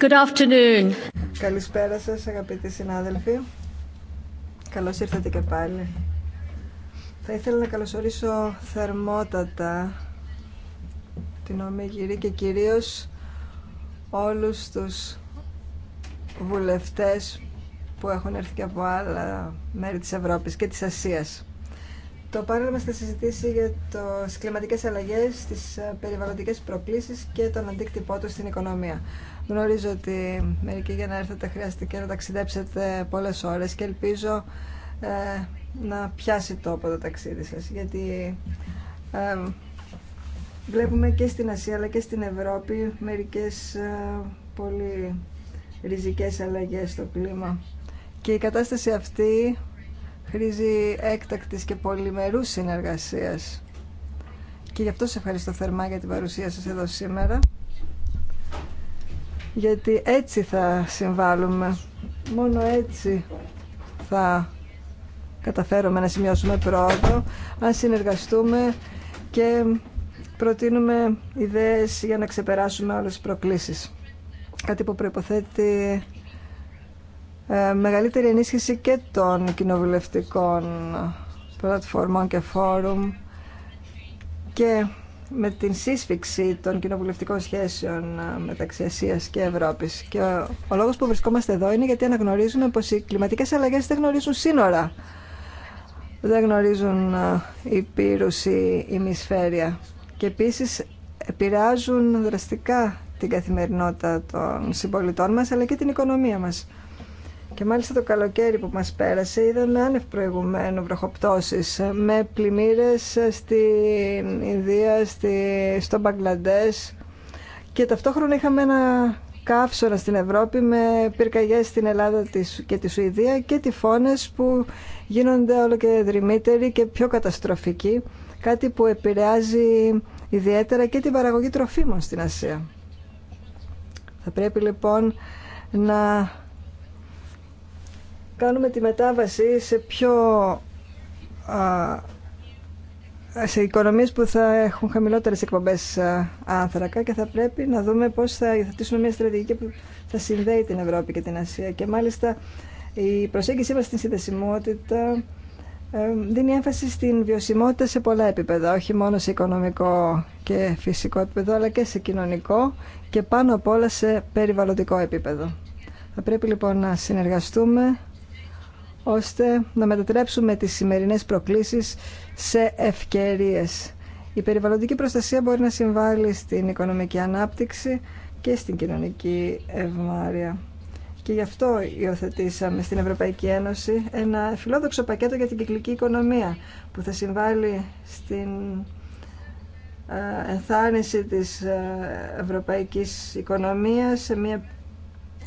Good afternoon. Καλησπέρα σας αγαπητοί συνάδελφοι. Καλώς ήρθατε και πάλι. Θα ήθελα να καλωσορίσω θερμότατα την ομιγυρή και κυρίως όλους τους βουλευτές που έχουν έρθει και από άλλα μέρη της Ευρώπης και της Ασίας. Το πάνελ μας θα συζητήσει για τις κλιματικές αλλαγές, τις ε, περιβαλλοντικές προκλήσεις και τον αντίκτυπό του στην οικονομία. Γνωρίζω ότι μερικοί για να έρθετε χρειάστηκε να ταξιδέψετε πολλές ώρες και ελπίζω ε, να πιάσει τόπο το ταξίδι σας, γιατί ε, βλέπουμε και στην Ασία αλλά και στην Ευρώπη μερικές πολύ ριζικές αλλαγές στο κλίμα. Και η κατάσταση αυτή χρήζει έκτακτης και πολυμερούς συνεργασίας. Και γι' αυτό σε ευχαριστώ θερμά για την παρουσία σας εδώ σήμερα, γιατί έτσι θα συμβάλλουμε, μόνο έτσι θα καταφέρουμε να σημειώσουμε πρόοδο, αν συνεργαστούμε και προτείνουμε ιδέες για να ξεπεράσουμε όλες τις προκλήσεις. Κάτι που προϋποθέτει ε, μεγαλύτερη ενίσχυση και των κοινοβουλευτικών πλατφορμών και φόρουμ και με την σύσφυξη των κοινοβουλευτικών σχέσεων ε, μεταξύ Ασίας και Ευρώπης. Και ο λόγος που βρισκόμαστε εδώ είναι γιατί αναγνωρίζουμε πως οι κλιματικές αλλαγές δεν γνωρίζουν σύνορα. Δεν γνωρίζουν η η η μισφαίρια. Και επίσης επηρεάζουν δραστικά την καθημερινότητα των συμπολιτών μας αλλά και την οικονομία μας. Και μάλιστα το καλοκαίρι που μας πέρασε είδαμε άνευ προηγουμένου βροχοπτώσεις με πλημμύρες στην Ινδία, στη, στο Μπαγκλαντές και ταυτόχρονα είχαμε ένα καύσωνα στην Ευρώπη με πυρκαγιές στην Ελλάδα και τη Σουηδία και τυφώνες που γίνονται όλο και δρυμύτεροι και πιο καταστροφικοί κάτι που επηρεάζει ιδιαίτερα και την παραγωγή τροφίμων στην Ασία. Θα πρέπει λοιπόν να κάνουμε τη μετάβαση σε πιο σε οικονομίες που θα έχουν χαμηλότερες εκπομπές άνθρακα και θα πρέπει να δούμε πώς θα υιοθετήσουμε μια στρατηγική που θα συνδέει την Ευρώπη και την Ασία. Και μάλιστα η προσέγγιση μας στην συνδεσιμότητα ε, δίνει έμφαση στην βιωσιμότητα σε πολλά επίπεδα, όχι μόνο σε οικονομικό και φυσικό επίπεδο, αλλά και σε κοινωνικό και πάνω απ' όλα σε περιβαλλοντικό επίπεδο. Θα πρέπει λοιπόν να συνεργαστούμε ώστε να μετατρέψουμε τις σημερινές προκλήσεις σε ευκαιρίες. Η περιβαλλοντική προστασία μπορεί να συμβάλλει στην οικονομική ανάπτυξη και στην κοινωνική ευμάρεια. Και γι' αυτό υιοθετήσαμε στην Ευρωπαϊκή Ένωση ένα φιλόδοξο πακέτο για την κυκλική οικονομία που θα συμβάλλει στην ε, ενθάρρυνση της ε, ευρωπαϊκής οικονομίας σε μια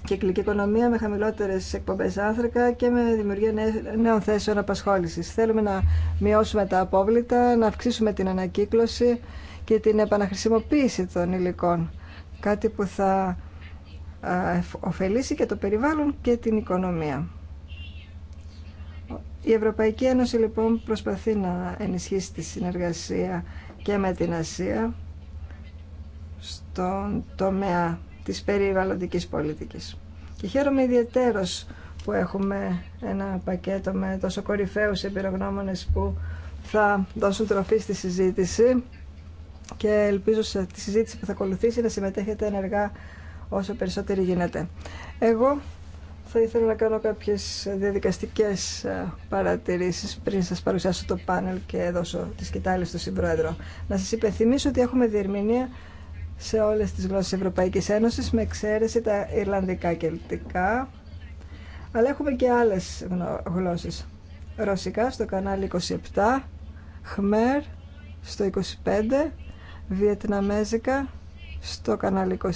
κυκλική οικονομία, με χαμηλότερε εκπομπέ άνθρακα και με δημιουργία νέων θέσεων απασχόληση. Θέλουμε να μειώσουμε τα απόβλητα, να αυξήσουμε την ανακύκλωση και την επαναχρησιμοποίηση των υλικών. Κάτι που θα ωφελήσει και το περιβάλλον και την οικονομία. Η Ευρωπαϊκή Ένωση λοιπόν προσπαθεί να ενισχύσει τη συνεργασία και με την Ασία στον τομέα της περιβαλλοντικής πολιτικής. Και χαίρομαι ιδιαίτερος που έχουμε ένα πακέτο με τόσο κορυφαίους εμπειρογνώμονες που θα δώσουν τροφή στη συζήτηση και ελπίζω σε τη συζήτηση που θα ακολουθήσει να συμμετέχετε ενεργά όσο περισσότερο γίνεται. Εγώ θα ήθελα να κάνω κάποιες διαδικαστικές ε, παρατηρήσεις πριν σας παρουσιάσω το πάνελ και δώσω τις κοιτάλες στον Συμπρόεδρο. Να σας υπενθυμίσω ότι έχουμε διερμηνία σε όλες τις γλώσσες Ευρωπαϊκής Ένωσης με εξαίρεση τα Ιρλανδικά και Ελτικά αλλά έχουμε και άλλες γλώσσες Ρωσικά στο κανάλι 27 Χμέρ στο 25 Βιετναμέζικα στο κανάλι 26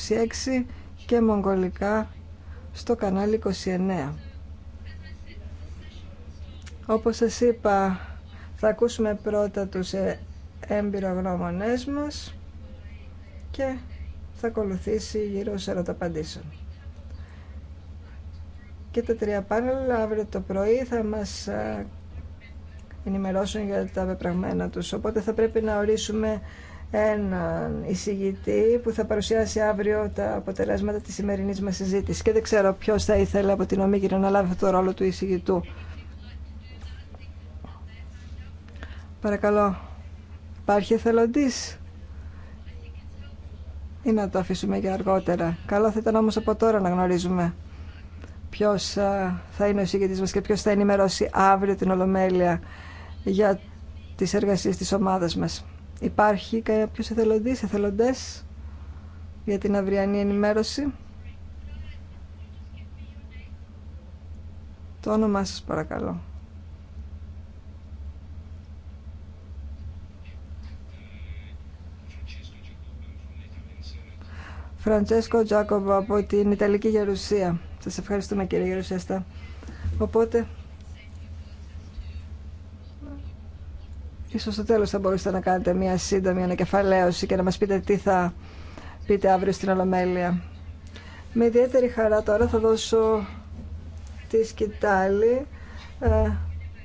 και Μογγολικά στο κανάλι 29 όπως σας είπα θα ακούσουμε πρώτα τους ε, έμπειρογνώμονές μας και θα ακολουθήσει γύρω σε ερωταπαντήσεων. Και τα τρία πάνελ αύριο το πρωί θα μας ενημερώσουν για τα πεπραγμένα τους. Οπότε θα πρέπει να ορίσουμε έναν εισηγητή που θα παρουσιάσει αύριο τα αποτελέσματα της σημερινής μας συζήτησης. Και δεν ξέρω ποιος θα ήθελε από την Ομίγυρα να λάβει αυτό το ρόλο του εισηγητού. Παρακαλώ. Υπάρχει εθελοντής ή να το αφήσουμε για αργότερα. Καλό θα ήταν όμως από τώρα να γνωρίζουμε ποιος ε, θα είναι ο εισηγητής μας και ποιος θα ενημερώσει αύριο την Ολομέλεια για τις εργασίες της ομάδας μας. Υπάρχει κάποιος εθελοντής, εθελοντές για την αυριανή ενημέρωση. Το όνομά σας παρακαλώ. Φραντσέσκο Τζάκοβό από την Ιταλική Γερουσία. Σας ευχαριστούμε κύριε Γερουσιαστά. Οπότε, ίσως στο τέλος θα μπορούσατε να κάνετε μια σύντομη ανακεφαλαίωση και να μας πείτε τι θα πείτε αύριο στην Ολομέλεια. Με ιδιαίτερη χαρά τώρα θα δώσω τη σκητάλη ε,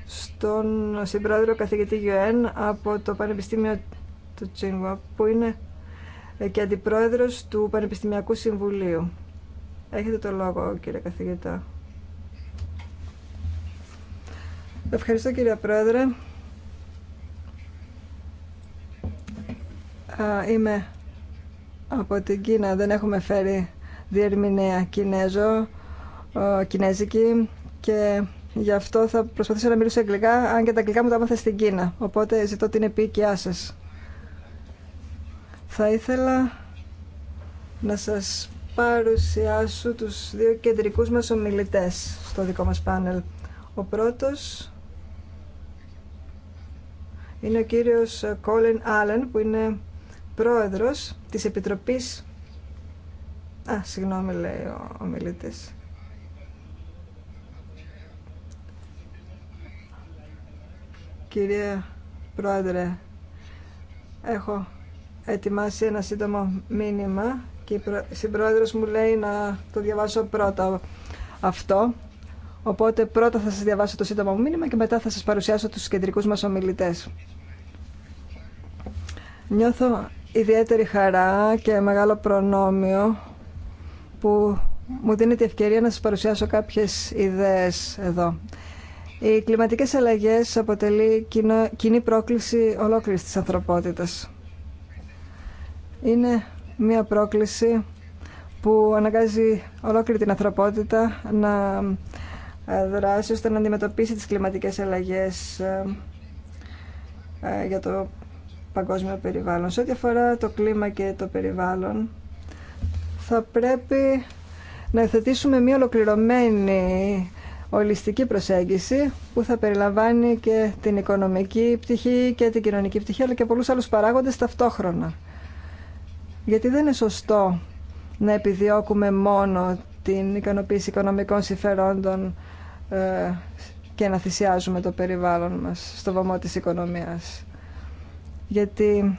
στον συμπρόεδρο καθηγητή Γιουέν από το Πανεπιστήμιο του Τσίγουα που είναι ε, και αντιπρόεδρος του Πανεπιστημιακού Συμβουλίου. Έχετε το λόγο κύριε καθηγητά. Ευχαριστώ κύριε Πρόεδρε. Είμαι από την Κίνα. Δεν έχουμε φέρει διερμηνέα Κινέζο, Κινέζικη και γι' αυτό θα προσπαθήσω να μιλήσω αγγλικά, αν και τα αγγλικά μου τα έμαθα στην Κίνα. Οπότε ζητώ την επίοικιά σας. Θα ήθελα να σας παρουσιάσω τους δύο κεντρικούς μας ομιλητές στο δικό μας πάνελ. Ο πρώτος είναι ο κύριος Κόλεν Άλεν που είναι πρόεδρος της Επιτροπής Α, συγγνώμη λέει ο ομιλητής. Κυρία Πρόεδρε, έχω ετοιμάσει ένα σύντομο μήνυμα και η συμπρόεδρος μου λέει να το διαβάσω πρώτα αυτό. Οπότε πρώτα θα σας διαβάσω το σύντομο μήνυμα και μετά θα σας παρουσιάσω τους κεντρικούς μας ομιλητές. Νιώθω ιδιαίτερη χαρά και μεγάλο προνόμιο που μου δίνει τη ευκαιρία να σας παρουσιάσω κάποιες ιδέες εδώ. Οι κλιματικές αλλαγές αποτελεί κοινή πρόκληση ολόκληρης της ανθρωπότητας είναι μια πρόκληση που αναγκάζει ολόκληρη την ανθρωπότητα να ε, δράσει ώστε να αντιμετωπίσει τις κλιματικές αλλαγές ε, ε, για το παγκόσμιο περιβάλλον. Σε ό,τι αφορά το κλίμα και το περιβάλλον, θα πρέπει να εθετήσουμε μια ολοκληρωμένη ολιστική προσέγγιση που θα περιλαμβάνει και την οικονομική πτυχή και την κοινωνική πτυχή αλλά και πολλούς άλλους παράγοντες ταυτόχρονα. Γιατί δεν είναι σωστό να επιδιώκουμε μόνο την ικανοποίηση οικονομικών συμφερόντων ε, και να θυσιάζουμε το περιβάλλον μας στο βωμό της οικονομίας. Γιατί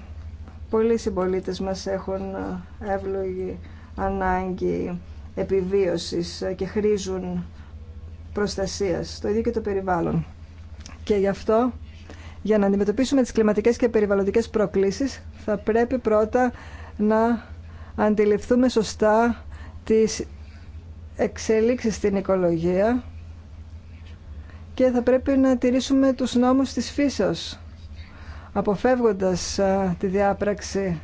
πολλοί συμπολίτε μας έχουν ε, εύλογη ανάγκη επιβίωσης ε, και χρήζουν προστασίας, το ίδιο και το περιβάλλον. Και γι' αυτό, για να αντιμετωπίσουμε τις κλιματικές και περιβαλλοντικές προκλήσεις, θα πρέπει πρώτα να αντιληφθούμε σωστά τις εξελίξεις στην οικολογία και θα πρέπει να τηρήσουμε τους νόμους της φύσεως αποφεύγοντας τη διάπραξη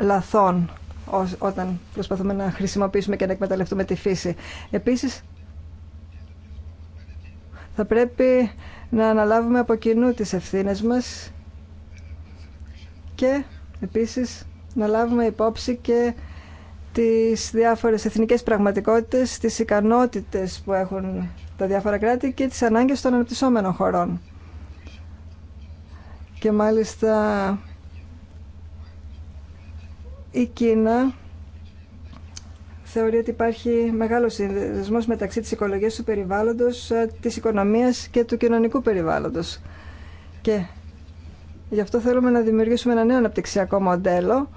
λαθών όταν προσπαθούμε να χρησιμοποιήσουμε και να εκμεταλλευτούμε τη φύση. Επίσης, θα πρέπει να αναλάβουμε από κοινού τις ευθύνες μας και Επίσης, να λάβουμε υπόψη και τις διάφορες εθνικές πραγματικότητες, τις ικανότητες που έχουν τα διάφορα κράτη και τις ανάγκες των αναπτυσσόμενων χωρών. Και μάλιστα η Κίνα θεωρεί ότι υπάρχει μεγάλος συνδεσμός μεταξύ της οικολογίας του περιβάλλοντος, ε, της οικονομίας και του κοινωνικού περιβάλλοντος. Και Γι' αυτό θέλουμε να δημιουργήσουμε ένα νέο αναπτυξιακό μοντέλο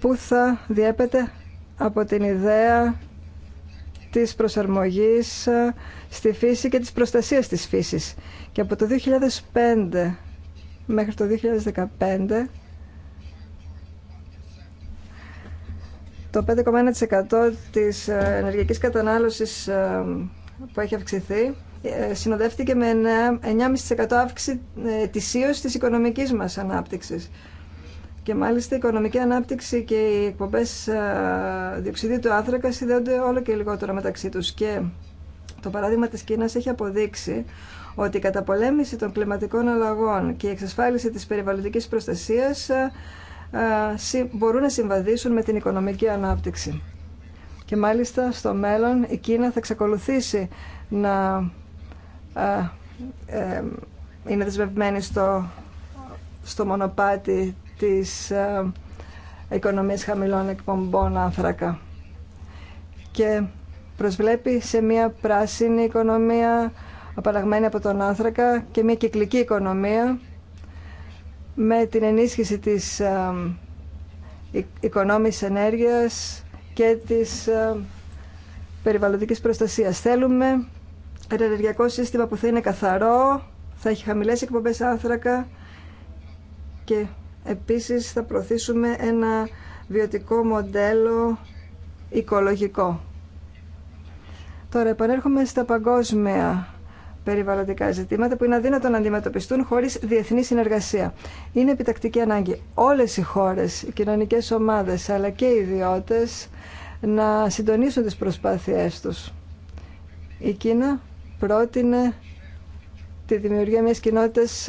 που θα διέπεται από την ιδέα της προσαρμογής ε, στη φύση και της προστασίας της φύσης. Και από το 2005 μέχρι το 2015 το 5,1% της ε, ενεργειακής κατανάλωσης ε, που έχει αυξηθεί συνοδεύτηκε με 9,5% αύξηση ετησίως της οικονομικής μας ανάπτυξης. Και μάλιστα η οικονομική ανάπτυξη και οι εκπομπές ε, διοξιδίου του άνθρακα συνδέονται όλο και λιγότερο μεταξύ τους. Και το παράδειγμα της Κίνας έχει αποδείξει ότι η καταπολέμηση των κλιματικών αλλαγών και η εξασφάλιση της περιβαλλοντικής προστασίας ε, ε, μπορούν να συμβαδίσουν με την οικονομική ανάπτυξη. Και μάλιστα στο μέλλον η Κίνα θα εξακολουθήσει να είναι δεσμευμένη στο, στο μονοπάτι της οικονομίας χαμηλών εκπομπών άνθρακα και προσβλέπει σε μια πράσινη οικονομία απαλλαγμένη από τον άνθρακα και μια κυκλική οικονομία με την ενίσχυση της οικονόμησης ενέργειας και της περιβαλλοντικής προστασίας. Θέλουμε ένα ενεργειακό σύστημα που θα είναι καθαρό, θα έχει χαμηλές εκπομπές άνθρακα και επίσης θα προωθήσουμε ένα βιωτικό μοντέλο οικολογικό. Τώρα επανέρχομαι στα παγκόσμια περιβαλλοντικά ζητήματα που είναι αδύνατο να αντιμετωπιστούν χωρίς διεθνή συνεργασία. Είναι επιτακτική ανάγκη όλες οι χώρες, οι κοινωνικέ ομάδε, αλλά και οι ιδιώτε, να συντονίσουν τι προσπάθειε του. Η Κίνα πρότεινε τη δημιουργία μιας κοινότητας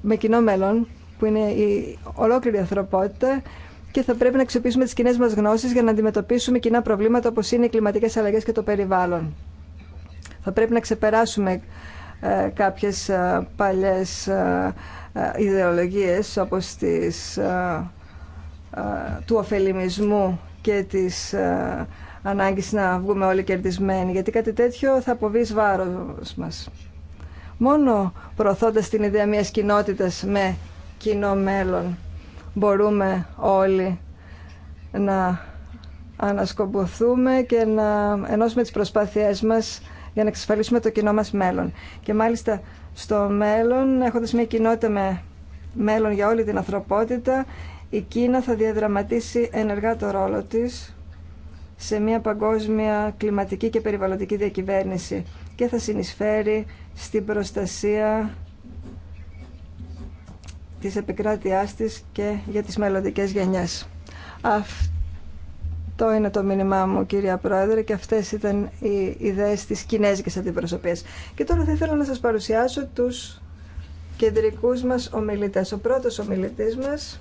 με κοινό μέλλον, που είναι η ολόκληρη ανθρωπότητα και θα πρέπει να αξιοποιήσουμε τις κοινέ μας γνώσεις για να αντιμετωπίσουμε κοινά προβλήματα όπως είναι οι κλιματικές αλλαγές και το περιβάλλον. Θα πρέπει να ξεπεράσουμε ε, κάποιες ε, παλιές ε, ιδεολογίες όπως της, του ωφελημισμού και της ανάγκης να βγούμε όλοι κερδισμένοι, γιατί κάτι τέτοιο θα αποβεί βάρος μας. Μόνο προωθώντας την ιδέα μιας κοινότητας με κοινό μέλλον μπορούμε όλοι να ανασκομποθούμε και να ενώσουμε τις προσπάθειές μας για να εξασφαλίσουμε το κοινό μας μέλλον. Και μάλιστα στο μέλλον, έχοντας μια κοινότητα με μέλλον για όλη την ανθρωπότητα, η Κίνα θα διαδραματίσει ενεργά το ρόλο της σε μια παγκόσμια κλιματική και περιβαλλοντική διακυβέρνηση και θα συνεισφέρει στην προστασία της επικράτειάς της και για τις μελλοντικές γενιές. Αυτό είναι το μήνυμά μου, κυρία Πρόεδρε, και αυτές ήταν οι ιδέες της κινέζικης αντιπροσωπείας. Και τώρα θα ήθελα να σας παρουσιάσω τους κεντρικούς μας ομιλητές. Ο πρώτος ομιλητής μας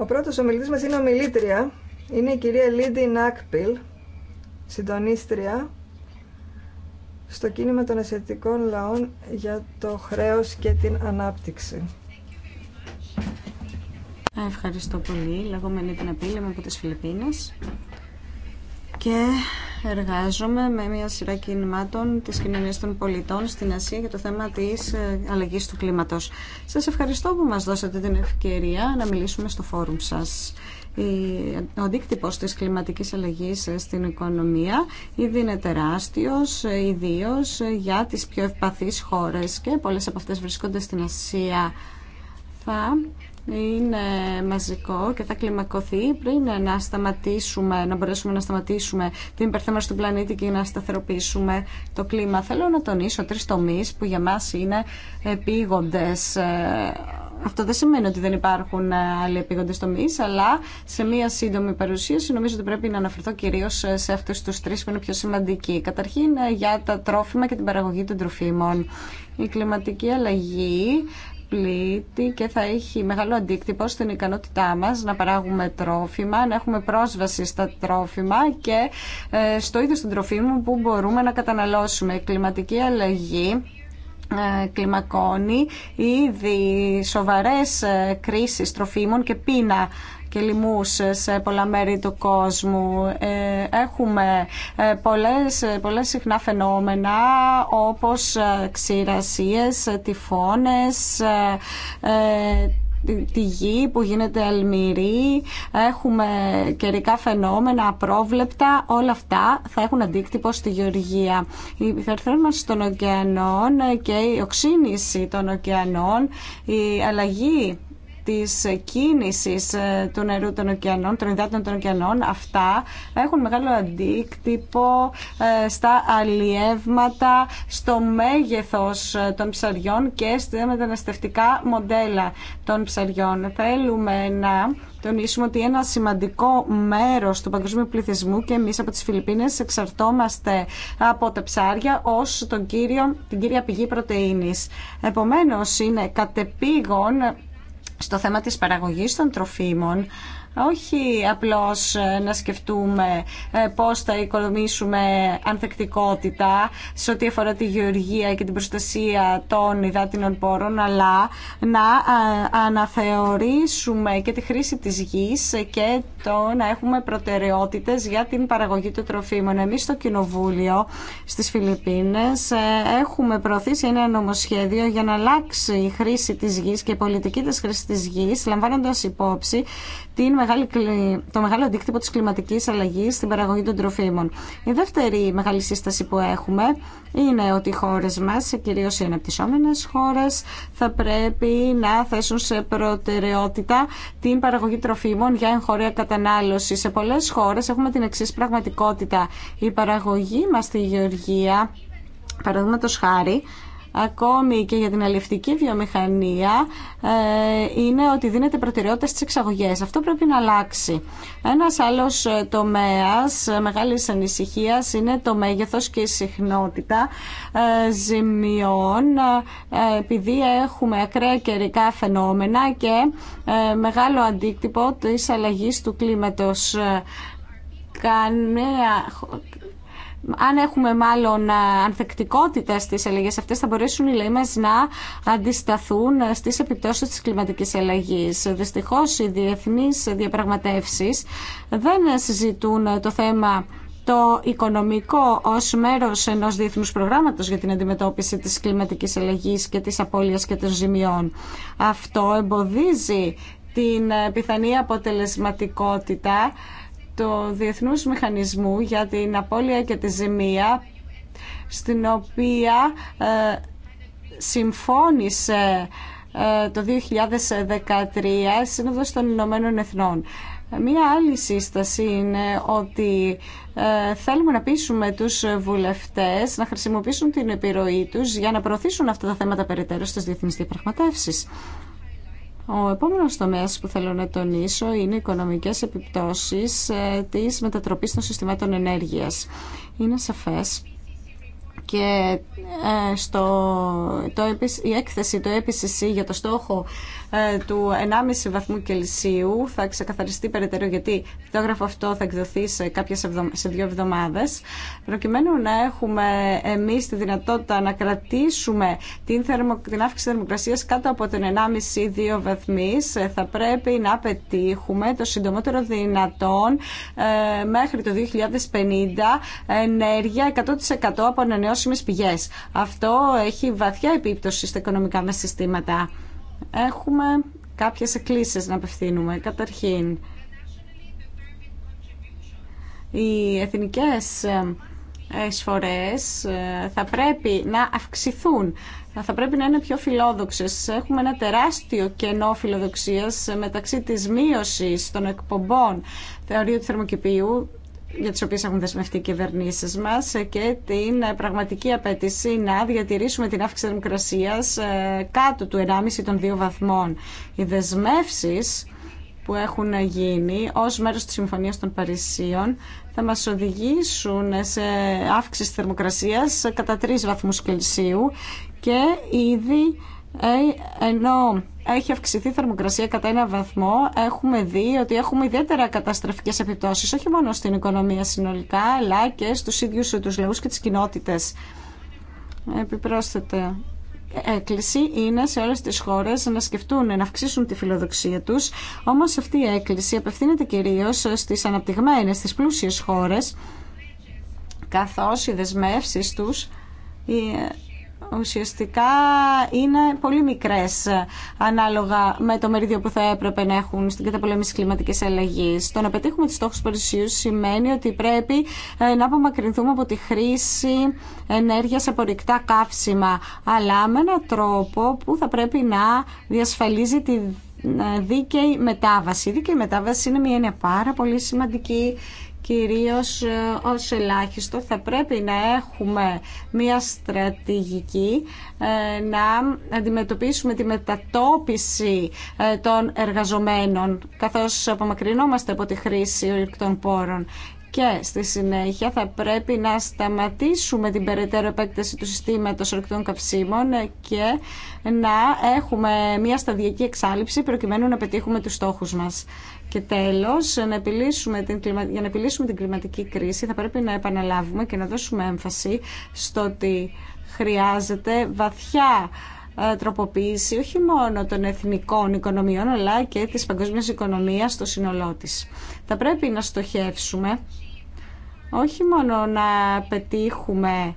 Ο πρώτος ομιλητής μας είναι ομιλήτρια. Είναι η κυρία Λίντι Νάκπιλ, συντονίστρια στο κίνημα των ασιατικών λαών για το χρέος και την ανάπτυξη. Ευχαριστώ πολύ. Λέγομαι την Νάκπιλ, είμαι από τις Φιλιππίνες και εργάζομαι με μια σειρά κινημάτων της κοινωνίας των πολιτών στην Ασία για το θέμα της ε, αλλαγής του κλίματος. Σας ευχαριστώ που μας δώσατε την ευκαιρία να μιλήσουμε στο φόρουμ σας. Ο αντίκτυπο της κλιματική αλλαγή ε, στην οικονομία ήδη είναι τεράστιο, ε, ιδίω για τις πιο ευπαθείς χώρες και πολλέ από αυτέ βρίσκονται στην Ασία. Θα είναι μαζικό και θα κλιμακωθεί πριν να σταματήσουμε, να μπορέσουμε να σταματήσουμε την υπερθέμαση του πλανήτη και να σταθεροποιήσουμε το κλίμα. Θέλω να τονίσω τρεις τομείς που για μας είναι επίγοντες. Ε, αυτό δεν σημαίνει ότι δεν υπάρχουν ε, άλλοι επίγοντες τομείς, αλλά σε μία σύντομη παρουσίαση νομίζω ότι πρέπει να αναφερθώ κυρίως σε αυτούς τους τρεις που είναι πιο σημαντικοί. Καταρχήν ε, για τα τρόφιμα και την παραγωγή των τροφίμων. Η κλιματική αλλαγή και θα έχει μεγάλο αντίκτυπο στην ικανότητά μας να παράγουμε τρόφιμα, να έχουμε πρόσβαση στα τρόφιμα και ε, στο είδος των τροφίμων που μπορούμε να καταναλώσουμε. Η κλιματική αλλαγή ε, κλιμακώνει ήδη σοβαρές ε, κρίσεις τροφίμων και πείνα και λοιμούς σε πολλά μέρη του κόσμου. Ε, έχουμε ε, πολλές, ε, πολλές συχνά φαινόμενα όπως ξηρασίες, τυφώνες, τη γη που γίνεται αλμυρή, έχουμε καιρικά φαινόμενα, απρόβλεπτα, όλα αυτά θα έχουν αντίκτυπο στη γεωργία. Η υπερθέρμανση των ωκεανών και η οξύνηση των ωκεανών, η αλλαγή Τη κίνησης ε, του νερού των ωκεανών, των υδάτων των ωκεανών, αυτά έχουν μεγάλο αντίκτυπο ε, στα αλλιεύματα, στο μέγεθος ε, των ψαριών και στα μεταναστευτικά μοντέλα των ψαριών. Θέλουμε να τονίσουμε ότι ένα σημαντικό μέρος του παγκοσμίου πληθυσμού και εμείς από τις Φιλιππίνες εξαρτόμαστε από τα ψάρια ως την κύρια πηγή πρωτεΐνης. Επομένως είναι κατεπήγον στο θέμα της παραγωγής των τροφίμων όχι απλώς ε, να σκεφτούμε ε, πώς θα οικονομήσουμε ανθεκτικότητα σε ό,τι αφορά τη γεωργία και την προστασία των υδάτινων πόρων, αλλά να ε, αναθεωρήσουμε και τη χρήση της γης και το να έχουμε προτεραιότητες για την παραγωγή του τροφίμων. Εμείς στο Κοινοβούλιο στις Φιλιππίνες έχουμε προωθήσει ένα νομοσχέδιο για να αλλάξει η χρήση της γης και η πολιτική της χρήσης της γης, λαμβάνοντας υπόψη την μεγάλη, το μεγάλο αντίκτυπο της κλιματικής αλλαγής στην παραγωγή των τροφίμων. Η δεύτερη μεγάλη σύσταση που έχουμε είναι ότι οι χώρες μας, κυρίως οι αναπτυσσόμενες χώρες, θα πρέπει να θέσουν σε προτεραιότητα την παραγωγή τροφίμων για εγχώρια κατανάλωση. Σε πολλές χώρες έχουμε την εξή πραγματικότητα. Η παραγωγή μας στη Γεωργία, παραδείγματος χάρη, ακόμη και για την αλληλευτική βιομηχανία ε, είναι ότι δίνεται προτεραιότητα στις εξαγωγές. Αυτό πρέπει να αλλάξει. Ένας άλλος ε, τομέας ε, μεγάλης ανησυχίας είναι το μέγεθος και η συχνότητα ζημιών επειδή έχουμε ακραία καιρικά φαινόμενα και μεγάλο αντίκτυπο της αλλαγής του κλίματος. Κανένα, αν έχουμε μάλλον ε, ανθεκτικότητα στις αλλαγέ, αυτές θα μπορέσουν οι λαοί μα να αντισταθούν ε, στις επιπτώσεις της κλιματικής αλλαγή. Δυστυχώ, οι διεθνεί διαπραγματεύσεις δεν συζητούν το θέμα το οικονομικό ως μέρος ενός διεθνούς προγράμματος για την αντιμετώπιση της κλιματικής αλλαγής και της απώλειας και των ζημιών. Αυτό εμποδίζει την ε, πιθανή αποτελεσματικότητα του Διεθνούς Μηχανισμού για την Απόλυα και τη ζημία στην οποία ε, συμφώνησε ε, το 2013 Σύνοδος των Ηνωμένων Εθνών. Μία άλλη σύσταση είναι ότι ε, θέλουμε να πείσουμε τους βουλευτές να χρησιμοποιήσουν την επιρροή τους για να προωθήσουν αυτά τα θέματα περαιτέρω στις διεθνείς διαπραγματεύσεις. Ο επόμενο τομέα που θέλω να τονίσω είναι οι οικονομικές επιπτώσεις ε, της μετατροπής των συστημάτων ενέργειας. Είναι σαφές και ε, στο, το, η έκθεση του EPCC για το στόχο ε, του 1,5 βαθμού Κελσίου θα ξεκαθαριστεί περαιτέρω γιατί το έγγραφο αυτό θα εκδοθεί σε, κάποιες σε δύο εβδομάδε. προκειμένου να έχουμε εμεί τη δυνατότητα να κρατήσουμε την, θερμο, την αύξηση θερμοκρασία κάτω από τον 1,5-2 βαθμής ε, θα πρέπει να πετύχουμε το συντομότερο δυνατόν ε, μέχρι το 2050 ενέργεια 100% από ανανεώσιμε πηγέ. Αυτό έχει βαθιά επίπτωση στα οικονομικά μα συστήματα έχουμε κάποιες εκκλήσεις να απευθύνουμε. Καταρχήν, οι εθνικές ε, εισφορές ε, θα πρέπει να αυξηθούν, θα πρέπει να είναι πιο φιλόδοξες. Έχουμε ένα τεράστιο κενό φιλοδοξίας μεταξύ της μείωσης των εκπομπών θεωρίου του θερμοκηπίου για τις οποίες έχουν δεσμευτεί οι κυβερνήσεις μας και την πραγματική απέτηση να διατηρήσουμε την αύξηση της ε, κάτω του 1,5 των 2 βαθμών. Οι δεσμεύσεις που έχουν γίνει ως μέρος της Συμφωνίας των Παρισίων θα μας οδηγήσουν σε αύξηση θερμοκρασίας κατά 3 βαθμούς Κελσίου και ήδη ε, ενώ έχει αυξηθεί η θερμοκρασία κατά ένα βαθμό, έχουμε δει ότι έχουμε ιδιαίτερα καταστροφικές επιπτώσεις, όχι μόνο στην οικονομία συνολικά, αλλά και στους ίδιους τους λαού και τις κοινότητες. Επιπρόσθετα, έκκληση είναι σε όλες τις χώρες να σκεφτούν να αυξήσουν τη φιλοδοξία τους, όμως αυτή η έκκληση απευθύνεται κυρίως στις αναπτυγμένες, στις πλούσιες χώρες, καθώς οι δεσμεύσεις τους ουσιαστικά είναι πολύ μικρές ανάλογα με το μερίδιο που θα έπρεπε να έχουν στην καταπολέμηση κλιματικής αλλαγής. Το να πετύχουμε τους στόχους Παρισίου σημαίνει ότι πρέπει ε, να απομακρυνθούμε από τη χρήση ενέργειας απορρικτά καύσιμα, αλλά με έναν τρόπο που θα πρέπει να διασφαλίζει τη ε, δίκαιη μετάβαση. Η δίκαιη μετάβαση είναι μια έννοια πάρα πολύ σημαντική κυρίως ε, ως ελάχιστο θα πρέπει να έχουμε μια στρατηγική ε, να αντιμετωπίσουμε τη μετατόπιση ε, των εργαζομένων καθώς απομακρυνόμαστε από τη χρήση των πόρων και στη συνέχεια θα πρέπει να σταματήσουμε την περαιτέρω επέκταση του συστήματος ορεικτών καυσίμων και να έχουμε μια σταδιακή εξάλληψη προκειμένου να πετύχουμε τους στόχους μας. Και τέλος, για να επιλύσουμε την κλιματική κρίση θα πρέπει να επαναλάβουμε και να δώσουμε έμφαση στο ότι χρειάζεται βαθιά ε, τροποποίηση όχι μόνο των εθνικών οικονομιών αλλά και της παγκόσμιας οικονομίας στο σύνολό της. Θα πρέπει να στοχεύσουμε όχι μόνο να πετύχουμε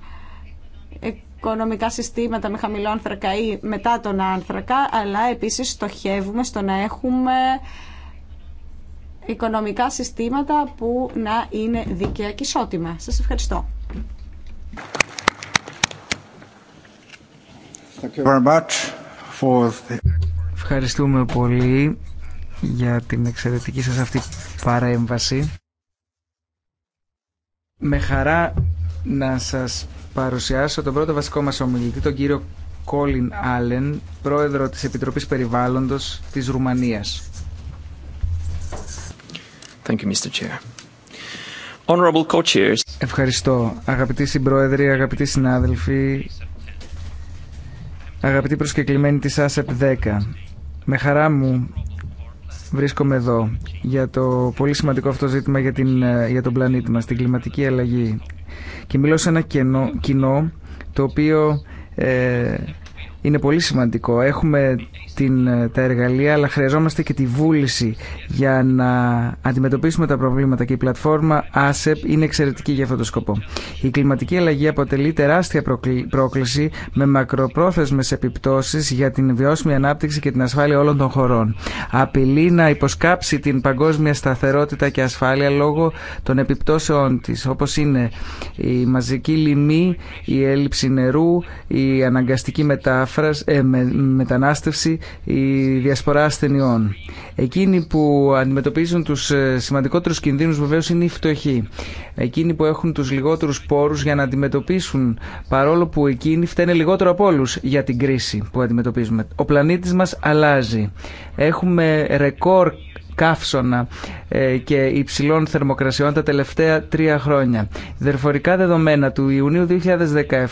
οικονομικά συστήματα με χαμηλό άνθρακα ή μετά τον άνθρακα, αλλά επίσης στοχεύουμε στο να έχουμε οικονομικά συστήματα που να είναι δίκαια και ισότιμα. Σας ευχαριστώ. Ευχαριστούμε πολύ για την εξαιρετική σας αυτή παρέμβαση. Με χαρά να σας παρουσιάσω τον πρώτο βασικό μας ομιλητή, τον κύριο Κόλιν Άλεν, πρόεδρο της Επιτροπής Περιβάλλοντος της Ρουμανίας. Thank you, Mr. Chair. co-chairs. Ευχαριστώ. Αγαπητοί συμπρόεδροι, αγαπητοί συνάδελφοι, Αγαπητοί προσκεκλημένοι της ΑΣΕΠ 10, με χαρά μου βρίσκομαι εδώ για το πολύ σημαντικό αυτό ζήτημα για, την, για τον πλανήτη μας, την κλιματική αλλαγή. Και μιλώ σε ένα κοινό, κοινό το οποίο ε, είναι πολύ σημαντικό. Έχουμε την, ε, τα εργαλεία, αλλά χρειαζόμαστε και τη βούληση για να αντιμετωπίσουμε τα προβλήματα και η πλατφόρμα ASEP είναι εξαιρετική για αυτό το σκοπό. Η κλιματική αλλαγή αποτελεί τεράστια πρόκληση με μακροπρόθεσμες επιπτώσεις για την βιώσιμη ανάπτυξη και την ασφάλεια όλων των χωρών. Απειλεί να υποσκάψει την παγκόσμια σταθερότητα και ασφάλεια λόγω των επιπτώσεών της, όπως είναι η μαζική λοιμή, η έλλειψη νερού, η αναγκαστική μετάφραση ε, με, μετανάστευση, η διασπορά ασθενειών. Εκείνοι που αντιμετωπίζουν τους ε, σημαντικότερους κινδύνους βεβαίως είναι οι φτωχοί. Εκείνοι που έχουν τους λιγότερους πόρους για να αντιμετωπίσουν, παρόλο που εκείνοι φταίνε λιγότερο από όλου για την κρίση που αντιμετωπίζουμε. Ο πλανήτης μας αλλάζει. Έχουμε ρεκόρ καύσωνα ε, και υψηλών θερμοκρασιών τα τελευταία τρία χρόνια. Δερφορικά δεδομένα του Ιουνίου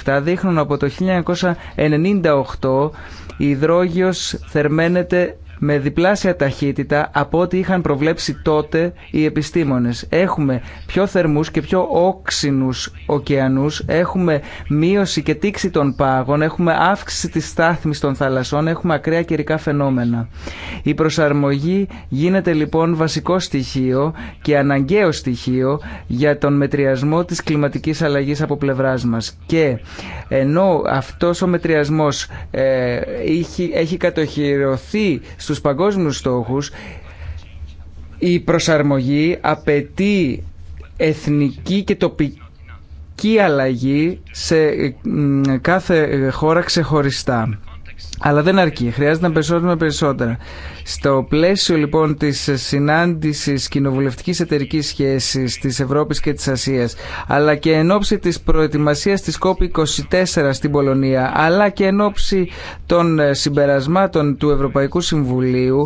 2017 δείχνουν από το 1998 η υδρόγειος θερμαίνεται με διπλάσια ταχύτητα από ό,τι είχαν προβλέψει τότε οι επιστήμονες. Έχουμε πιο θερμούς και πιο όξινους ωκεανούς, έχουμε μείωση και τήξη των πάγων, έχουμε αύξηση της στάθμης των θαλασσών, έχουμε ακραία καιρικά φαινόμενα. Η προσαρμογή γίνεται λοιπόν βασικό στοιχείο και αναγκαίο στοιχείο για τον μετριασμό της κλιματικής αλλαγής από πλευράς μας. Και ενώ αυτός ο μετριασμός έχει, ε, έχει κατοχυρωθεί στους παγκόσμιους στόχους η προσαρμογή απαιτεί εθνική και τοπική αλλαγή σε κάθε χώρα ξεχωριστά. Αλλά δεν αρκεί, χρειάζεται να περισσότερο περισσότερα. Στο πλαίσιο λοιπόν τη συνάντηση κοινοβουλευτική εταιρική σχέσης τη Ευρώπη και τη Ασίας, αλλά και εν ώψη της προετοιμασίας της COP24 στην Πολωνία, αλλά και εν ώψη των συμπερασμάτων του Ευρωπαϊκού Συμβουλίου,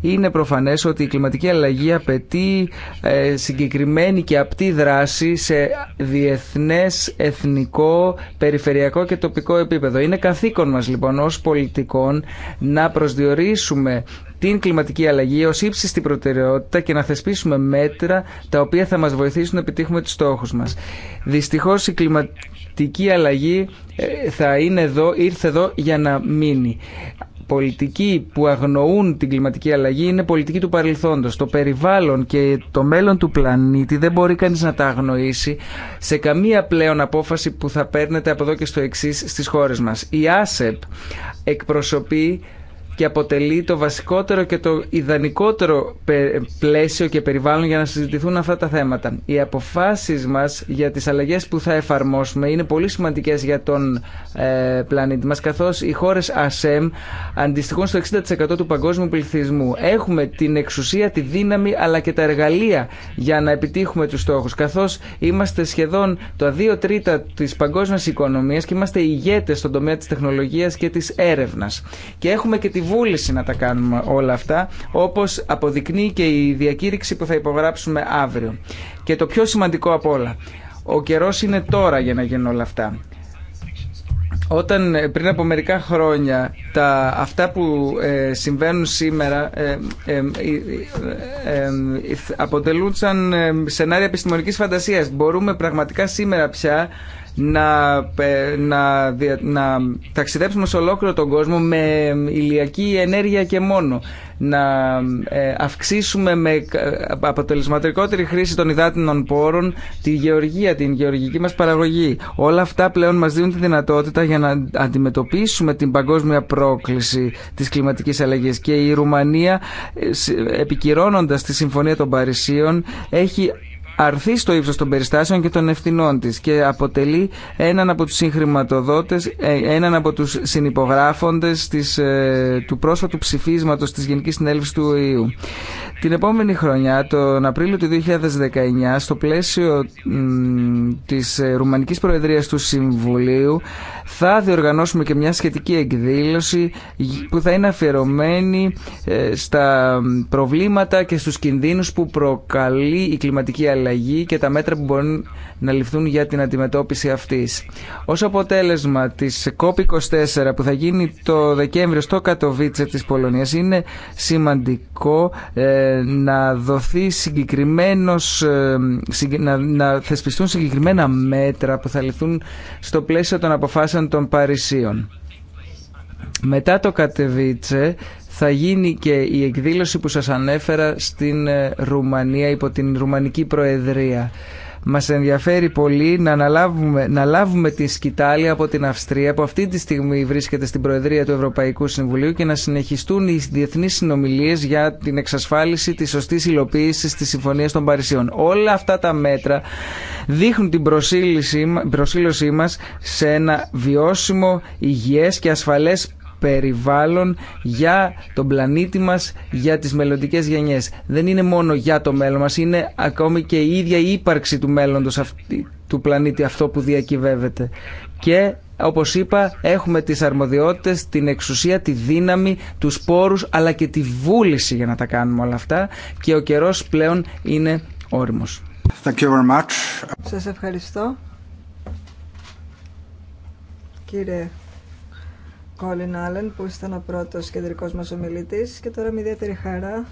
είναι προφανές ότι η κλιματική αλλαγή απαιτεί ε, συγκεκριμένη και απτή δράση σε διεθνέ, εθνικό, περιφερειακό και τοπικό επίπεδο. Είναι καθήκον μας λοιπόν ως πολιτικών να προσδιορίσουμε την κλιματική αλλαγή ως ύψιστη προτεραιότητα και να θεσπίσουμε μέτρα τα οποία θα μας βοηθήσουν να επιτύχουμε τους στόχους μας. Δυστυχώς η κλιματική αλλαγή ε, θα είναι εδώ, ήρθε εδώ για να μείνει πολιτικοί που αγνοούν την κλιματική αλλαγή είναι πολιτικοί του παρελθόντος. Το περιβάλλον και το μέλλον του πλανήτη δεν μπορεί κανείς να τα αγνοήσει σε καμία πλέον απόφαση που θα παίρνετε από εδώ και στο εξή στις χώρες μας. Η ΑΣΕΠ εκπροσωπεί και αποτελεί το βασικότερο και το ιδανικότερο πλαίσιο και περιβάλλον για να συζητηθούν αυτά τα θέματα. Οι αποφάσεις μας για τις αλλαγές που θα εφαρμόσουμε είναι πολύ σημαντικές για τον ε, πλανήτη μας, καθώς οι χώρες ΑΣΕΜ αντιστοιχούν στο 60% του παγκόσμιου πληθυσμού. Έχουμε την εξουσία, τη δύναμη αλλά και τα εργαλεία για να επιτύχουμε τους στόχους, καθώς είμαστε σχεδόν το 2 τρίτα της παγκόσμιας οικονομίας και είμαστε ηγέτες στον τομέα της τεχνολογίας και της έρευνα. Και έχουμε βούληση να τα κάνουμε όλα αυτά, όπως αποδεικνύει και η διακήρυξη που θα υπογράψουμε αύριο. Και το πιο σημαντικό από όλα, ο καιρό είναι τώρα για να γίνουν όλα αυτά. Όταν ε, πριν από μερικά χρόνια τα αυτά που ε, συμβαίνουν σήμερα ε, ε αποτελούν σαν σενάρια επιστημονικής φαντασίας. Μπορούμε πραγματικά σήμερα πια να, να, να ταξιδέψουμε σε ολόκληρο τον κόσμο με ηλιακή ενέργεια και μόνο. Να ε, αυξήσουμε με αποτελεσματικότερη χρήση των υδάτινων πόρων τη γεωργία, την γεωργική μας παραγωγή. Όλα αυτά πλέον μας δίνουν τη δυνατότητα για να αντιμετωπίσουμε την παγκόσμια πρόκληση της κλιματικής αλλαγής. Και η Ρουμανία ε, επικυρώνοντας τη Συμφωνία των Παρισίων έχει αρθεί στο ύψος των περιστάσεων και των ευθυνών της και αποτελεί έναν από τους συγχρηματοδότες, ε, έναν από τους συνυπογράφοντες της, ε, του πρόσφατου ψηφίσματος της Γενικής Συνέλευσης του ΟΗΟΥ. Την επόμενη χρονιά, τον Απρίλιο του 2019, στο πλαίσιο της ε, Ρουμανικής Προεδρίας του Συμβουλίου, θα διοργανώσουμε και μια σχετική εκδήλωση που θα είναι αφιερωμένη στα προβλήματα και στους κινδύνους που προκαλεί η κλιματική αλλαγή αλλαγή και τα μέτρα που μπορούν να ληφθούν για την αντιμετώπιση αυτής. Ω αποτέλεσμα της COP24 που θα γίνει το Δεκέμβριο στο Κατοβίτσε της Πολωνία, είναι σημαντικό ε, να δοθεί συγκεκριμένος, ε, να, να θεσπιστούν συγκεκριμένα μέτρα που θα ληφθούν στο πλαίσιο των αποφάσεων των Παρισίων. Μετά το Κατεβίτσε θα γίνει και η εκδήλωση που σας ανέφερα στην ε, Ρουμανία υπό την Ρουμανική Προεδρία. Μας ενδιαφέρει πολύ να, αναλάβουμε, να λάβουμε τη σκητάλη από την Αυστρία που αυτή τη στιγμή βρίσκεται στην Προεδρία του Ευρωπαϊκού Συμβουλίου και να συνεχιστούν οι διεθνείς συνομιλίες για την εξασφάλιση της σωστής υλοποίηση της Συμφωνίας των Παρισιών. Όλα αυτά τα μέτρα δείχνουν την προσήλωσή μας σε ένα βιώσιμο, υγιές και ασφαλές περιβάλλον για τον πλανήτη μας, για τις μελλοντικέ γενιές. Δεν είναι μόνο για το μέλλον μας, είναι ακόμη και η ίδια η ύπαρξη του μέλλοντος αυτή, του πλανήτη αυτό που διακυβεύεται. Και όπως είπα έχουμε τις αρμοδιότητες, την εξουσία, τη δύναμη, τους πόρους αλλά και τη βούληση για να τα κάνουμε όλα αυτά και ο καιρός πλέον είναι όριμος. Thank Σας ευχαριστώ. Κύριε Κόλιν Άλεν που ήταν ο πρώτος κεντρικός μας ομιλητής και τώρα με ιδιαίτερη χαρά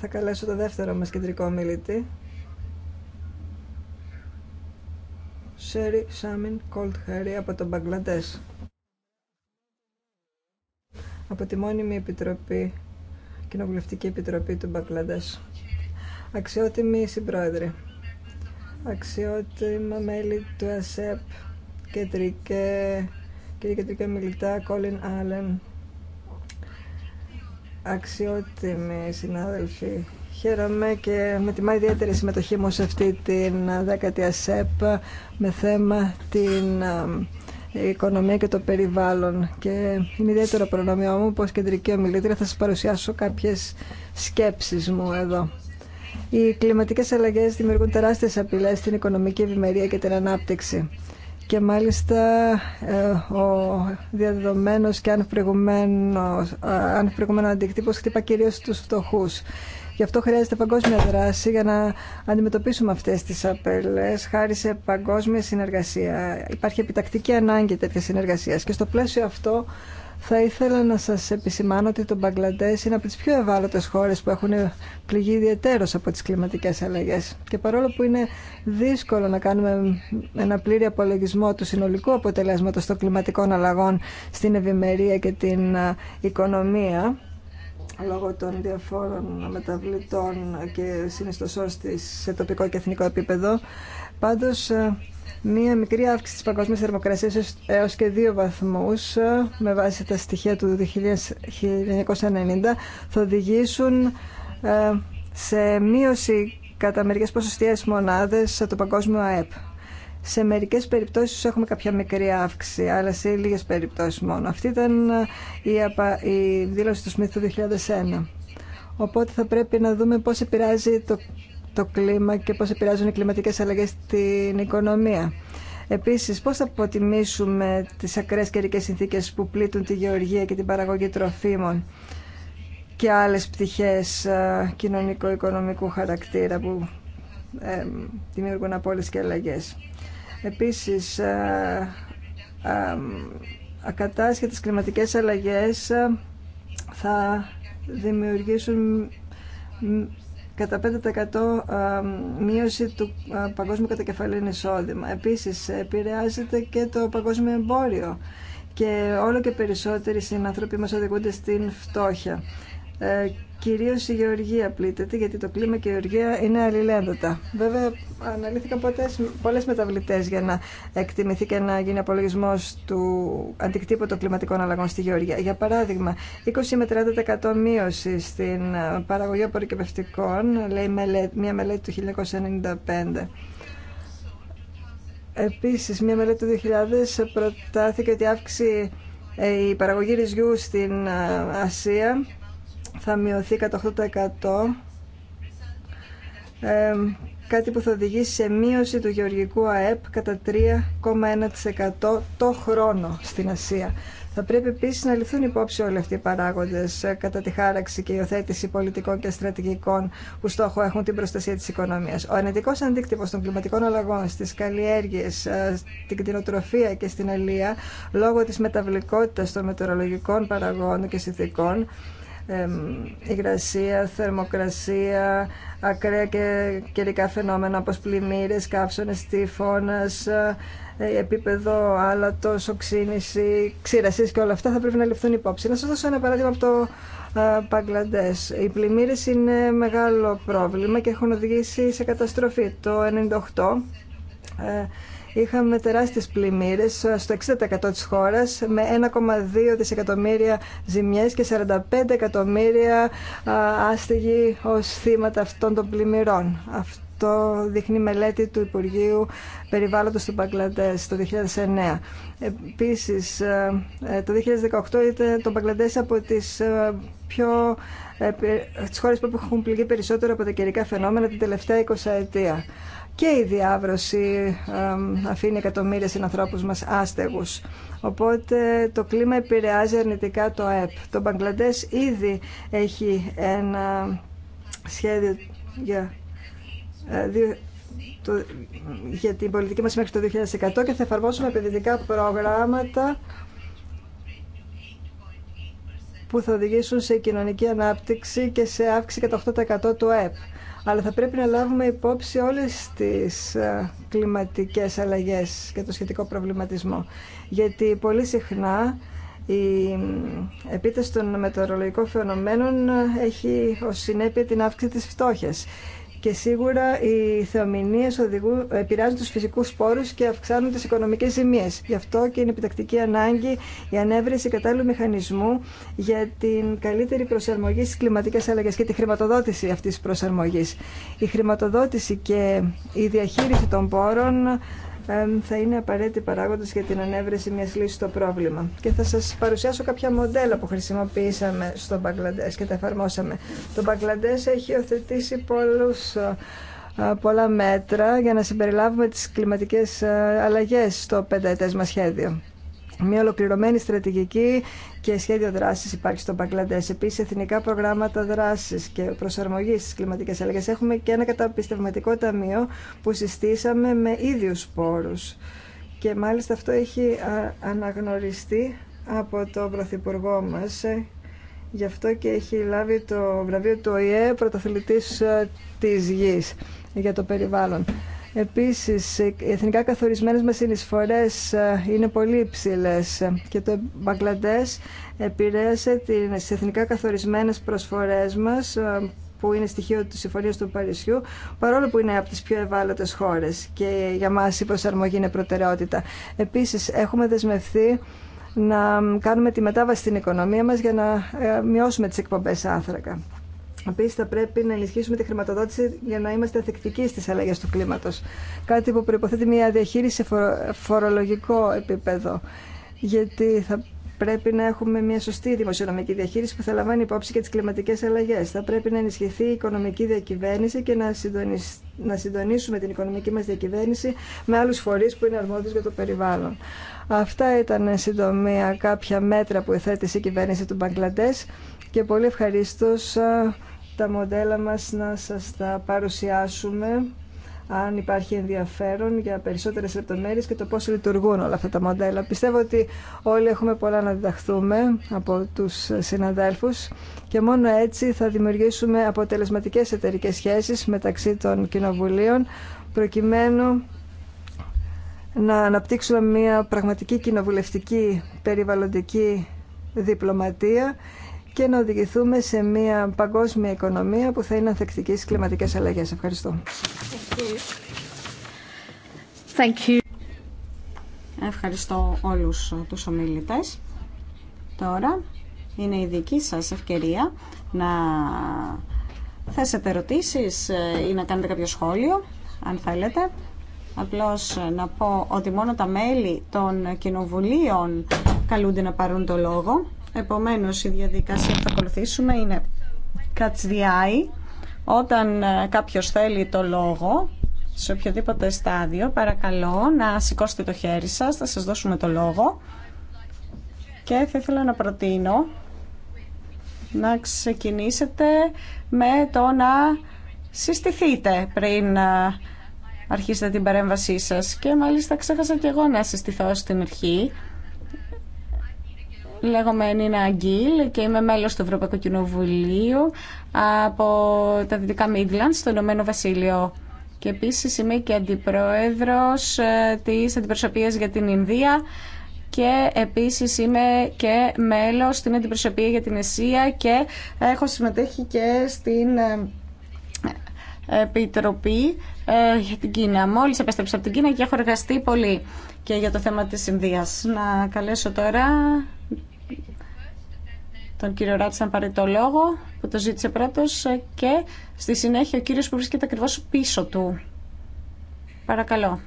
θα καλέσω το δεύτερο μας κεντρικό ομιλητή Σέρι Σάμιν Κολτ από τον Μπαγκλαντές από τη μόνιμη επιτροπή Κοινοβουλευτική Επιτροπή του Μπαγκλαντές Αξιότιμοι συμπρόεδροι αξιότιμα μέλη του Εσέπ, κεντρικέ κύριε Κεντρική Μιλητά, Κόλιν Άλεν, αξιότιμοι συνάδελφοι. Χαίρομαι και με τιμά ιδιαίτερη συμμετοχή μου σε αυτή την 10η ΑΣΕΠ με θέμα την ε, οικονομία και το περιβάλλον. Και είναι ιδιαίτερο προνομιό μου που ως κεντρική ομιλήτρια θα σας παρουσιάσω κάποιες σκέψεις μου εδώ. Οι κλιματικές αλλαγές δημιουργούν τεράστιες απειλές στην οικονομική ευημερία και την ανάπτυξη και μάλιστα ε, ο διαδεδομένος και αν προηγουμένο ε, αντικτύπωση χτύπα κυρίως τους φτωχούς. Γι' αυτό χρειάζεται παγκόσμια δράση για να αντιμετωπίσουμε αυτές τις απελές χάρη σε παγκόσμια συνεργασία. Υπάρχει επιτακτική ανάγκη τέτοια συνεργασίας και στο πλαίσιο αυτό θα ήθελα να σας επισημάνω ότι το Μπαγκλαντές είναι από τις πιο ευάλωτες χώρες που έχουν πληγεί ιδιαίτερως από τις κλιματικές αλλαγές. Και παρόλο που είναι δύσκολο να κάνουμε ένα πλήρη απολογισμό του συνολικού αποτελέσματος των κλιματικών αλλαγών στην ευημερία και την οικονομία, λόγω των διαφόρων μεταβλητών και συνιστοσών σε τοπικό και εθνικό επίπεδο. Πάντω ε, μία μικρή αύξηση τη παγκόσμια θερμοκρασία έως και δύο βαθμούς ε, με βάση τα στοιχεία του 1990 θα οδηγήσουν ε, σε μείωση κατά μερικές ποσοστιαίες μονάδες το παγκόσμιο ΑΕΠ. Σε μερικές περιπτώσεις έχουμε κάποια μικρή αύξηση, αλλά σε λίγε περιπτώσεις μόνο. Αυτή ήταν η δήλωση του Σμιθ του 2001. Οπότε θα πρέπει να δούμε πώς επηρεάζει το το κλίμα και πώς επηρεάζουν οι κλιματικές αλλαγές στην οικονομία. Επίσης, πώς θα αποτιμήσουμε τις ακραίες καιρικέ συνθήκες που πλήττουν τη γεωργία και την παραγωγή τροφίμων και άλλες πτυχές κοινωνικο-οικονομικού χαρακτήρα που ε, δημιουργούν απόλυτες και αλλαγές. Επίσης, α, α, κλιματικές αλλαγές θα δημιουργήσουν κατά 5% μείωση του παγκόσμιου κατακεφαλήν εισόδημα. Επίσης, επηρεάζεται και το παγκόσμιο εμπόριο και όλο και περισσότεροι συνάνθρωποι μας οδηγούνται στην φτώχεια ε, Κυρίως η γεωργία πλήττεται, γιατί το κλίμα και η γεωργία είναι αλληλένδετα. Βέβαια, αναλύθηκαν πολλέ πολλές μεταβλητές για να εκτιμηθεί και να γίνει απολογισμός του αντικτύπου των κλιματικών αλλαγών στη γεωργία. Για παράδειγμα, 20 με 30% μείωση στην παραγωγή απορροκεπευτικών, λέει μια μελέτη του 1995. Επίσης, μια μελέτη του 2000 προτάθηκε ότι αύξηση ε, η παραγωγή ρυζιού στην ε, Ασία θα μειωθεί κατά 8% ε, κάτι που θα οδηγήσει σε μείωση του γεωργικού ΑΕΠ κατά 3,1% το χρόνο στην Ασία. Θα πρέπει επίσης να ληφθούν υπόψη όλοι αυτοί οι παράγοντες ε, κατά τη χάραξη και υιοθέτηση πολιτικών και στρατηγικών που στόχο έχουν την προστασία της οικονομίας. Ο αρνητικός αντίκτυπος των κλιματικών αλλαγών στις καλλιέργειες, ε, στην κτηνοτροφία και στην αλία λόγω της μεταβλητικότητας των μετεωρολογικών παραγόντων και συνθηκών υγρασία, θερμοκρασία, ακραία και καιρικά φαινόμενα όπως πλημμύρες, καύσονες, τύφωνας, ε, επίπεδο άλατος, οξύνηση, ξηρασίες και όλα αυτά θα πρέπει να ληφθούν υπόψη. Να σας δώσω ένα παράδειγμα από το Παγκλαντές. Οι πλημμύρες είναι μεγάλο πρόβλημα και έχουν οδηγήσει σε καταστροφή. Το 1998 είχαμε τεράστιες πλημμύρες στο 60% της χώρας με 1,2 δισεκατομμύρια ζημιές και 45 εκατομμύρια άστεγοι ως θύματα αυτών των πλημμυρών. Αυτό δείχνει μελέτη του Υπουργείου Περιβάλλοντος του Μπαγκλαντές το 2009. Επίσης, ε, ε, το 2018 ήταν το Μπαγκλαντές από τις ε, πιο τις χώρες που έχουν πληγεί περισσότερο από τα καιρικά φαινόμενα την τελευταία 20 ετία και η διάβρωση αφήνει εκατομμύρια συνανθρώπους μας άστεγους. Οπότε το κλίμα επηρεάζει αρνητικά το ΑΕΠ. Το Μπαγκλαντές ήδη έχει ένα σχέδιο για, ε, για την πολιτική μας μέχρι το 2100 και θα εφαρμόσουμε επενδυτικά προγράμματα που θα οδηγήσουν σε κοινωνική ανάπτυξη και σε αύξηση κατά 8% του ΑΕΠ αλλά θα πρέπει να λάβουμε υπόψη όλες τις ε, κλιματικές αλλαγές και το σχετικό προβληματισμό. Γιατί πολύ συχνά η επίθεση των μετεωρολογικών φαινομένων ε, έχει ως συνέπεια την αύξηση της φτώχειας και σίγουρα οι θεομηνίες ε, επηρεάζουν τους φυσικούς σπόρους και αυξάνουν τις οικονομικές ζημίες. Γι' αυτό και είναι επιτακτική ανάγκη η ανέβρεση κατάλληλου μηχανισμού για την καλύτερη προσαρμογή στις κλιματικές αλλαγές και τη χρηματοδότηση αυτής της προσαρμογής. Η χρηματοδότηση και η διαχείριση των πόρων θα είναι απαραίτητη παράγοντε για την ανέβρεση μια λύση στο πρόβλημα. Και θα σα παρουσιάσω κάποια μοντέλα που χρησιμοποιήσαμε στο Μπαγκλαντέ και τα εφαρμόσαμε. Το Μπαγκλαντέ έχει οθετήσει ε, ε, πολλά μέτρα για να συμπεριλάβουμε τις κλιματικές ε, αλλαγές στο πενταετές μας σχέδιο. Μια ολοκληρωμένη στρατηγική και σχέδιο δράση υπάρχει στον Μπαγκλαντέ. Επίση, εθνικά προγράμματα δράση και προσαρμογή στι κλιματικέ αλλαγέ. Έχουμε και ένα καταπιστευματικό ταμείο που συστήσαμε με ίδιου πόρου. Και μάλιστα αυτό έχει αναγνωριστεί από τον Πρωθυπουργό μα Γι' αυτό και έχει λάβει το βραβείο του ΟΗΕ πρωτοθλητής ε, της γης για το περιβάλλον. Επίσης, οι εθνικά καθορισμένες μας συνεισφορές ε, είναι πολύ υψηλές και το Μπαγκλαντές επηρέασε τις εθνικά καθορισμένες προσφορές μας ε, που είναι στοιχείο της Συμφωνίας του Παρισιού, παρόλο που είναι από τις πιο ευάλωτες χώρες και για μας η προσαρμογή είναι προτεραιότητα. Επίσης, έχουμε δεσμευθεί να κάνουμε τη μετάβαση στην οικονομία μας για να ε, μειώσουμε τις εκπομπές άνθρακα. Επίση, θα πρέπει να ενισχύσουμε τη χρηματοδότηση για να είμαστε ανθεκτικοί στι αλλαγέ του κλίματο. Κάτι που προποθέτει μια διαχείριση σε φορολογικό επίπεδο. Γιατί θα πρέπει να έχουμε μια σωστή δημοσιονομική διαχείριση που θα λαμβάνει υπόψη και τι κλιματικέ αλλαγέ. Θα πρέπει να ενισχυθεί η οικονομική διακυβέρνηση και να, συντονίσουμε την οικονομική μα διακυβέρνηση με άλλου φορεί που είναι αρμόδιοι για το περιβάλλον. Αυτά ήταν συντομία κάποια μέτρα που εθέτησε η κυβέρνηση του Μπαγκλαντέ και πολύ ευχαρίστω τα μοντέλα μας να σας τα παρουσιάσουμε αν υπάρχει ενδιαφέρον για περισσότερες λεπτομέρειες και το πώς λειτουργούν όλα αυτά τα μοντέλα. Πιστεύω ότι όλοι έχουμε πολλά να διδαχθούμε από τους συναδέλφους και μόνο έτσι θα δημιουργήσουμε αποτελεσματικές εταιρικές σχέσεις μεταξύ των κοινοβουλίων προκειμένου να αναπτύξουμε μια πραγματική κοινοβουλευτική περιβαλλοντική διπλωματία και να οδηγηθούμε σε μια παγκόσμια οικονομία που θα είναι ανθεκτική στις κλιματικές αλλαγές. Ευχαριστώ. Thank you. Ευχαριστώ όλους τους ομιλητές. Τώρα είναι η δική σας ευκαιρία να θέσετε ερωτήσεις ή να κάνετε κάποιο σχόλιο, αν θέλετε. Απλώς να πω ότι μόνο τα μέλη των κοινοβουλίων καλούνται να πάρουν το λόγο. Επομένως, η διαδικασία που θα ακολουθήσουμε είναι catch Όταν ε, κάποιος θέλει το λόγο, σε οποιοδήποτε στάδιο, παρακαλώ να σηκώσετε το χέρι σας, θα σας δώσουμε το λόγο. Και θα ήθελα να προτείνω να ξεκινήσετε με το να συστηθείτε πριν ε, αρχίσετε την παρέμβασή σας. Και μάλιστα ξέχασα και εγώ να συστηθώ στην αρχή. Λέγομαι Νίνα Αγγίλ και είμαι μέλος του Ευρωπαϊκού Κοινοβουλίου από τα Δυτικά Μίτλαντ στο Ηνωμένο Βασίλειο. Και επίσης είμαι και αντιπρόεδρος ε, της Αντιπροσωπείας για την Ινδία και επίσης είμαι και μέλος στην Αντιπροσωπεία για την Εσία και έχω συμμετέχει και στην ε, Επιτροπή ε, για την Κίνα. Μόλις επέστρεψα από την Κίνα και έχω εργαστεί πολύ και για το θέμα της Ινδίας. Να καλέσω τώρα τον κύριο Ράτσα να πάρει το λόγο που το ζήτησε πρώτος και στη συνέχεια ο κύριος που βρίσκεται ακριβώ πίσω του. Παρακαλώ.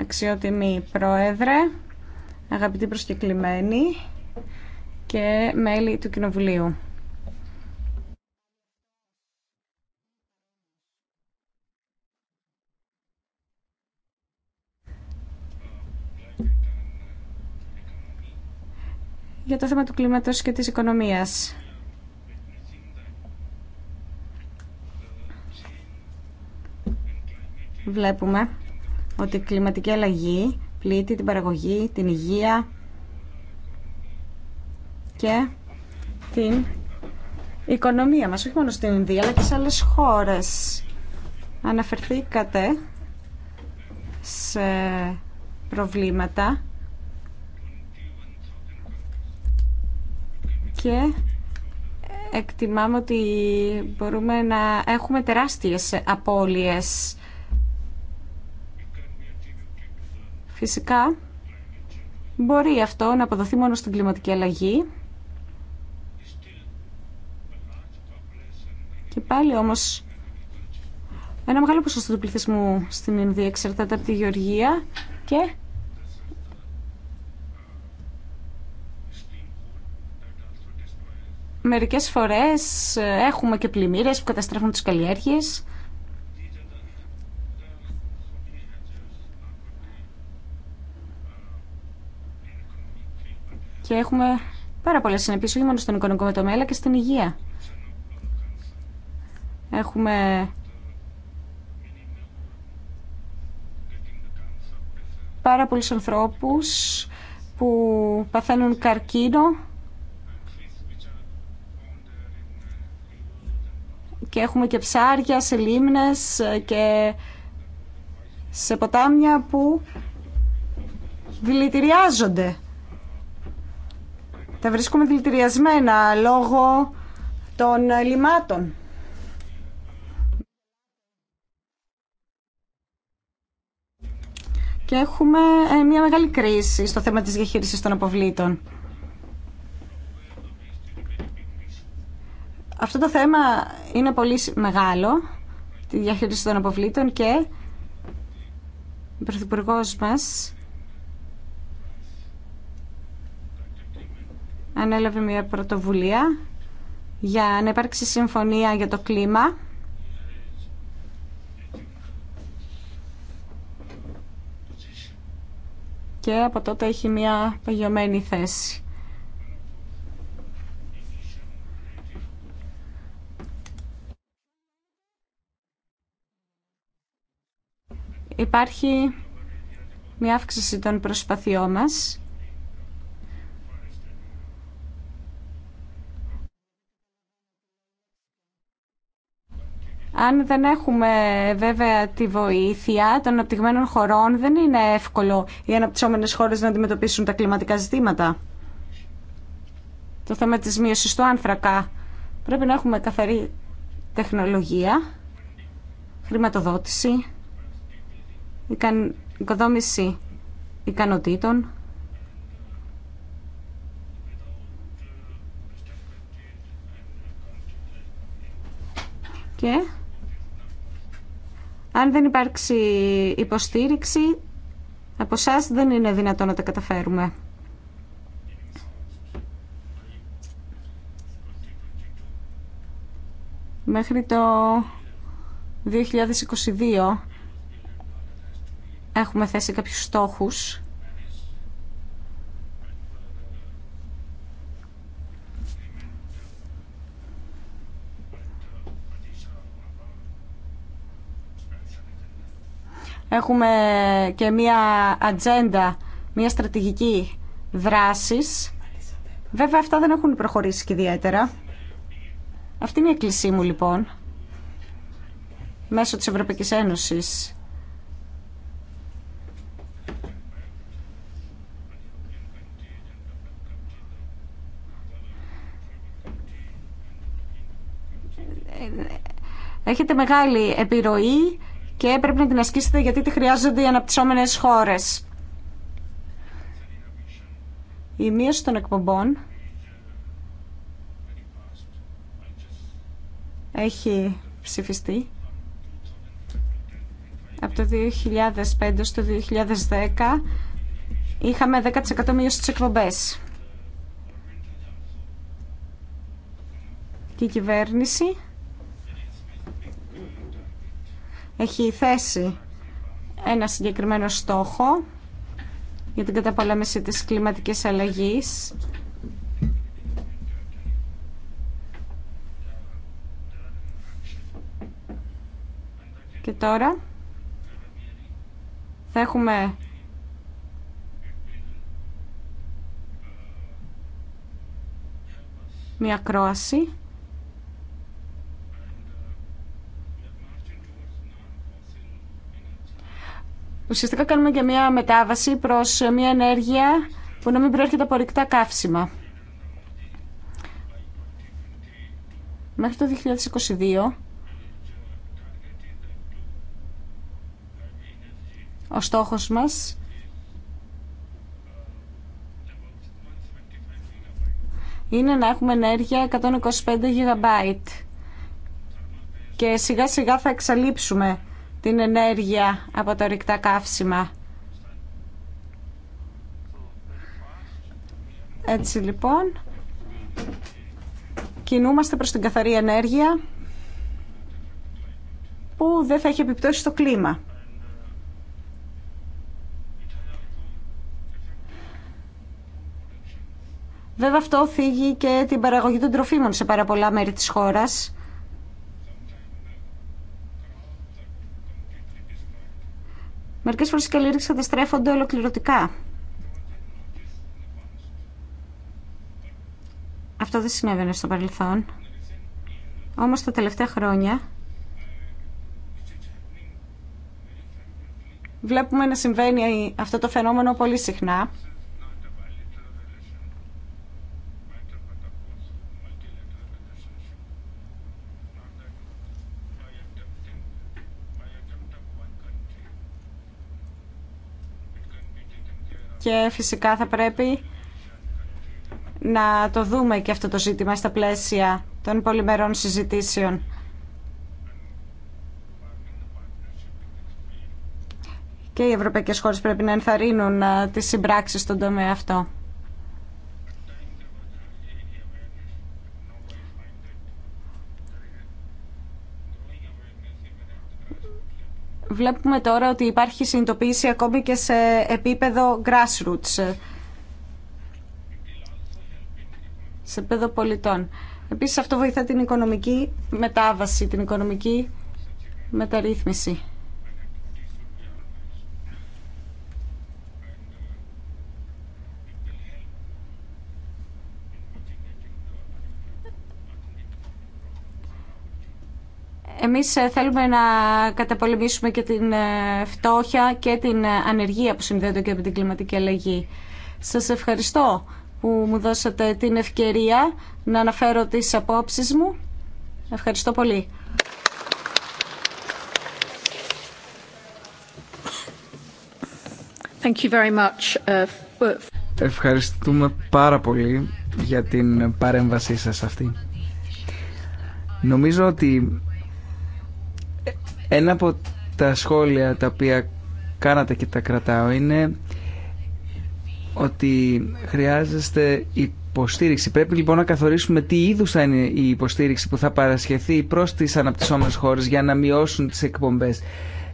Αξιότιμη Πρόεδρε, αγαπητοί προσκεκλημένοι και μέλη του Κοινοβουλίου. για το θέμα του κλίματος και της οικονομίας. Βλέπουμε ότι η κλιματική αλλαγή πλήττει την παραγωγή, την υγεία και την οικονομία μας, όχι μόνο στην Ινδία, αλλά και σε άλλες χώρες. Αναφερθήκατε σε προβλήματα και εκτιμάμε ότι μπορούμε να έχουμε τεράστιες απώλειες. Φυσικά, μπορεί αυτό να αποδοθεί μόνο στην κλιματική αλλαγή. Και πάλι όμως, ένα μεγάλο ποσοστό του πληθυσμού στην Ινδία εξαρτάται από τη γεωργία και Μερικές φορές ε, έχουμε και πλημμύρες που καταστρέφουν τις καλλιέργειες. Και έχουμε πάρα πολλές συνεπίσεις όχι μόνο στον οικονομικό τομέα, αλλά και στην υγεία. Έχουμε πάρα πολλούς ανθρώπους που παθαίνουν καρκίνο και έχουμε και ψάρια σε λίμνες και σε ποτάμια που δηλητηριάζονται. Τα βρίσκουμε δηλητηριασμένα λόγω των λιμάτων. Και έχουμε ε, μια μεγάλη κρίση στο θέμα της διαχείρισης των αποβλήτων. Αυτό το θέμα είναι πολύ μεγάλο, τη διαχείριση των αποβλήτων και ο Πρωθυπουργό μας ανέλαβε μια πρωτοβουλία για να υπάρξει συμφωνία για το κλίμα. Και από τότε έχει μια παγιωμένη θέση. Υπάρχει μια αύξηση των προσπαθειών μας Αν δεν έχουμε βέβαια τη βοήθεια των αναπτυγμένων χωρών, δεν είναι εύκολο οι αναπτυσσόμενες χώρες να αντιμετωπίσουν τα κλιματικά ζητήματα. Το θέμα της μείωσης του άνθρακα. Πρέπει να έχουμε καθαρή τεχνολογία, χρηματοδότηση οικοδόμηση ικανοτήτων, και αν δεν υπάρξει υποστήριξη από εσά δεν είναι δυνατόν να τα καταφέρουμε. Μέχρι το 2022 έχουμε θέσει κάποιους στόχους Έχουμε και μία ατζέντα, μία στρατηγική δράσης. Βέβαια αυτά δεν έχουν προχωρήσει και ιδιαίτερα. Αυτή είναι η εκκλησία μου λοιπόν, μέσω της Ευρωπαϊκής Ένωσης έχετε μεγάλη επιρροή και πρέπει να την ασκήσετε γιατί τη χρειάζονται οι αναπτυσσόμενες χώρες. Η μείωση των εκπομπών έχει ψηφιστεί από το 2005 στο 2010 είχαμε 10% μείωση στις εκπομπές και η κυβέρνηση έχει θέσει ένα συγκεκριμένο στόχο για την καταπολέμηση της κλιματικής αλλαγής και τώρα θα έχουμε μια κρόαση Ουσιαστικά κάνουμε και μια μετάβαση προς μια ενέργεια που να μην προέρχεται από ρηκτά καύσιμα. Μέχρι το 2022 ο στόχος μας είναι να έχουμε ενέργεια 125 GB και σιγά σιγά θα εξαλείψουμε την ενέργεια από τα ορυκτά καύσιμα. Έτσι λοιπόν, κινούμαστε προς την καθαρή ενέργεια που δεν θα έχει επιπτώσει στο κλίμα. Βέβαια αυτό θίγει και την παραγωγή των τροφίμων σε πάρα πολλά μέρη της χώρας Μερικές φορές οι καλλιέργειες αντιστρέφονται ολοκληρωτικά. Αυτό δεν συνέβαινε στο παρελθόν. Όμως τα τελευταία χρόνια βλέπουμε να συμβαίνει αυτό το φαινόμενο πολύ συχνά και φυσικά θα πρέπει να το δούμε και αυτό το ζήτημα στα πλαίσια των πολυμερών συζητήσεων. Και οι ευρωπαϊκές χώρες πρέπει να ενθαρρύνουν τις συμπράξεις στον τομέα αυτό. βλέπουμε τώρα ότι υπάρχει συνειδητοποίηση ακόμη και σε επίπεδο grassroots, σε επίπεδο πολιτών. Επίσης αυτό βοηθά την οικονομική μετάβαση, την οικονομική μεταρρύθμιση. Εμείς ε, θέλουμε να καταπολεμήσουμε και την ε, φτώχεια και την ε, ανεργία που συνδέονται και με την κλιματική αλλαγή. Σας ευχαριστώ που μου δώσατε την ευκαιρία να αναφέρω τις απόψεις μου. Ευχαριστώ πολύ. Uh, Ευχαριστούμε πάρα πολύ για την παρέμβασή σας αυτή. Νομίζω ότι ένα από τα σχόλια τα οποία κάνατε και τα κρατάω είναι ότι χρειάζεστε υποστήριξη. Πρέπει λοιπόν να καθορίσουμε τι είδου θα είναι η υποστήριξη που θα παρασχεθεί προ τι αναπτυσσόμενε χώρε για να μειώσουν τι εκπομπέ.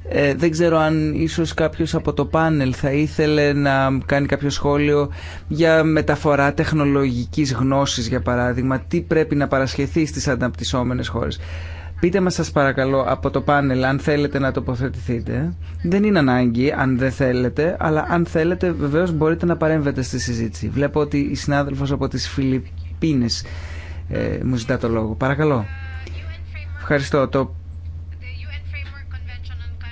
Ε, δεν ξέρω αν ίσως κάποιος από το πάνελ θα ήθελε να κάνει κάποιο σχόλιο για μεταφορά τεχνολογικής γνώσης για παράδειγμα τι πρέπει να παρασχεθεί στις αναπτυσσόμενες χώρες Πείτε μας σας παρακαλώ από το πάνελ αν θέλετε να τοποθετηθείτε. Δεν είναι ανάγκη αν δεν θέλετε, αλλά αν θέλετε βεβαίως μπορείτε να παρέμβετε στη συζήτηση. Βλέπω ότι η συνάδελφος από τις Φιλιππίνες ε, μου ζητά το λόγο. Παρακαλώ. Ευχαριστώ. Το...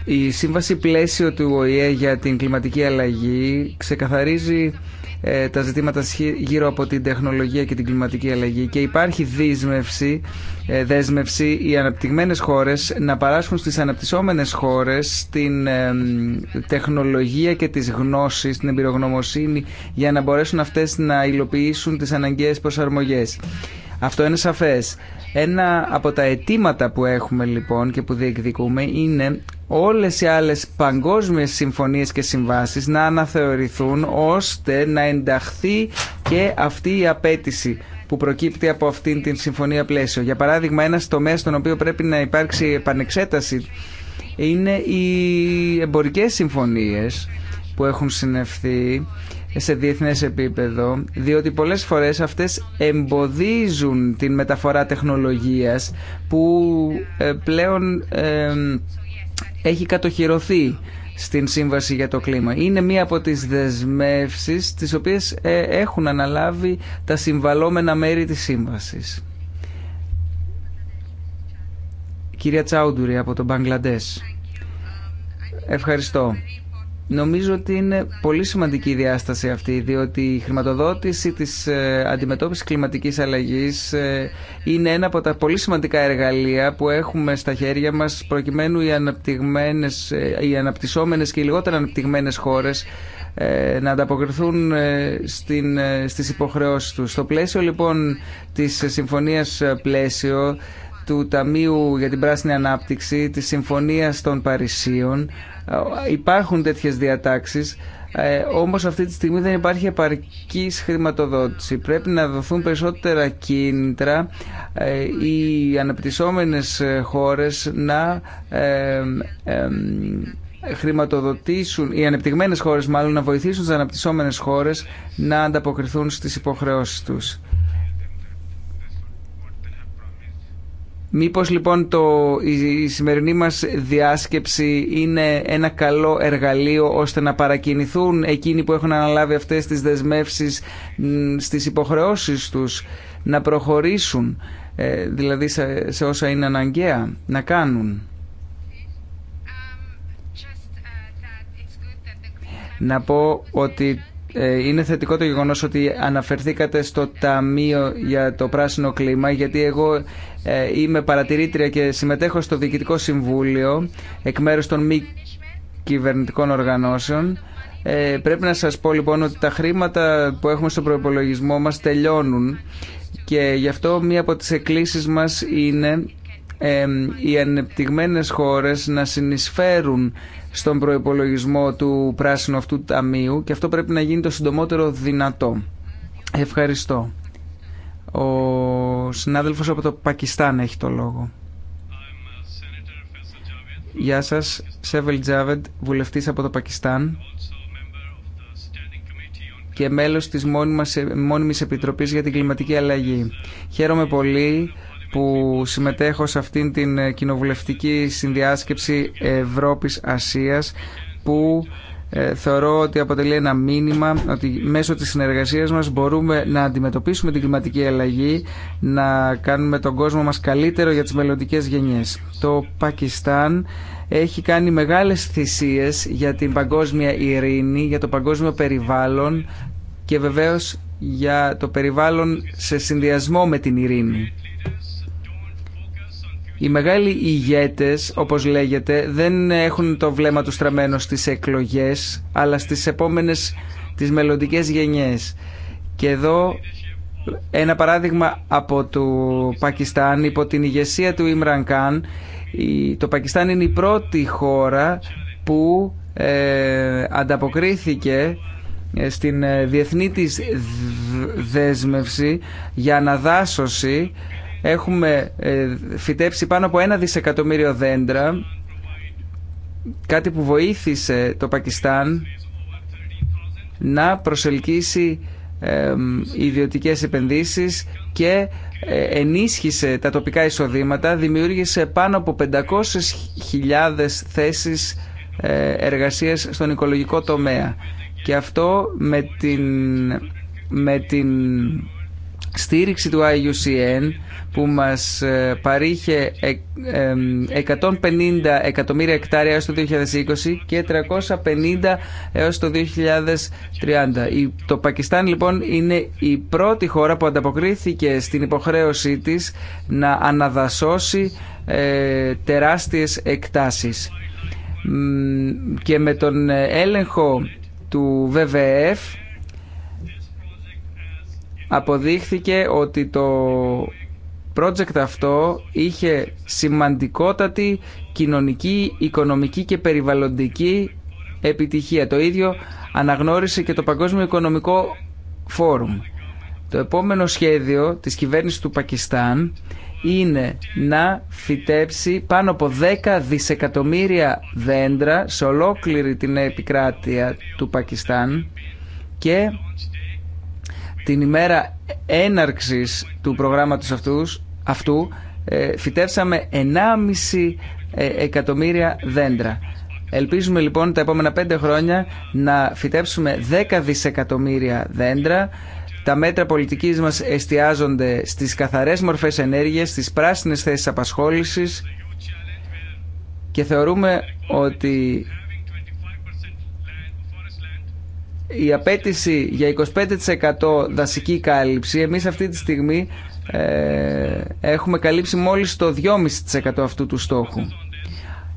Η σύμβαση πλαίσιο του ΟΗΕ για την κλιματική αλλαγή ξεκαθαρίζει ε, τα ζητήματα γύρω από την τεχνολογία και την κλιματική αλλαγή και υπάρχει δίσμευση ε, δέσμευση οι αναπτυγμένες χώρες να παράσχουν στις αναπτυσσόμενες χώρες την τεχνολογία και τις γνώσεις, την εμπειρογνωμοσύνη για να μπορέσουν αυτές να υλοποιήσουν τις αναγκαίες προσαρμογές. Αυτό είναι σαφές. Ένα από τα αιτήματα που έχουμε λοιπόν και που διεκδικούμε είναι όλες οι άλλες παγκόσμιες συμφωνίες και συμβάσεις να αναθεωρηθούν ώστε να ενταχθεί και αυτή η απέτηση που προκύπτει από αυτήν την συμφωνία πλαίσιο. Για παράδειγμα, ένα τομέα στον οποίο πρέπει να υπάρξει επανεξέταση είναι οι εμπορικές συμφωνίες που έχουν συνευθεί σε διεθνές επίπεδο, διότι πολλές φορές αυτές εμποδίζουν την μεταφορά τεχνολογίας που ε, πλέον ε, έχει κατοχυρωθεί στην Σύμβαση για το Κλίμα. Είναι μία από τις δεσμεύσεις τις οποίες ε, έχουν αναλάβει τα συμβαλόμενα μέρη της Σύμβασης. Κυρία Τσάουντουρη από τον Μπαγκλαντές. Ευχαριστώ. Νομίζω ότι είναι πολύ σημαντική η διάσταση αυτή, διότι η χρηματοδότηση της ε, αντιμετώπισης κλιματικής αλλαγής ε, είναι ένα από τα πολύ σημαντικά εργαλεία που έχουμε στα χέρια μας προκειμένου οι, αναπτυγμένες, ε, οι αναπτυσσόμενες και οι λιγότερα αναπτυγμένες χώρες να ανταποκριθούν στην, στις υποχρεώσεις τους. Στο πλαίσιο λοιπόν της συμφωνίας πλαίσιο του Ταμείου για την Πράσινη Ανάπτυξη, τη συμφωνία των Παρισίων. Ε, υπάρχουν τέτοιες διατάξεις, ε, όμως αυτή τη στιγμή δεν υπάρχει επαρκής χρηματοδότηση. Πρέπει να δοθούν περισσότερα κίνητρα ε, οι αναπτυσσόμενες χώρες να χρηματοδοτήσουν, οι ανεπτυγμένες χώρες μάλλον να βοηθήσουν τις αναπτυσσόμενες χώρες να ανταποκριθούν στις υποχρεώσεις τους. Μήπως λοιπόν το, η σημερινή μας διάσκεψη είναι ένα καλό εργαλείο ώστε να παρακινηθούν εκείνοι που έχουν αναλάβει αυτές τις δεσμεύσεις στις υποχρεώσεις τους να προχωρήσουν ε, δηλαδή σε, σε όσα είναι αναγκαία να κάνουν. Να πω ότι ε, είναι θετικό το γεγονός ότι αναφερθήκατε στο Ταμείο για το Πράσινο Κλίμα γιατί εγώ ε, είμαι παρατηρήτρια και συμμετέχω στο Διοικητικό Συμβούλιο εκ μέρους των μη κυβερνητικών οργανώσεων. Ε, πρέπει να σας πω λοιπόν ότι τα χρήματα που έχουμε στο προπολογισμό μας τελειώνουν και γι' αυτό μία από τις εκκλήσεις μας είναι ε, οι ανεπτυγμένες χώρες να συνεισφέρουν στον προϋπολογισμό του πράσινου αυτού ταμείου και αυτό πρέπει να γίνει το συντομότερο δυνατό. Ευχαριστώ. Ο συνάδελφος από το Πακιστάν έχει το λόγο. Γεια σας, Σεβελ Τζάβεντ, βουλευτής από το Πακιστάν και μέλος της Μόνιμης Επιτροπής για την Κλιματική Αλλαγή. Χαίρομαι πολύ που συμμετέχω σε αυτήν την κοινοβουλευτική συνδιάσκεψη Ευρώπης-Ασίας που ε, θεωρώ ότι αποτελεί ένα μήνυμα ότι μέσω της συνεργασίας μας μπορούμε να αντιμετωπίσουμε την κλιματική αλλαγή, να κάνουμε τον κόσμο μας καλύτερο για τις μελλοντικέ γενιές. Το Πακιστάν έχει κάνει μεγάλες θυσίες για την παγκόσμια ειρήνη, για το παγκόσμιο περιβάλλον και βεβαίως για το περιβάλλον σε συνδυασμό με την ειρήνη. Οι μεγάλοι ηγέτες, όπως λέγεται, δεν έχουν το βλέμμα του στραμμένο στις εκλογές, αλλά στις επόμενες, τις μελλοντικέ γενιές. Και εδώ ένα παράδειγμα από το Πακιστάν, υπό την ηγεσία του Ιμραν Καν, το Πακιστάν είναι η πρώτη χώρα που ε, ανταποκρίθηκε ε, στην ε, διεθνή της δέσμευση για αναδάσωση Έχουμε ε, φυτέψει πάνω από ένα δισεκατομμύριο δέντρα, κάτι που βοήθησε το Πακιστάν να προσελκύσει ιδιωτικές επενδύσεις και ε, ενίσχυσε τα τοπικά εισοδήματα, δημιούργησε πάνω από 500.000 θέσεις ε, εργασίας στον οικολογικό τομέα. Και αυτό με την, με την στήριξη του IUCN που μας ε, παρήχε 150 ε, εκατομμύρια εκτάρια έως το 2020 και 350 έως το 2030. Το Πακιστάν λοιπόν είναι η πρώτη χώρα που ανταποκρίθηκε στην υποχρέωσή της να αναδασώσει ε, τεράστιες εκτάσεις. Και με τον έλεγχο του WWF αποδείχθηκε ότι το project αυτό είχε σημαντικότατη κοινωνική, οικονομική και περιβαλλοντική επιτυχία. Το ίδιο αναγνώρισε και το Παγκόσμιο Οικονομικό Φόρουμ. Το επόμενο σχέδιο της κυβέρνησης του Πακιστάν είναι να φυτέψει πάνω από 10 δισεκατομμύρια δέντρα σε ολόκληρη την επικράτεια του Πακιστάν και την ημέρα έναρξης του προγράμματος αυτούς, αυτού ε, φυτέψαμε 1,5 ε, εκατομμύρια δέντρα. Ελπίζουμε λοιπόν τα επόμενα πέντε χρόνια να φυτέψουμε 10 δισεκατομμύρια δέντρα. Τα μέτρα πολιτικής μας εστιάζονται στις καθαρές μορφές ενέργειας, στις πράσινες θέσεις απασχόλησης και θεωρούμε ότι η απέτηση για 25% δασική κάλυψη, εμείς αυτή τη στιγμή ε, έχουμε καλύψει μόλις το 2,5% αυτού του στόχου.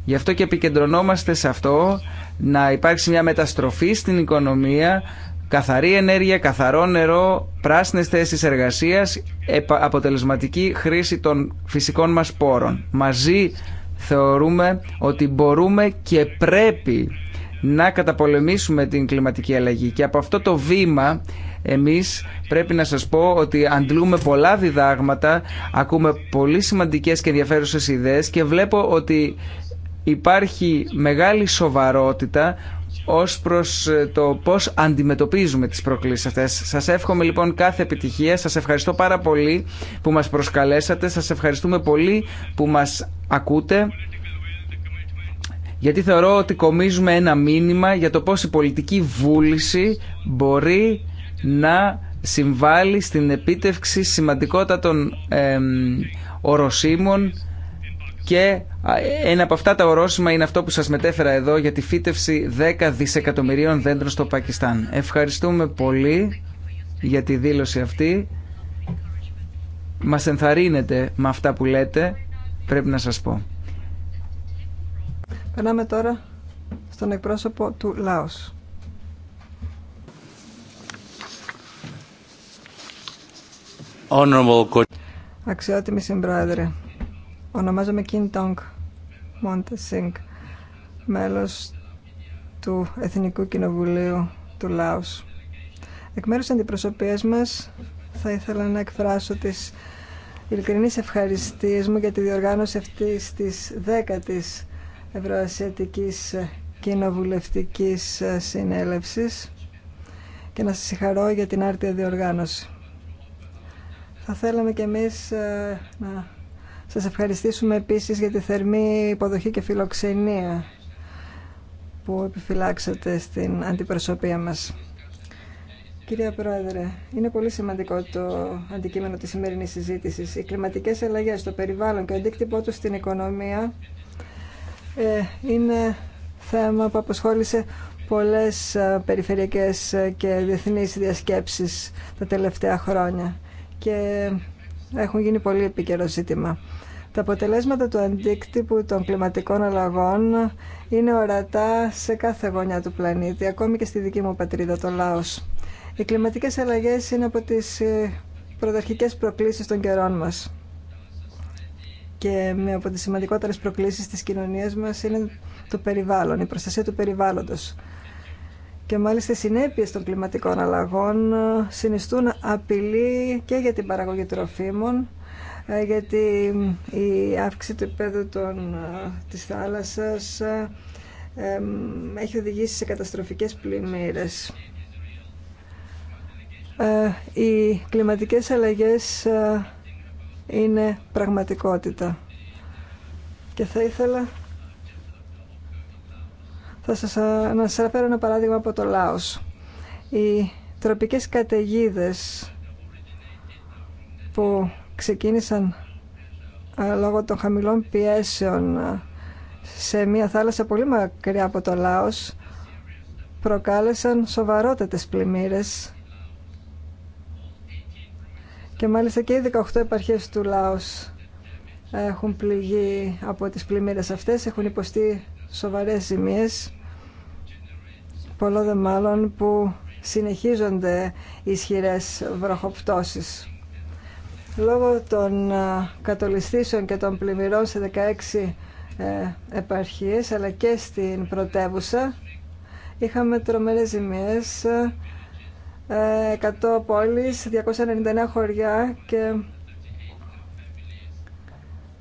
Γι' αυτό και επικεντρωνόμαστε σε αυτό, να υπάρξει μια μεταστροφή στην οικονομία, καθαρή ενέργεια, καθαρό νερό, πράσινες θέσεις εργασίας, αποτελεσματική χρήση των φυσικών μας πόρων. Μαζί θεωρούμε ότι μπορούμε και πρέπει να καταπολεμήσουμε την κλιματική αλλαγή. Και από αυτό το βήμα εμείς πρέπει να σας πω ότι αντλούμε πολλά διδάγματα, ακούμε πολύ σημαντικές και ενδιαφέρουσες ιδέες και βλέπω ότι υπάρχει μεγάλη σοβαρότητα ως προς ε, το πώς αντιμετωπίζουμε τις προκλήσεις αυτές. Σας εύχομαι λοιπόν κάθε επιτυχία, σας ευχαριστώ πάρα πολύ που μας προσκαλέσατε, σας ευχαριστούμε πολύ που μας ακούτε γιατί θεωρώ ότι κομίζουμε ένα μήνυμα για το πώς η πολιτική βούληση μπορεί να συμβάλλει στην επίτευξη σημαντικότατων ε, οροσίμων και ένα από αυτά τα ορόσημα είναι αυτό που σας μετέφερα εδώ για τη φύτευση 10 δισεκατομμυρίων δέντρων στο Πακιστάν. Ευχαριστούμε πολύ για τη δήλωση αυτή. Μας ενθαρρύνετε με αυτά που λέτε, πρέπει να σας πω. Περνάμε τώρα στον εκπρόσωπο του Λάος. Αξιότιμη συμπρόεδρε, ονομάζομαι Κιν Τόγκ Σινκ, μέλος του Εθνικού Κοινοβουλίου του ΛΑΟΣ. Εκ μέρους της αντιπροσωπείας μας θα ήθελα να εκφράσω τις ειλικρινείς ευχαριστίες μου για τη διοργάνωση αυτής της δέκατης Ευρωασιατικής Κοινοβουλευτικής Συνέλευσης και να σας συγχαρώ για την άρτια διοργάνωση. Θα θέλαμε και εμείς ε, να σας ευχαριστήσουμε επίσης για τη θερμή υποδοχή και φιλοξενία που επιφυλάξατε στην αντιπροσωπεία μας. Κυρία Πρόεδρε, είναι πολύ σημαντικό το αντικείμενο της σημερινής συζήτησης. Οι κλιματικές αλλαγές, το περιβάλλον και ο αντίκτυπό του στην οικονομία ε, είναι θέμα που απασχόλησε πολλές ε, περιφερειακές ε, και διεθνείς διασκέψεις τα τελευταία χρόνια και έχουν γίνει πολύ επίκαιρο ζήτημα. Τα αποτελέσματα του αντίκτυπου των κλιματικών αλλαγών είναι ορατά σε κάθε γωνιά του πλανήτη, ακόμη και στη δική μου πατρίδα, το Λάος. Οι κλιματικές αλλαγές είναι από τις πρωταρχικές προκλήσεις των καιρών μας και μία από τις σημαντικότερες προκλήσεις της κοινωνίας μας είναι το περιβάλλον, η προστασία του περιβάλλοντος. Και μάλιστα οι συνέπειες των κλιματικών αλλαγών ε, συνιστούν απειλή και για την παραγωγή τροφίμων, ε, γιατί ε, η αύξηση του επίπεδου της θάλασσας έχει οδηγήσει σε καταστροφικές πλημμύρες. οι κλιματικές αλλαγές είναι πραγματικότητα. Και θα ήθελα θα σας, να σας αναφέρω ένα παράδειγμα από το Λάος. Οι τροπικές καταιγίδε που ξεκίνησαν λόγω των χαμηλών πιέσεων σε μια θάλασσα πολύ μακριά από το Λάος προκάλεσαν σοβαρότατες πλημμύρες και μάλιστα και οι 18 επαρχές του Λάος έχουν πληγεί από τις πλημμύρες αυτές, έχουν υποστεί σοβαρές ζημίες, πολλό δε μάλλον που συνεχίζονται ισχυρές βροχοπτώσεις. Λόγω των κατολιστήσεων και των πλημμυρών σε 16 ε, επαρχίες αλλά και στην πρωτεύουσα είχαμε τρομερές ζημίες 100 πόλεις, 299 χωριά και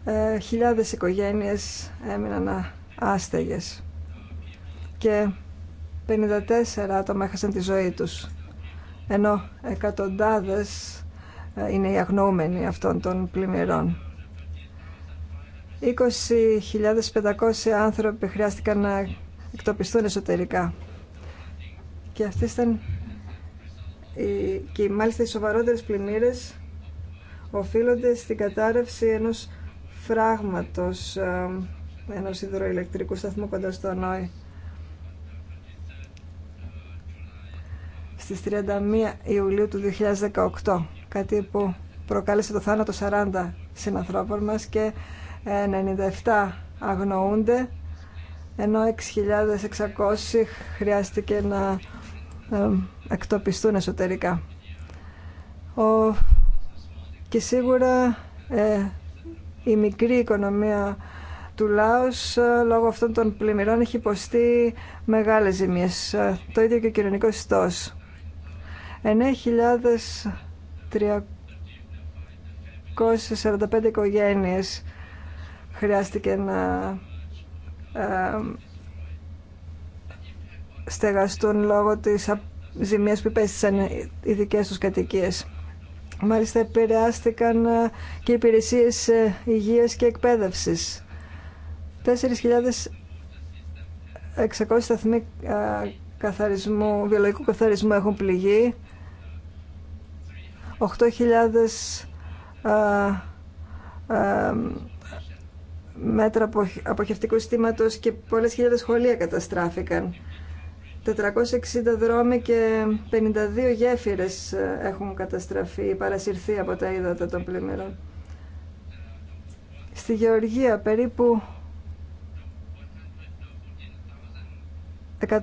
ε, χιλιάδες οικογένειες έμειναν άστεγες και 54 άτομα έχασαν τη ζωή τους ενώ εκατοντάδες ε, είναι οι αγνοούμενοι αυτών των πλημμυρών. 20.500 άνθρωποι χρειάστηκαν να εκτοπιστούν εσωτερικά και αυτές ήταν και μάλιστα οι σοβαρότερες πλημμύρες οφείλονται στην κατάρρευση ενός φράγματος ε, ενός υδροηλεκτρικού σταθμού κοντά στο Νόη. Στις 31 Ιουλίου του 2018, κάτι που προκάλεσε το θάνατο 40 συνανθρώπων μας και 97 ε, αγνοούνται, ενώ 6.600 χρειάστηκε να ε, εκτοπιστούν εσωτερικά. Και σίγουρα ε, η μικρή οικονομία του Λάος ε, λόγω αυτών των πλημμυρών έχει υποστεί μεγάλες ζημίες. Το ίδιο και ο κοινωνικός ιστός. 9.345 οικογένειες χρειάστηκε να στεγαστούν λόγω της ζημίας που υπέστησαν οι δικές τους κατοικίες. Μάλιστα επηρεάστηκαν ε, και υπηρεσίες ε, υγείας και εκπαίδευσης. 4.600 σταθμοί καθαρισμού, βιολογικού καθαρισμού έχουν πληγεί. 8.000 μέτρα αποχευτικού συστήματος και πολλές χιλιάδες σχολεία καταστράφηκαν. 460 δρόμοι και 52 γέφυρες ε, έχουν καταστραφεί ή παρασυρθεί από τα ύδατα των πλημμυρών. Στη Γεωργία περίπου 114.000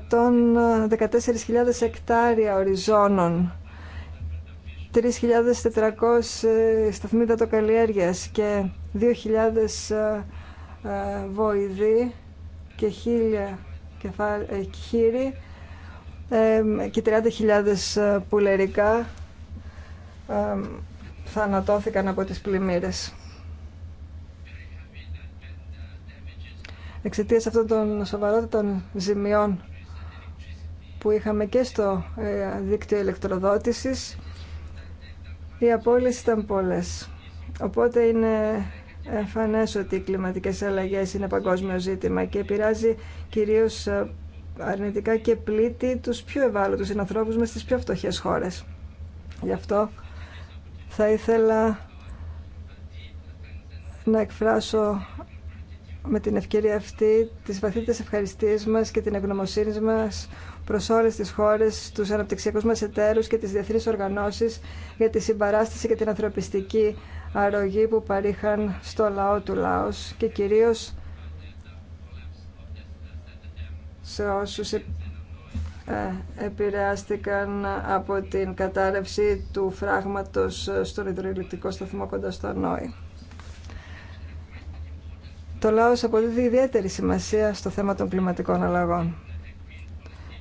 ε, εκτάρια οριζόνων, 3.400 σταθμοί δατοκαλλιέργειας και 2.000 ε, βοηδοί και 1.000 χείρι και 30.000 ε, πουλερικά θανατώθηκαν από τις πλημμύρες. Εξαιτία αυτών των σοβαρότητων ζημιών που είχαμε και στο ε, δίκτυο ηλεκτροδότησης, οι απώλειες ήταν πολλές. Οπότε είναι εμφανές ότι οι κλιματικές αλλαγές είναι παγκόσμιο ζήτημα και επηρεάζει κυρίως ε, αρνητικά και πλήττει τους πιο ευάλωτους συνανθρώπους μας στις πιο φτωχές χώρες. Γι' αυτό θα ήθελα να εκφράσω με την ευκαιρία αυτή τις βαθύτερες ευχαριστίες μας και την ευγνωμοσύνη μας προς όλες τις χώρες, τους αναπτυξιακούς μας εταίρους και τις διεθνείς οργανώσεις για τη συμπαράσταση και την ανθρωπιστική αρρωγή που παρήχαν στο λαό του Λάος και κυρίως σε όσους ε, επηρεάστηκαν από την κατάρρευση του φράγματος στον υδροηλεκτρικό σταθμό κοντά στο Νόη. Το λαός αποδίδει ιδιαίτερη σημασία στο θέμα των κλιματικών αλλαγών.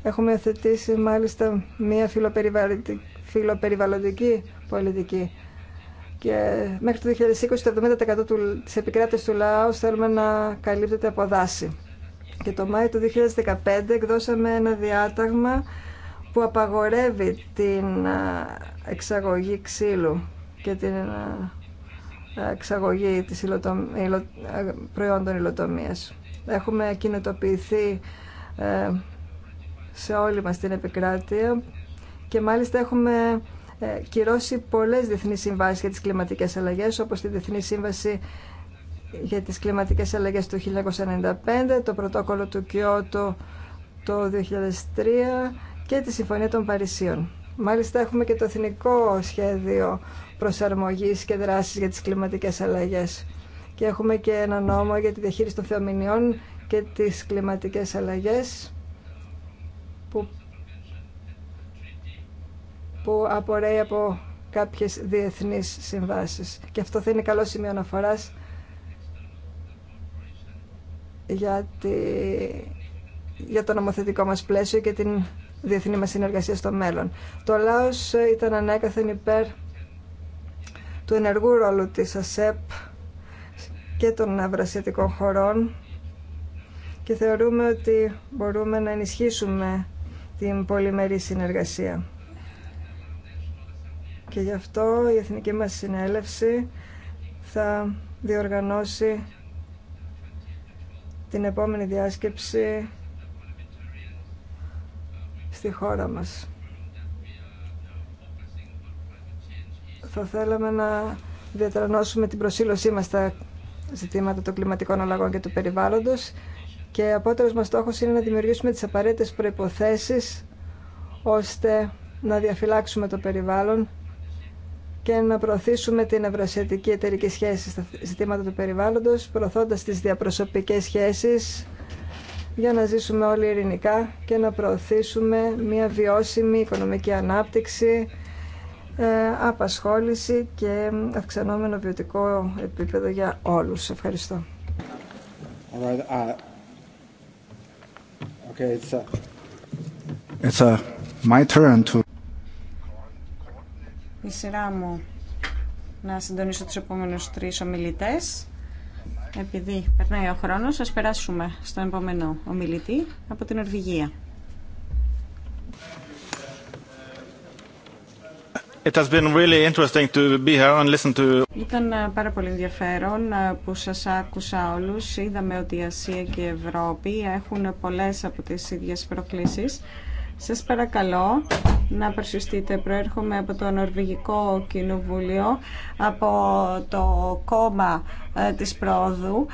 Έχουμε θετήσει μάλιστα μία φιλοπεριβαλλοντική πολιτική και μέχρι το 2020 το 70% της επικράτησης του ΛΑΟΣ θέλουμε να καλύπτεται από δάση. Και το Μάιο του 2015 εκδώσαμε ένα διάταγμα που απαγορεύει την εξαγωγή ξύλου και την εξαγωγή της προϊόντων υλοτομίας. Έχουμε κινητοποιηθεί ε, σε όλη μας την επικράτεια και μάλιστα έχουμε ε, κυρώσει πολλές διεθνείς συμβάσεις για τις κλιματικές αλλαγές όπως τη Διεθνή Σύμβαση για τις κλιματικές αλλαγές του 1995, το πρωτόκολλο του Κιώτο το 2003 και τη Συμφωνία των Παρισίων. Μάλιστα έχουμε και το εθνικό σχέδιο προσαρμογής και δράσης για τις κλιματικές αλλαγές. Και έχουμε και ένα νόμο για τη διαχείριση των θεομηνιών και τις κλιματικές αλλαγές που, που απορρέει από κάποιες διεθνείς συμβάσεις. Και αυτό θα είναι καλό σημείο αναφοράς για, τη, για το νομοθετικό μας πλαίσιο και την διεθνή μας συνεργασία στο μέλλον. Το Λάος ήταν ανέκαθεν υπέρ του ενεργού ρόλου της ΑΣΕΠ και των ευρασιατικών χωρών και θεωρούμε ότι μπορούμε να ενισχύσουμε την πολυμερή συνεργασία. Και γι' αυτό η Εθνική μας Συνέλευση θα διοργανώσει την επόμενη διάσκεψη στη χώρα μας. Θα θέλαμε να διατρανώσουμε την προσήλωσή μας στα ζητήματα των κλιματικών αλλαγών και του περιβάλλοντος και απότερος μας στόχος είναι να δημιουργήσουμε τις απαραίτητες προϋποθέσεις ώστε να διαφυλάξουμε το περιβάλλον και να προωθήσουμε την ευρωασιατική εταιρική σχέση στα ζητήματα του περιβάλλοντος, προωθώντας τις διαπροσωπικές σχέσεις για να ζήσουμε όλοι ειρηνικά και να προωθήσουμε μια βιώσιμη οικονομική ανάπτυξη, ε, απασχόληση και αυξανόμενο βιωτικό επίπεδο για όλους. Ευχαριστώ. Uh, uh, uh, my η σειρά μου να συντονίσω τους επόμενους τρεις ομιλητές. Επειδή περνάει ο χρόνος, ας περάσουμε στον επόμενο ομιλητή από την Ορβηγία. It has been really interesting to be here and listen to... Ήταν ε, πάρα πολύ ενδιαφέρον ε, που σας άκουσα όλους. Είδαμε ότι η Ασία και η Ευρώπη έχουν πολλές από τις ίδιες προκλήσεις. Σας παρακαλώ να παρουσιαστείτε. Προέρχομαι από το Νορβηγικό Κοινοβούλιο, από το κόμμα ε, της Πρόοδου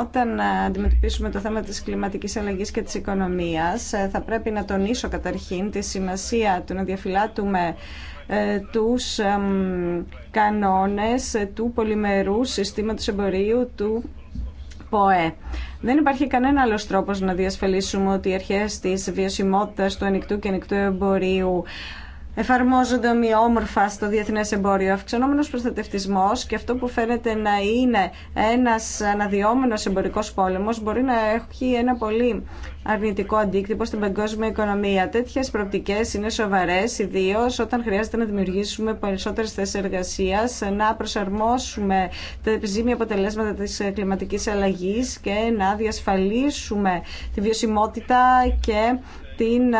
όταν ε, αντιμετωπίσουμε το θέμα της κλιματικής αλλαγής και της οικονομίας ε, θα πρέπει να τονίσω καταρχήν τη σημασία του να διαφυλάτουμε τους κανόνες του πολυμερού συστήματος εμπορίου του ΠΟΕ. Δεν υπάρχει κανένα άλλο τρόπο να διασφαλίσουμε ότι οι αρχέ τη βιωσιμότητα του ανοιχτού και ανοιχτού εμπορίου εφαρμόζονται ομοιόμορφα στο διεθνέ εμπόριο. Αυξανόμενο προστατευτισμό και αυτό που φαίνεται να είναι ένα αναδυόμενο εμπορικό πόλεμο μπορεί να έχει ένα πολύ αρνητικό αντίκτυπο στην παγκόσμια οικονομία. Τέτοιε προοπτικέ είναι σοβαρέ, ιδίω όταν χρειάζεται να δημιουργήσουμε περισσότερε θέσει εργασία, να προσαρμόσουμε τα επιζήμια αποτελέσματα τη κλιματική αλλαγή και να διασφαλίσουμε τη βιωσιμότητα και την ε,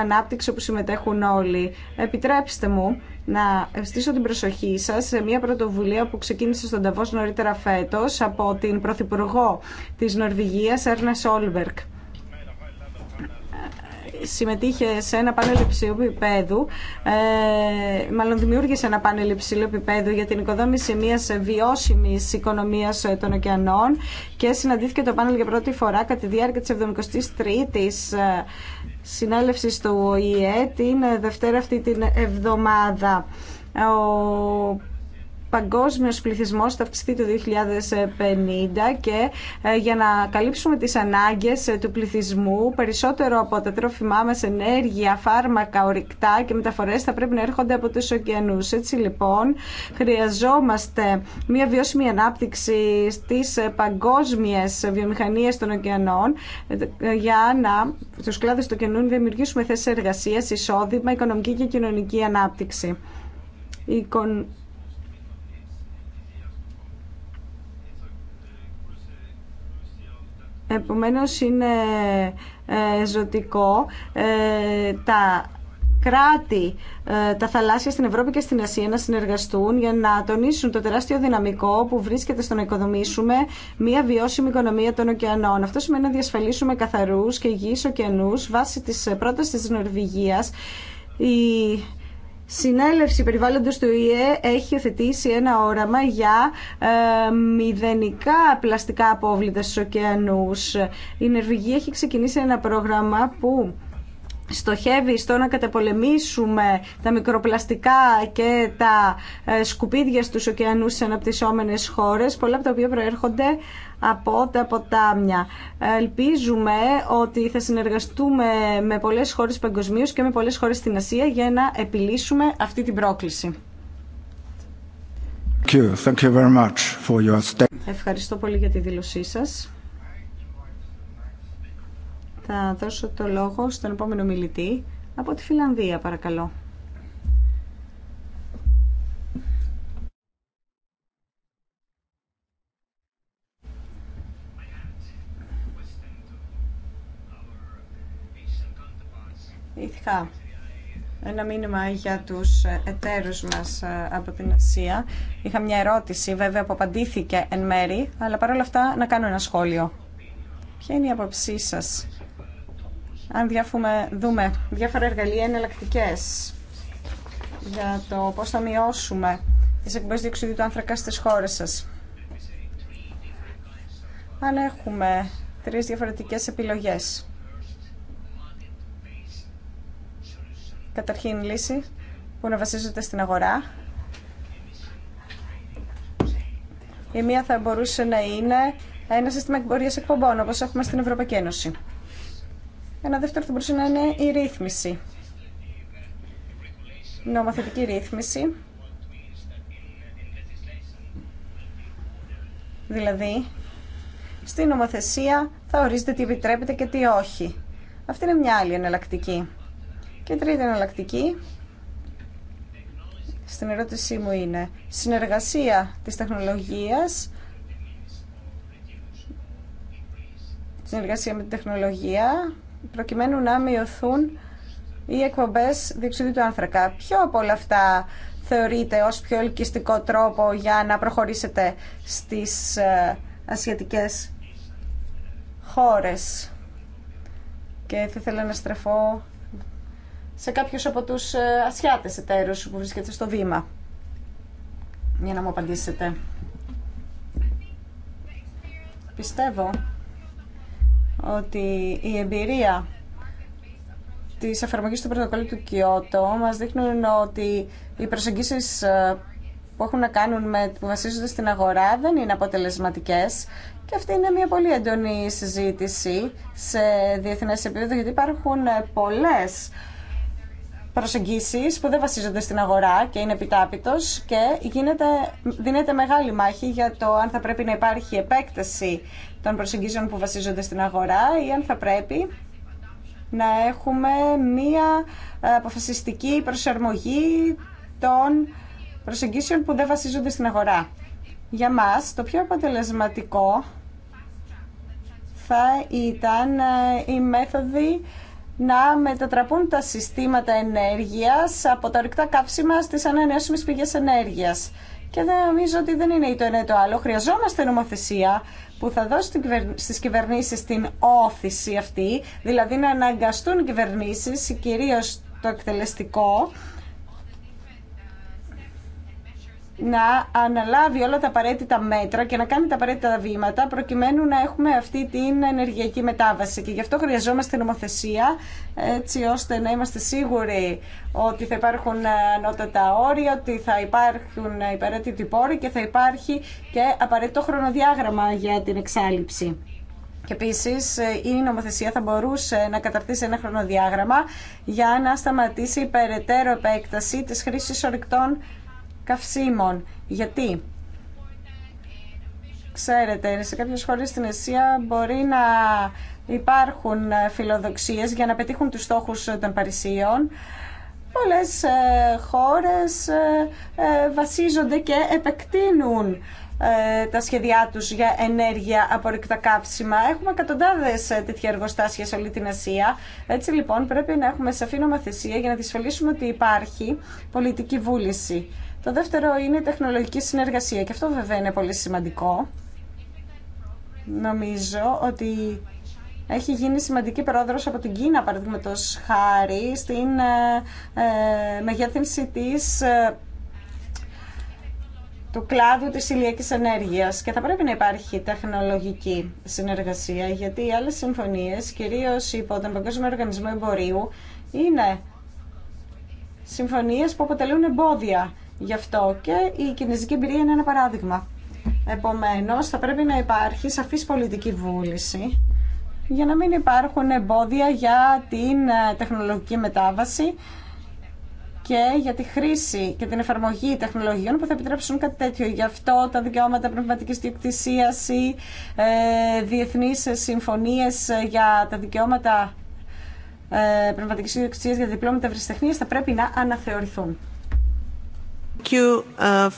ανάπτυξη όπου συμμετέχουν όλοι. Επιτρέψτε μου να ευστήσω την προσοχή σας σε μια πρωτοβουλία που ξεκίνησε στον Ταβός νωρίτερα φέτος από την Πρωθυπουργό της Νορβηγίας, Έρνα Σόλβερκ συμμετείχε σε ένα πάνελ υψηλού επίπεδου, ε, μάλλον δημιούργησε ένα πάνελ υψηλού επίπεδου για την οικοδόμηση μια βιώσιμη οικονομία των ωκεανών και συναντήθηκε το πάνελ για πρώτη φορά κατά τη διάρκεια τη 73η συνέλευση του ΟΗΕ την Δευτέρα αυτή την εβδομάδα. Ο παγκόσμιος πληθυσμός θα αυξηθεί το 2050 και ε, για να καλύψουμε τις ανάγκες ε, του πληθυσμού περισσότερο από τα τρόφιμά μας ενέργεια, φάρμακα, ορυκτά και μεταφορές θα πρέπει να έρχονται από τους ωκεανούς. Έτσι λοιπόν χρειαζόμαστε μια βιώσιμη ανάπτυξη στις παγκόσμιες βιομηχανίες των ωκεανών ε, για να στους κλάδους του ωκεανού δημιουργήσουμε θέσεις εργασίας, εισόδημα, οικονομική και κοινωνική ανάπτυξη. Επομένως είναι ε, ζωτικό ε, τα κράτη, ε, τα θαλάσσια στην Ευρώπη και στην Ασία να συνεργαστούν για να τονίσουν το τεράστιο δυναμικό που βρίσκεται στο να οικοδομήσουμε μια βιώσιμη οικονομία των ωκεανών. Αυτό σημαίνει να διασφαλίσουμε καθαρούς και υγιείς ωκεανούς βάσει της πρότασης της Νορβηγίας η συνέλευση περιβάλλοντος του ΙΕ έχει οθετήσει ένα όραμα για ε, μηδενικά πλαστικά απόβλητα στους ωκεανούς. Η Νερβηγία έχει ξεκινήσει ένα πρόγραμμα που στοχεύει στο να καταπολεμήσουμε τα μικροπλαστικά και τα ε, σκουπίδια στους ωκεανούς σε αναπτυσσόμενες χώρες, πολλά από τα οποία προέρχονται από τα ποτάμια. Ελπίζουμε ότι θα συνεργαστούμε με πολλές χώρες παγκοσμίω και με πολλές χώρες στην Ασία για να επιλύσουμε αυτή την πρόκληση. Thank you. very much for your... Ευχαριστώ πολύ για τη δήλωσή σας. Θα δώσω το λόγο στον επόμενο μιλητή από τη Φιλανδία, παρακαλώ. ένα μήνυμα για τους εταίρους μας ε, από την Ασία. Είχα μια ερώτηση βέβαια που απαντήθηκε εν μέρη, αλλά παρόλα αυτά να κάνω ένα σχόλιο. Ποια είναι η άποψή σας αν διάφουμε, δούμε διάφορα εργαλεία εναλλακτικέ για το πώς θα μειώσουμε τις εκπομπές διοξιδίου του άνθρακα στις χώρες σας. Αν έχουμε τρεις διαφορετικές επιλογές καταρχήν λύση που να βασίζεται στην αγορά. Η μία θα μπορούσε να είναι ένα σύστημα εκπορίας εκπομπών, όπως έχουμε στην Ευρωπαϊκή Ένωση. Ένα δεύτερο θα μπορούσε να είναι η ρύθμιση. Νομοθετική ρύθμιση. Δηλαδή, στην νομοθεσία θα ορίζεται τι επιτρέπεται και τι όχι. Αυτή είναι μια άλλη εναλλακτική. Και τρίτη εναλλακτική στην ερώτησή μου είναι συνεργασία της τεχνολογίας συνεργασία με την τεχνολογία προκειμένου να μειωθούν οι εκπομπές διεξιδίου του άνθρακα. Ποιο από όλα αυτά θεωρείτε ως πιο ελκυστικό τρόπο για να προχωρήσετε στις ε, ασιατικές χώρες. Και θα ήθελα να στρεφώ σε κάποιους από τους ε, Ασιάτες εταίρους που βρίσκεται στο βήμα. Για να μου απαντήσετε. Πιστεύω ότι η εμπειρία της εφαρμογής του πρωτοκόλλου του Κιώτο μας δείχνουν ότι οι προσεγγίσεις ε, που έχουν να κάνουν με, που βασίζονται στην αγορά δεν είναι αποτελεσματικές και αυτή είναι μια πολύ έντονη συζήτηση σε διεθνές επίπεδο γιατί υπάρχουν ε, πολλές προσεγγίσεις που δεν βασίζονται στην αγορά και είναι επιτάπητος και γίνεται, δίνεται μεγάλη μάχη για το αν θα πρέπει να υπάρχει επέκταση των προσεγγίσεων που βασίζονται στην αγορά ή αν θα πρέπει να έχουμε μία αποφασιστική προσαρμογή των προσεγγίσεων που δεν βασίζονται στην αγορά. Για μας το πιο αποτελεσματικό θα ήταν ε, η μέθοδη να μετατραπούν τα συστήματα ενέργειας από τα ορυκτά καύσιμα στις ανανεώσιμες πηγές ενέργειας. Και δεν νομίζω ότι δεν είναι το ένα ή το άλλο. Χρειαζόμαστε νομοθεσία που θα δώσει στις κυβερνήσεις την όθηση αυτή, δηλαδή να αναγκαστούν οι κυβερνήσεις, κυρίως το εκτελεστικό, να αναλάβει όλα τα απαραίτητα μέτρα και να κάνει τα απαραίτητα βήματα προκειμένου να έχουμε αυτή την ενεργειακή μετάβαση. Και γι' αυτό χρειαζόμαστε νομοθεσία έτσι ώστε να είμαστε σίγουροι ότι θα υπάρχουν ε, ανώτατα όρια, ότι θα υπάρχουν ε, υπεραίτητοι πόροι και θα υπάρχει και απαραίτητο χρονοδιάγραμμα για την εξάλληψη. Και επίση ε, η νομοθεσία θα μπορούσε να καταρτήσει ένα χρονοδιάγραμμα για να σταματήσει η περαιτέρω επέκταση τη χρήση ορυκτών καυσίμων. Γιατί ξέρετε, σε κάποιες χώρες στην Ασία μπορεί να υπάρχουν ε, φιλοδοξίες για να πετύχουν τους στόχους ε, των Παρισίων. Πολλές ε, χώρες βασίζονται και επεκτείνουν τα σχέδιά τους για ενέργεια ρηκτά καύσιμα. Έχουμε εκατοντάδες τέτοια εργοστάσια σε όλη την Ασία. Έτσι λοιπόν πρέπει να έχουμε σαφή νομοθεσία για να δυσφαλίσουμε ότι υπάρχει πολιτική βούληση. Το δεύτερο είναι η τεχνολογική συνεργασία και αυτό βέβαια είναι πολύ σημαντικό. Νομίζω ότι έχει γίνει σημαντική πρόοδος από την Κίνα, παραδείγματο χάρη, στην ε, ε μεγέθυνση της, ε, του κλάδου της ηλιακής ενέργειας και θα πρέπει να υπάρχει τεχνολογική συνεργασία γιατί οι άλλες συμφωνίες, κυρίως υπό τον Παγκόσμιο Οργανισμό Εμπορίου, είναι συμφωνίες που αποτελούν εμπόδια Γι' αυτό και η κινέζικη εμπειρία είναι ένα παράδειγμα. Επομένως, θα πρέπει να υπάρχει σαφής πολιτική βούληση για να μην υπάρχουν εμπόδια για την ε, τεχνολογική μετάβαση και για τη χρήση και την εφαρμογή τεχνολογιών που θα επιτρέψουν κάτι τέτοιο. Γι' αυτό τα δικαιώματα πνευματικής διοκτησίας ή ε, διεθνείς συμφωνίες για τα δικαιώματα ε, πνευματικής διοκτησίας για διπλώματα ευρεσιτεχνίας θα πρέπει να αναθεωρηθούν. Uh,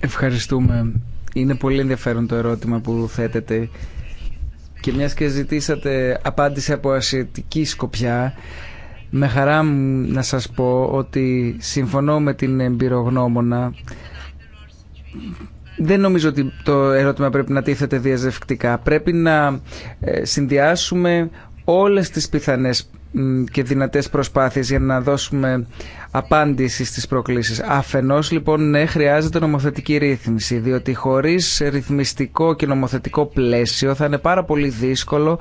Ευχαριστούμε. Είναι πολύ ενδιαφέρον το ερώτημα που θέτετε. Και μιας και ζητήσατε απάντηση από ασιατική σκοπιά, με χαρά μου να σας πω ότι συμφωνώ με την εμπειρογνώμονα. Δεν νομίζω ότι το ερώτημα πρέπει να τίθεται διαζευκτικά. Πρέπει να ε, συνδυάσουμε όλες τις πιθανές και δυνατές προσπάθειες για να δώσουμε απάντηση στις προκλήσεις. Αφενό λοιπόν ναι χρειάζεται νομοθετική ρύθμιση διότι χωρίς ρυθμιστικό και νομοθετικό πλαίσιο θα είναι πάρα πολύ δύσκολο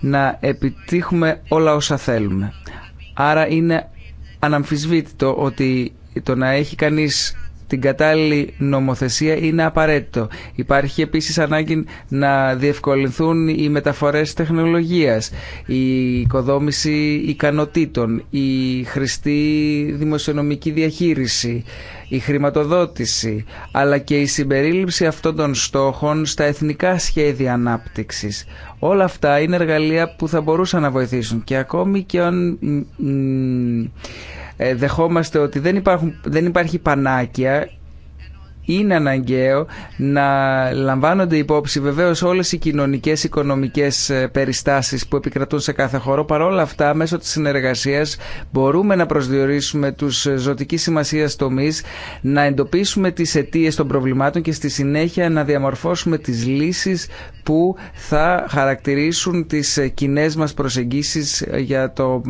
να επιτύχουμε όλα όσα θέλουμε. Άρα είναι αναμφισβήτητο ότι το να έχει κανείς την κατάλληλη νομοθεσία είναι απαραίτητο. Υπάρχει επίσης ανάγκη να διευκολυνθούν οι μεταφορές τεχνολογίας, η οικοδόμηση ικανοτήτων, η χρηστή δημοσιονομική διαχείριση, η χρηματοδότηση, αλλά και η συμπερίληψη αυτών των στόχων στα εθνικά σχέδια ανάπτυξης. Όλα αυτά είναι εργαλεία που θα μπορούσαν να βοηθήσουν και ακόμη και αν ε, δεχόμαστε ότι δεν, υπάρχουν, δεν υπάρχει πανάκια είναι αναγκαίο να λαμβάνονται υπόψη βεβαίως όλες οι κοινωνικές, οικονομικές ε, περιστάσεις που επικρατούν σε κάθε χώρο. όλα αυτά, μέσω της συνεργασίας μπορούμε να προσδιορίσουμε τους ε, ζωτικής σημασίας τομείς, να εντοπίσουμε τις αιτίε των προβλημάτων και στη συνέχεια να διαμορφώσουμε τις λύσεις που θα χαρακτηρίσουν τις ε, κοινέ μας προσεγγίσεις για το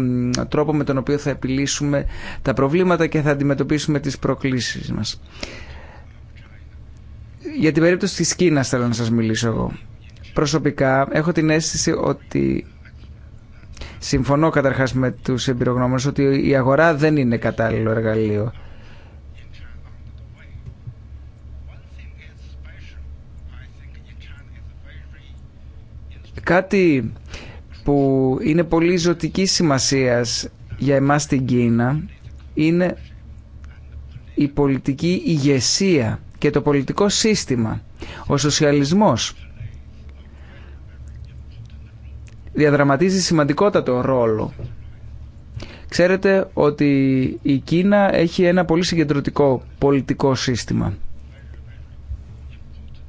τρόπο με τον οποίο θα επιλύσουμε τα προβλήματα και θα αντιμετωπίσουμε τις προκλήσεις μας για την περίπτωση της Κίνας θέλω να σας μιλήσω εγώ. Προσωπικά έχω την αίσθηση ότι συμφωνώ καταρχάς με τους εμπειρογνώμονες ότι η αγορά δεν είναι κατάλληλο εργαλείο. Κάτι που είναι πολύ ζωτική σημασίας για εμάς στην Κίνα είναι η πολιτική ηγεσία και το πολιτικό σύστημα. Ο σοσιαλισμός διαδραματίζει σημαντικότατο ρόλο. Ξέρετε ότι η Κίνα έχει ένα πολύ συγκεντρωτικό πολιτικό σύστημα.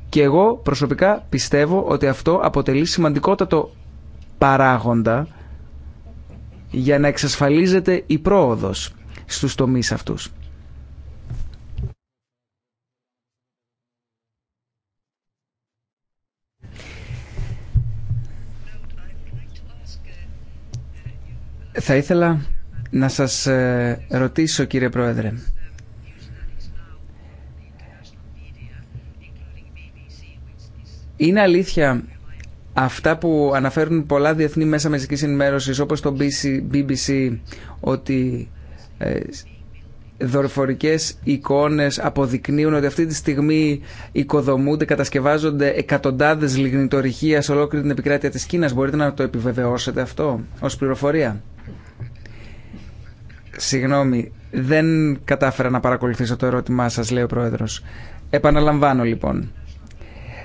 Και εγώ προσωπικά πιστεύω ότι αυτό αποτελεί σημαντικότατο παράγοντα για να εξασφαλίζεται η πρόοδος στους τομείς αυτούς. Θα ήθελα να σας ε, ρωτήσω κύριε Πρόεδρε. Είναι αλήθεια αυτά που αναφέρουν πολλά διεθνή μέσα μαζικής ενημέρωσης όπως το BBC ότι ε, δορυφορικές εικόνες αποδεικνύουν ότι αυτή τη στιγμή οικοδομούνται, κατασκευάζονται εκατοντάδες λιγνητορυχία σε ολόκληρη την επικράτεια της Κίνας. Μπορείτε να το επιβεβαιώσετε αυτό ως πληροφορία. Συγγνώμη, δεν κατάφερα να παρακολουθήσω το ερώτημά σας, λέει ο Πρόεδρος. Επαναλαμβάνω λοιπόν.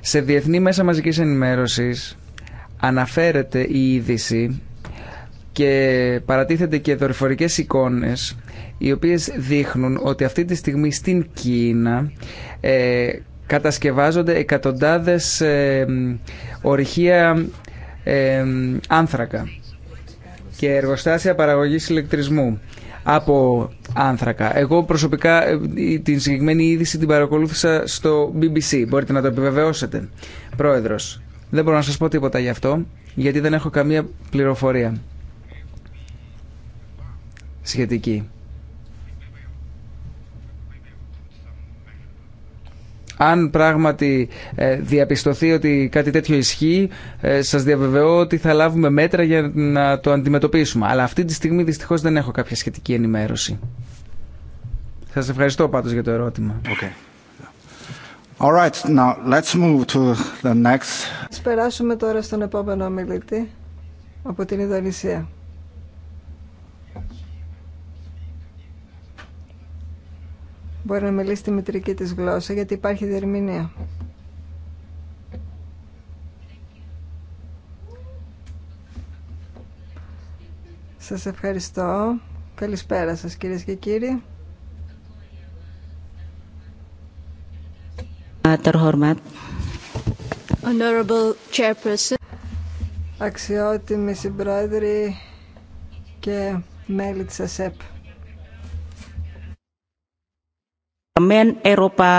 Σε διεθνή μέσα μαζικής ενημέρωσης αναφέρεται η είδηση και παρατίθεται και δορυφορικές εικόνες οι οποίες δείχνουν ότι αυτή τη στιγμή στην Κίνα ε, κατασκευάζονται εκατοντάδες ε, ορυχεία ε, άνθρακα και εργοστάσια παραγωγής ηλεκτρισμού από άνθρακα. Εγώ προσωπικά ε, την συγκεκριμένη είδηση την παρακολούθησα στο BBC. Μπορείτε να το επιβεβαιώσετε. Πρόεδρος, δεν μπορώ να σας πω τίποτα γι' αυτό, γιατί δεν έχω καμία πληροφορία σχετική. Αν πράγματι ε, διαπιστωθεί ότι κάτι τέτοιο ισχύει, ε, σας διαβεβαιώ ότι θα λάβουμε μέτρα για να το αντιμετωπίσουμε. Αλλά αυτή τη στιγμή δυστυχώς δεν έχω κάποια σχετική ενημέρωση. Σας ευχαριστώ πάντως για το ερώτημα. Okay. All right, now let's move to the next. Ας περάσουμε τώρα στον επόμενο ομιλητή από την Ινδονησία. μπορεί να μιλήσει τη μητρική της γλώσσα γιατί υπάρχει διερμηνία. Σας ευχαριστώ. Καλησπέρα σας κυρίες και κύριοι. Honorable Chairperson. Αξιότιμοι συμπρόεδροι και μέλη της ΑΣΕΠ. parlemen Eropa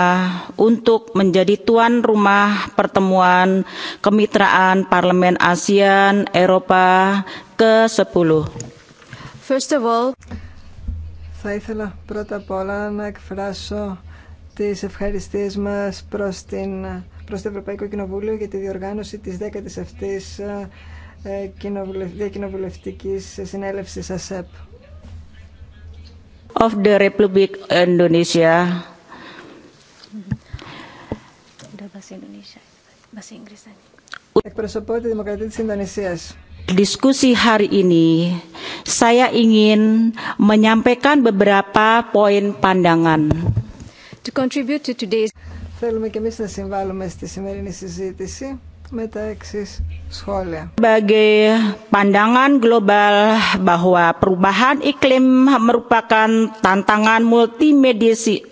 untuk menjadi tuan rumah pertemuan kemitraan parlemen ASEAN Eropa ke-10. First of all, θα ήθελα πρώτα απ' όλα να εκφράσω τις ευχαριστίες μας προς, την, προς το Ευρωπαϊκό Κοινοβούλιο για τη διοργάνωση της δέκατης αυτής ε, διακοινοβουλευτικής συνέλευσης ΑΣΕΠ. Of the Republic Indonesia Indonesia. Bahasa Inggris tadi. Εκπροσωπώ τη Δημοκρατία της Ινδονησίας. Diskusi hari ini, saya ingin menyampaikan beberapa poin pandangan. To contribute to today's... Θέλουμε και εμείς να συμβάλλουμε στη σημερινή συζήτηση με τα εξής σχόλια. Sebagai pandangan global bahwa perubahan iklim merupakan tantangan multimediasi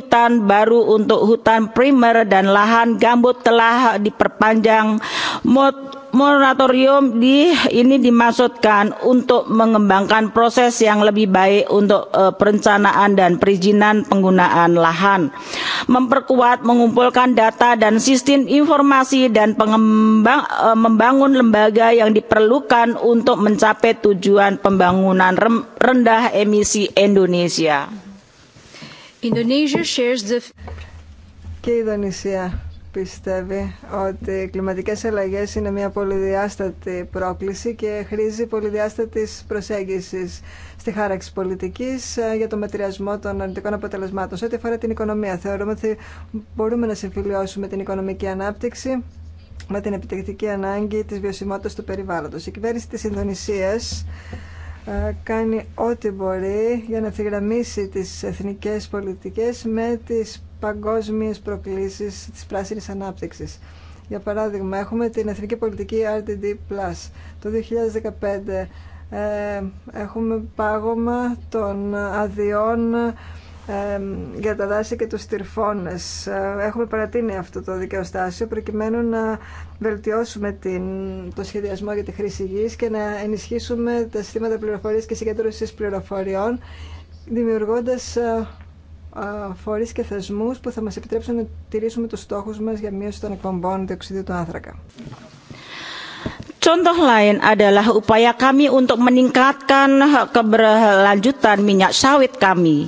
hutan baru untuk hutan primer dan lahan gambut telah diperpanjang moratorium di ini dimaksudkan untuk mengembangkan proses yang lebih baik untuk perencanaan dan perizinan penggunaan lahan memperkuat mengumpulkan data dan sistem informasi dan membangun lembaga yang diperlukan untuk mencapai tujuan pembangunan rendah emisi Indonesia Indonesia shares the... Και η Ινδονησία πιστεύει ότι οι κλιματικές αλλαγές είναι μια πολυδιάστατη πρόκληση και χρήζει πολυδιάστατης προσέγγισης στη χάραξη πολιτικής ε, για το μετριασμό των αρνητικών αποτελεσμάτων. Σε ό,τι αφορά την οικονομία, θεωρούμε ότι μπορούμε να συμφιλειώσουμε την οικονομική ανάπτυξη με την επιτεκτική ανάγκη της βιωσιμότητας του περιβάλλοντος. Η κυβέρνηση της Ινδονησίας ε, κάνει ό,τι μπορεί για να ευθυγραμμίσει τις εθνικές πολιτικές με τις παγκόσμιες προκλήσεις της πράσινης ανάπτυξης. Για παράδειγμα, έχουμε την Εθνική Πολιτική RTD+. Το 2015 ε, έχουμε πάγωμα των αδειών για τα δάση και τους τυρφώνες. Ε, έχουμε παρατείνει αυτό το δικαιοστάσιο προκειμένου να βελτιώσουμε την, το σχεδιασμό για τη χρήση γης και να ενισχύσουμε τα συστήματα πληροφορίας και συγκέντρωσης πληροφοριών δημιουργώντας ε, ε, φορείς και θεσμούς που θα μας επιτρέψουν να τηρήσουμε τους στόχους μας για μείωση των εκπομπών διοξιδίου του άνθρακα. Contoh lain adalah upaya kami untuk meningkatkan keberlanjutan minyak sawit kami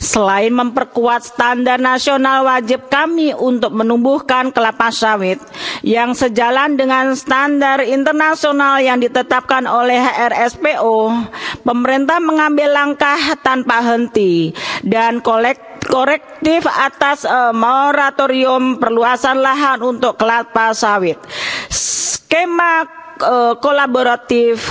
selain memperkuat standar nasional wajib kami untuk menumbuhkan kelapa sawit yang sejalan dengan standar internasional yang ditetapkan oleh RSPO pemerintah mengambil langkah tanpa henti dan kolektif korektif atas moratorium perluasan lahan untuk kelapa sawit skema kolaboratif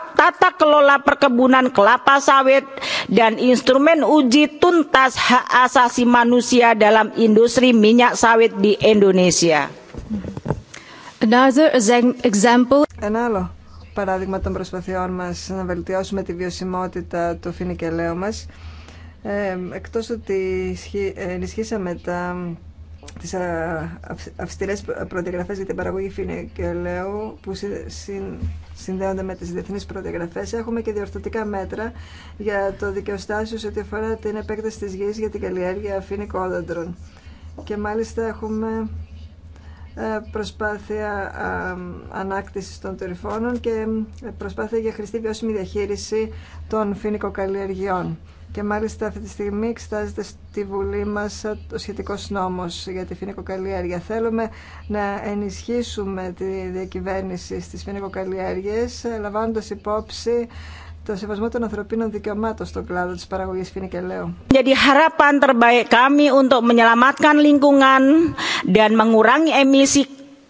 tata kelola perkebunan kelapa sawit dan instrumen uji tuntas hak asasi manusia dalam industri minyak sawit di Indonesia. Another example. Ένα άλλο παράδειγμα των προσπαθειών μας να βελτιώσουμε τη βιωσιμότητα του φινικελαίου μας. Ε, εκτός ότι ενισχύσαμε τα, τις ε, αυστηρές προδιαγραφές για την παραγωγή φινικελαίου που συν, συνδέονται με τι διεθνεί προδιαγραφέ. Έχουμε και διορθωτικά μέτρα για το δικαιοστάσιο σε ό,τι αφορά την επέκταση τη γη για την καλλιέργεια αφήνικόδοντρων. Και μάλιστα έχουμε ε, προσπάθεια ανάκτησης των τριφώνων και ε, προσπάθεια για χρηστή βιώσιμη διαχείριση των φοινικοκαλλιεργειών και μάλιστα αυτή τη στιγμή εξετάζεται στη Βουλή μας ο σχετικός νόμος για τη φινικοκαλλιέργεια. Θέλουμε να ενισχύσουμε τη διακυβέρνηση στις φινικοκαλλιέργειες λαμβάνοντας υπόψη το σεβασμό των ανθρωπίνων δικαιωμάτων στον κλάδο της παραγωγής φινικελαίου. harapan terbaik kami untuk menyelamatkan lingkungan dan mengurangi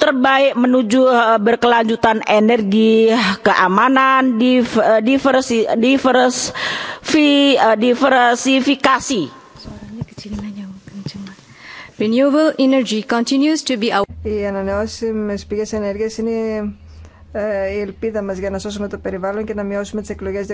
terbaik menuju berkelanjutan energi keamanan diversi divers diversifikasi Renewable energy continues to be our... Οι ανανεώσιμες πηγές ενέργειας είναι ε, η ελπίδα μα για να σώσουμε το περιβάλλον και να μειώσουμε τι εκπομπέ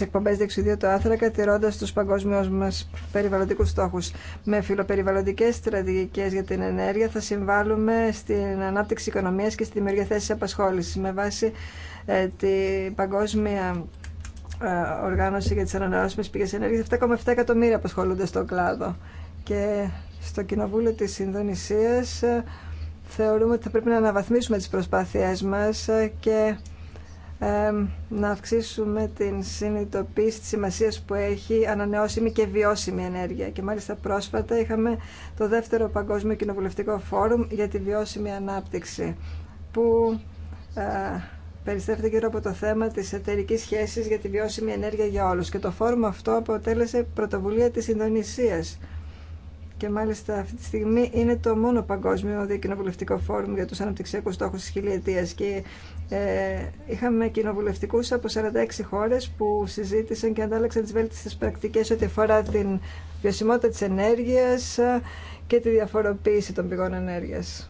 εκπομπές διεξουδίου του άνθρακα τηρώντας του παγκόσμιου μα περιβαλλοντικού στόχου. Με φιλοπεριβαλλοντικέ στρατηγικέ για την ενέργεια θα συμβάλλουμε στην ανάπτυξη οικονομία και στη δημιουργία θέση απασχόληση. με βάση ε, την παγκόσμια ε, οργάνωση για τι ανανεώσιμε πηγέ ενέργεια 7,7 εκατομμύρια απασχολούνται στον κλάδο και στο Κοινοβούλιο της Ινδονησίας θεωρούμε ότι θα πρέπει να αναβαθμίσουμε τις προσπάθειές μας και να αυξήσουμε την συνειδητοποίηση της σημασίας που έχει ανανεώσιμη και βιώσιμη ενέργεια. Και μάλιστα πρόσφατα είχαμε το δεύτερο Παγκόσμιο Κοινοβουλευτικό Φόρουμ για τη βιώσιμη ανάπτυξη που ε, περιστρέφεται γύρω από το θέμα της εταιρική σχέσης για τη βιώσιμη ενέργεια για όλους. Και το φόρουμ αυτό αποτέλεσε πρωτοβουλία της Ινδονησίας και μάλιστα αυτή τη στιγμή είναι το μόνο παγκόσμιο διακοινοβουλευτικό φόρουμ για τους αναπτυξιακούς στόχους της χιλιετίας και ε, είχαμε κοινοβουλευτικούς από 46 χώρες που συζήτησαν και αντάλλαξαν τις βέλτιστες πρακτικές ό,τι αφορά την βιωσιμότητα της ενέργειας ε, και τη διαφοροποίηση των πηγών ενέργειας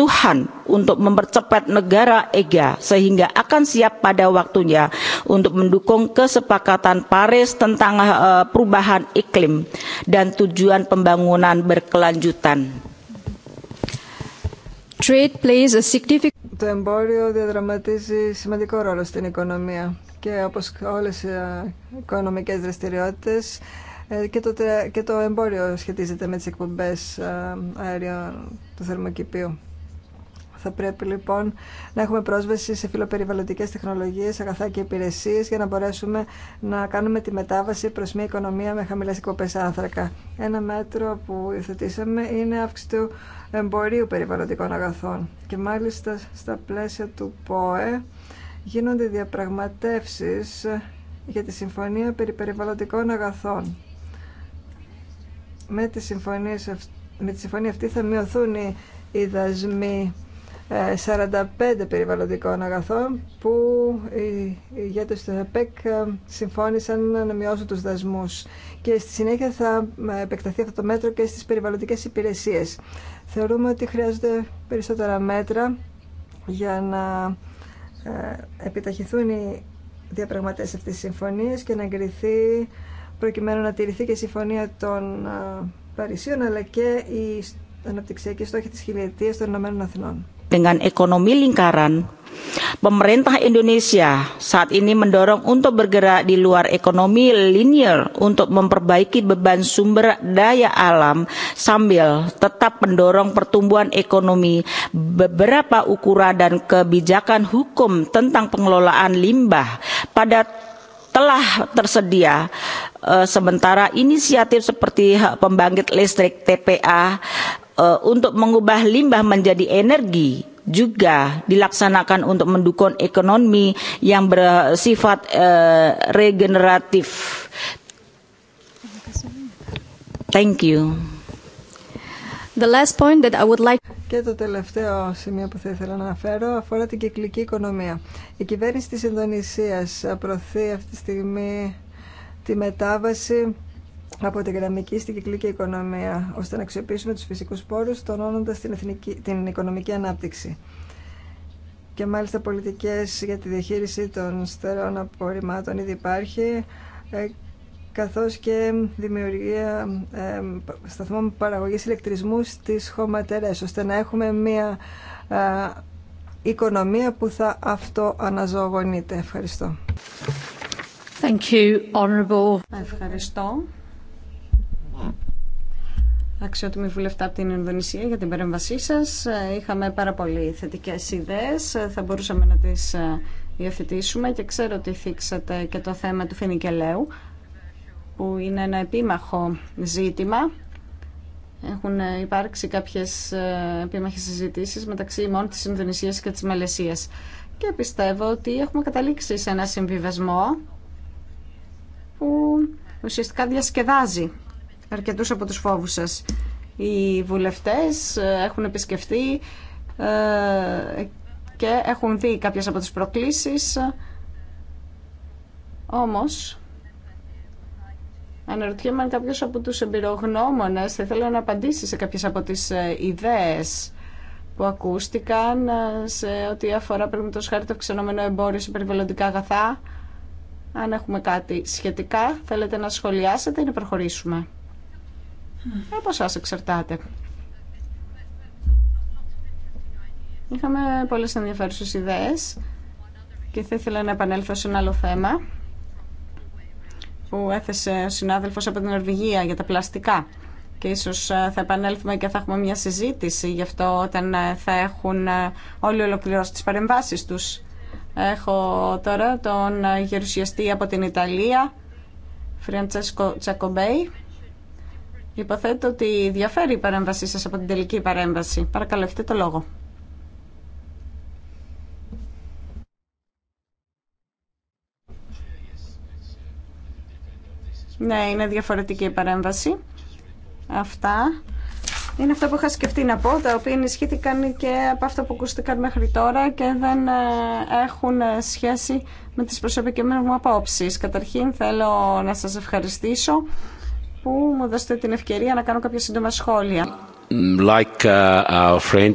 Tuhan untuk mempercepat negara EGA sehingga akan siap pada waktunya untuk mendukung kesepakatan Paris tentang uh, perubahan iklim dan tujuan pembangunan berkelanjutan. Trade plays a significant... Το εμπόριο διαδραματίζει σημαντικό ρόλο στην οικονομία και όπως όλες οι οικονομικές δραστηριότητες και το, και το εμπόριο σχετίζεται με τις εκπομπές αερίων του θερμοκηπίου. Θα πρέπει λοιπόν να έχουμε πρόσβαση σε φιλοπεριβαλλοντικέ τεχνολογίες, αγαθά και υπηρεσίε για να μπορέσουμε να κάνουμε τη μετάβαση προς μια οικονομία με χαμηλέ εκπομπές άνθρακα. Ένα μέτρο που υιοθετήσαμε είναι αύξηση του εμπορίου περιβαλλοντικών αγαθών και μάλιστα στα πλαίσια του ΠΟΕ γίνονται διαπραγματεύσει για τη Συμφωνία περί Περιβαλλοντικών Αγαθών. Με τη, συμφωνία αυτή θα μειωθούν οι δασμοί 45 ε, περιβαλλοντικών αγαθών που οι ηγέτες του ΕΠΕΚ ε, συμφώνησαν να μειώσουν τους δασμούς και στη συνέχεια θα ε, επεκταθεί αυτό το μέτρο και στις περιβαλλοντικές υπηρεσίες. Θεωρούμε ότι χρειάζονται περισσότερα μέτρα για να επιταχυθούν οι διαπραγματεύσεις αυτής της συμφωνίας και να εγκριθεί προκειμένου να τηρηθεί και η συμφωνία των Παρισίων αλλά και η αναπτυξιακή στόχη της χιλιετίας των Ηνωμένων Αθηνών dengan ekonomi lingkaran, pemerintah Indonesia saat ini mendorong untuk bergerak di luar ekonomi linear untuk memperbaiki beban sumber daya alam sambil tetap mendorong pertumbuhan ekonomi beberapa ukuran dan kebijakan hukum tentang pengelolaan limbah pada telah tersedia sementara inisiatif seperti pembangkit listrik TPA untuk mengubah limbah menjadi energi juga dilaksanakan untuk mendukung ekonomi yang bersifat regeneratif. Thank you. The last point that I would like... Και το τελευταίο σημείο που θα ήθελα να αναφέρω αφορά την κυκλική οικονομία. Η κυβέρνηση της Ινδονησίας προωθεί αυτή τη στιγμή τη μετάβαση από την γραμμική στην κυκλική οικονομία, ώστε να αξιοποιήσουμε τους φυσικούς πόρους, τονώνοντας την, εθνική, την οικονομική ανάπτυξη. Και μάλιστα πολιτικές για τη διαχείριση των στερεών απορριμμάτων ήδη υπάρχει, ε, καθώς και δημιουργία ε, σταθμών παραγωγής ηλεκτρισμού στις χωματερές, ώστε να έχουμε μία ε, οικονομία που θα αυτοαναζωογονείται. Ευχαριστώ. Thank you, Ευχαριστώ. Αξιότιμη βουλευτά από την Ινδονησία για την παρέμβασή σας. Ε, είχαμε πάρα πολύ θετικές ιδέες. Ε, θα μπορούσαμε να τις ε, υιοθετήσουμε και ξέρω ότι θίξατε και το θέμα του φινικελαίου που είναι ένα επίμαχο ζήτημα. Έχουν υπάρξει κάποιες επίμαχες συζητήσεις μεταξύ μόνο της Ινδονησίας και της Μαλαισίας. Και πιστεύω ότι έχουμε καταλήξει σε ένα συμβιβασμό που ουσιαστικά διασκεδάζει αρκετού από του φόβου σα. Οι βουλευτέ ε, έχουν επισκεφτεί ε, και έχουν δει κάποιες από τις προκλήσεις. Όμως, αναρωτιέμαι αν κάποιος από τους εμπειρογνώμονες θα ήθελε να απαντήσει σε κάποιες από τις ε, ιδέες που ακούστηκαν σε ό,τι αφορά πρέπει το σχάρι το αυξανόμενο εμπόριο σε περιβαλλοντικά αγαθά. Αν έχουμε κάτι σχετικά, θέλετε να σχολιάσετε ή να προχωρήσουμε. Ε, από εσά εξαρτάται. Είχαμε πολλές ενδιαφέρουσες ιδέες και θα ήθελα να επανέλθω σε ένα άλλο θέμα που έθεσε ο συνάδελφος από την Ορβηγία για τα πλαστικά και ίσως ε, θα επανέλθουμε και θα έχουμε μια συζήτηση γι' αυτό όταν ε, θα έχουν όλοι ολοκληρώσει τις παρεμβάσεις τους. Έχω τώρα τον γερουσιαστή από την Ιταλία, Φριαντσέσκο Τσακομπέη. Υποθέτω ότι διαφέρει η παρέμβασή σας από την τελική παρέμβαση. Παρακαλώ, έχετε το λόγο. Ναι, είναι διαφορετική η παρέμβαση. Αυτά. Είναι αυτά που είχα σκεφτεί να πω, τα οποία ενισχύθηκαν και από αυτά που ακούστηκαν μέχρι τώρα και δεν ε, έχουν ε, σχέση με τις προσωπικές μου απόψεις. Καταρχήν θέλω να σας ευχαριστήσω που μου δώσετε την ευκαιρία να κάνω κάποια σύντομα σχόλια. Like uh,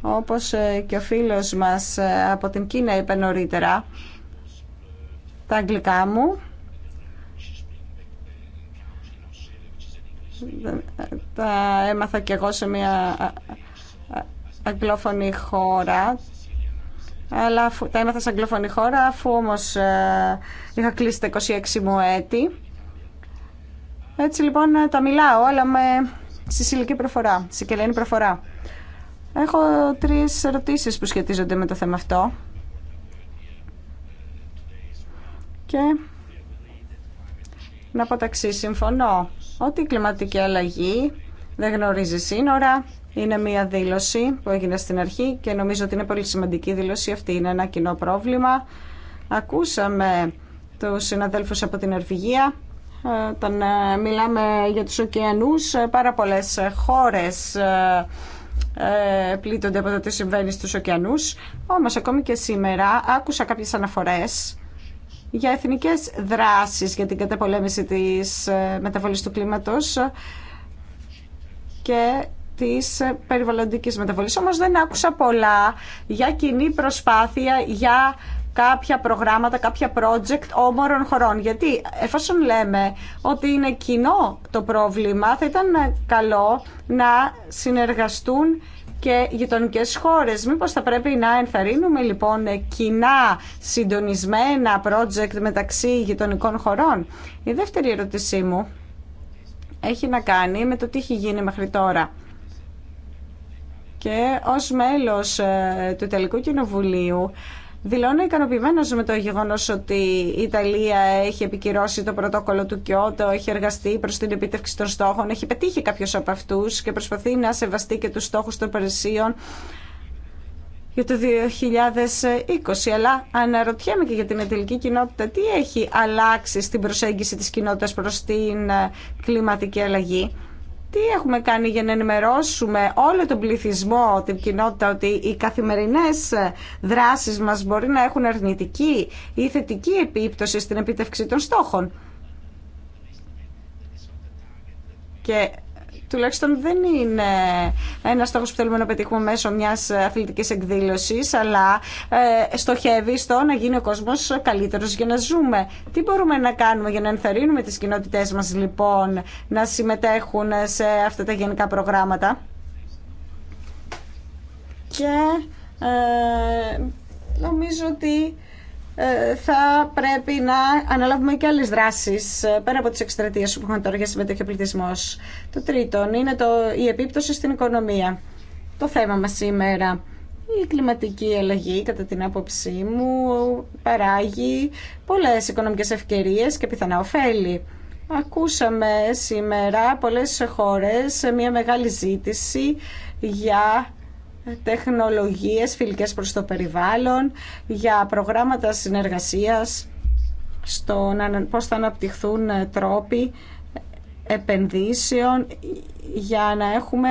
Όπως ε, και ο φίλος μας ε, από την Κίνα είπε νωρίτερα, τα αγγλικά μου τα έμαθα και εγώ σε μια ε, αγγλόφωνη χώρα αλλά τα έμαθα σε αγγλόφωνη χώρα αφού όμως είχα κλείσει τα 26 μου έτη έτσι λοιπόν τα μιλάω, αλλά με συσυλλική προφορά, συγκελένη προφορά. Έχω τρεις ερωτήσεις που σχετίζονται με το θέμα αυτό. Και να πω ταξί, συμφωνώ ότι η κλιματική αλλαγή δεν γνωρίζει σύνορα. Είναι μια δήλωση που έγινε στην αρχή και νομίζω ότι είναι πολύ σημαντική δήλωση αυτή. Είναι ένα κοινό πρόβλημα. Ακούσαμε τους συναδέλφους από την Ερβηγία... Όταν ε, μιλάμε για τους ωκεανούς, ε, πάρα πολλές χώρες ε, πλήττονται από το τι συμβαίνει στους ωκεανούς. Όμως ακόμη και σήμερα άκουσα κάποιες αναφορές για εθνικές δράσεις για την καταπολέμηση της μεταβολής του κλίματος και της περιβαλλοντικής μεταβολής. Όμως δεν άκουσα πολλά για κοινή προσπάθεια για κάποια προγράμματα, κάποια project όμορων χωρών. Γιατί εφόσον λέμε ότι είναι κοινό το πρόβλημα, θα ήταν καλό να συνεργαστούν και γειτονικέ χώρε. Μήπω θα πρέπει να ενθαρρύνουμε λοιπόν κοινά συντονισμένα project μεταξύ γειτονικών χωρών. Η δεύτερη ερώτησή μου έχει να κάνει με το τι έχει γίνει μέχρι τώρα. Και ως μέλος ε, του Τελικού Κοινοβουλίου Δηλώνω ικανοποιημένο με το γεγονό ότι η Ιταλία έχει επικυρώσει το πρωτόκολλο του Κιώτο, έχει εργαστεί προ την επίτευξη των στόχων, έχει πετύχει κάποιο από αυτού και προσπαθεί να σεβαστεί και του στόχου των Παρισίων για το 2020. Αλλά αναρωτιέμαι και για την εταιρική κοινότητα τι έχει αλλάξει στην προσέγγιση τη κοινότητα προ την ε, κλιματική αλλαγή. Τι έχουμε κάνει για να ενημερώσουμε όλο τον πληθυσμό, την κοινότητα, ότι οι καθημερινές δράσεις μας μπορεί να έχουν αρνητική ή θετική επίπτωση στην επίτευξη των στόχων τουλάχιστον δεν είναι ένα στόχο που θέλουμε να πετύχουμε μέσω μια αθλητική εκδήλωση, αλλά ε, στοχεύει στο να γίνει ο κόσμο καλύτερο για να ζούμε. Τι μπορούμε να κάνουμε για να ενθαρρύνουμε τι κοινότητέ μα, λοιπόν, να συμμετέχουν σε αυτά τα γενικά προγράμματα. Και ε, νομίζω ότι ε, θα πρέπει να αναλάβουμε και άλλες δράσεις ε, πέρα από τις εκστρατείες που έχουμε τώρα για συμμετέχει Το τρίτο είναι το, η επίπτωση στην οικονομία. Το θέμα μας σήμερα. Η κλιματική αλλαγή, κατά την άποψή μου, παράγει πολλές οικονομικές ευκαιρίες και πιθανά ωφέλη. Ακούσαμε σήμερα πολλές χώρες μια μεγάλη ζήτηση για τεχνολογίες φιλικές προς το περιβάλλον, για προγράμματα συνεργασίας, στο να, πώς θα αναπτυχθούν ε, τρόποι επενδύσεων για να έχουμε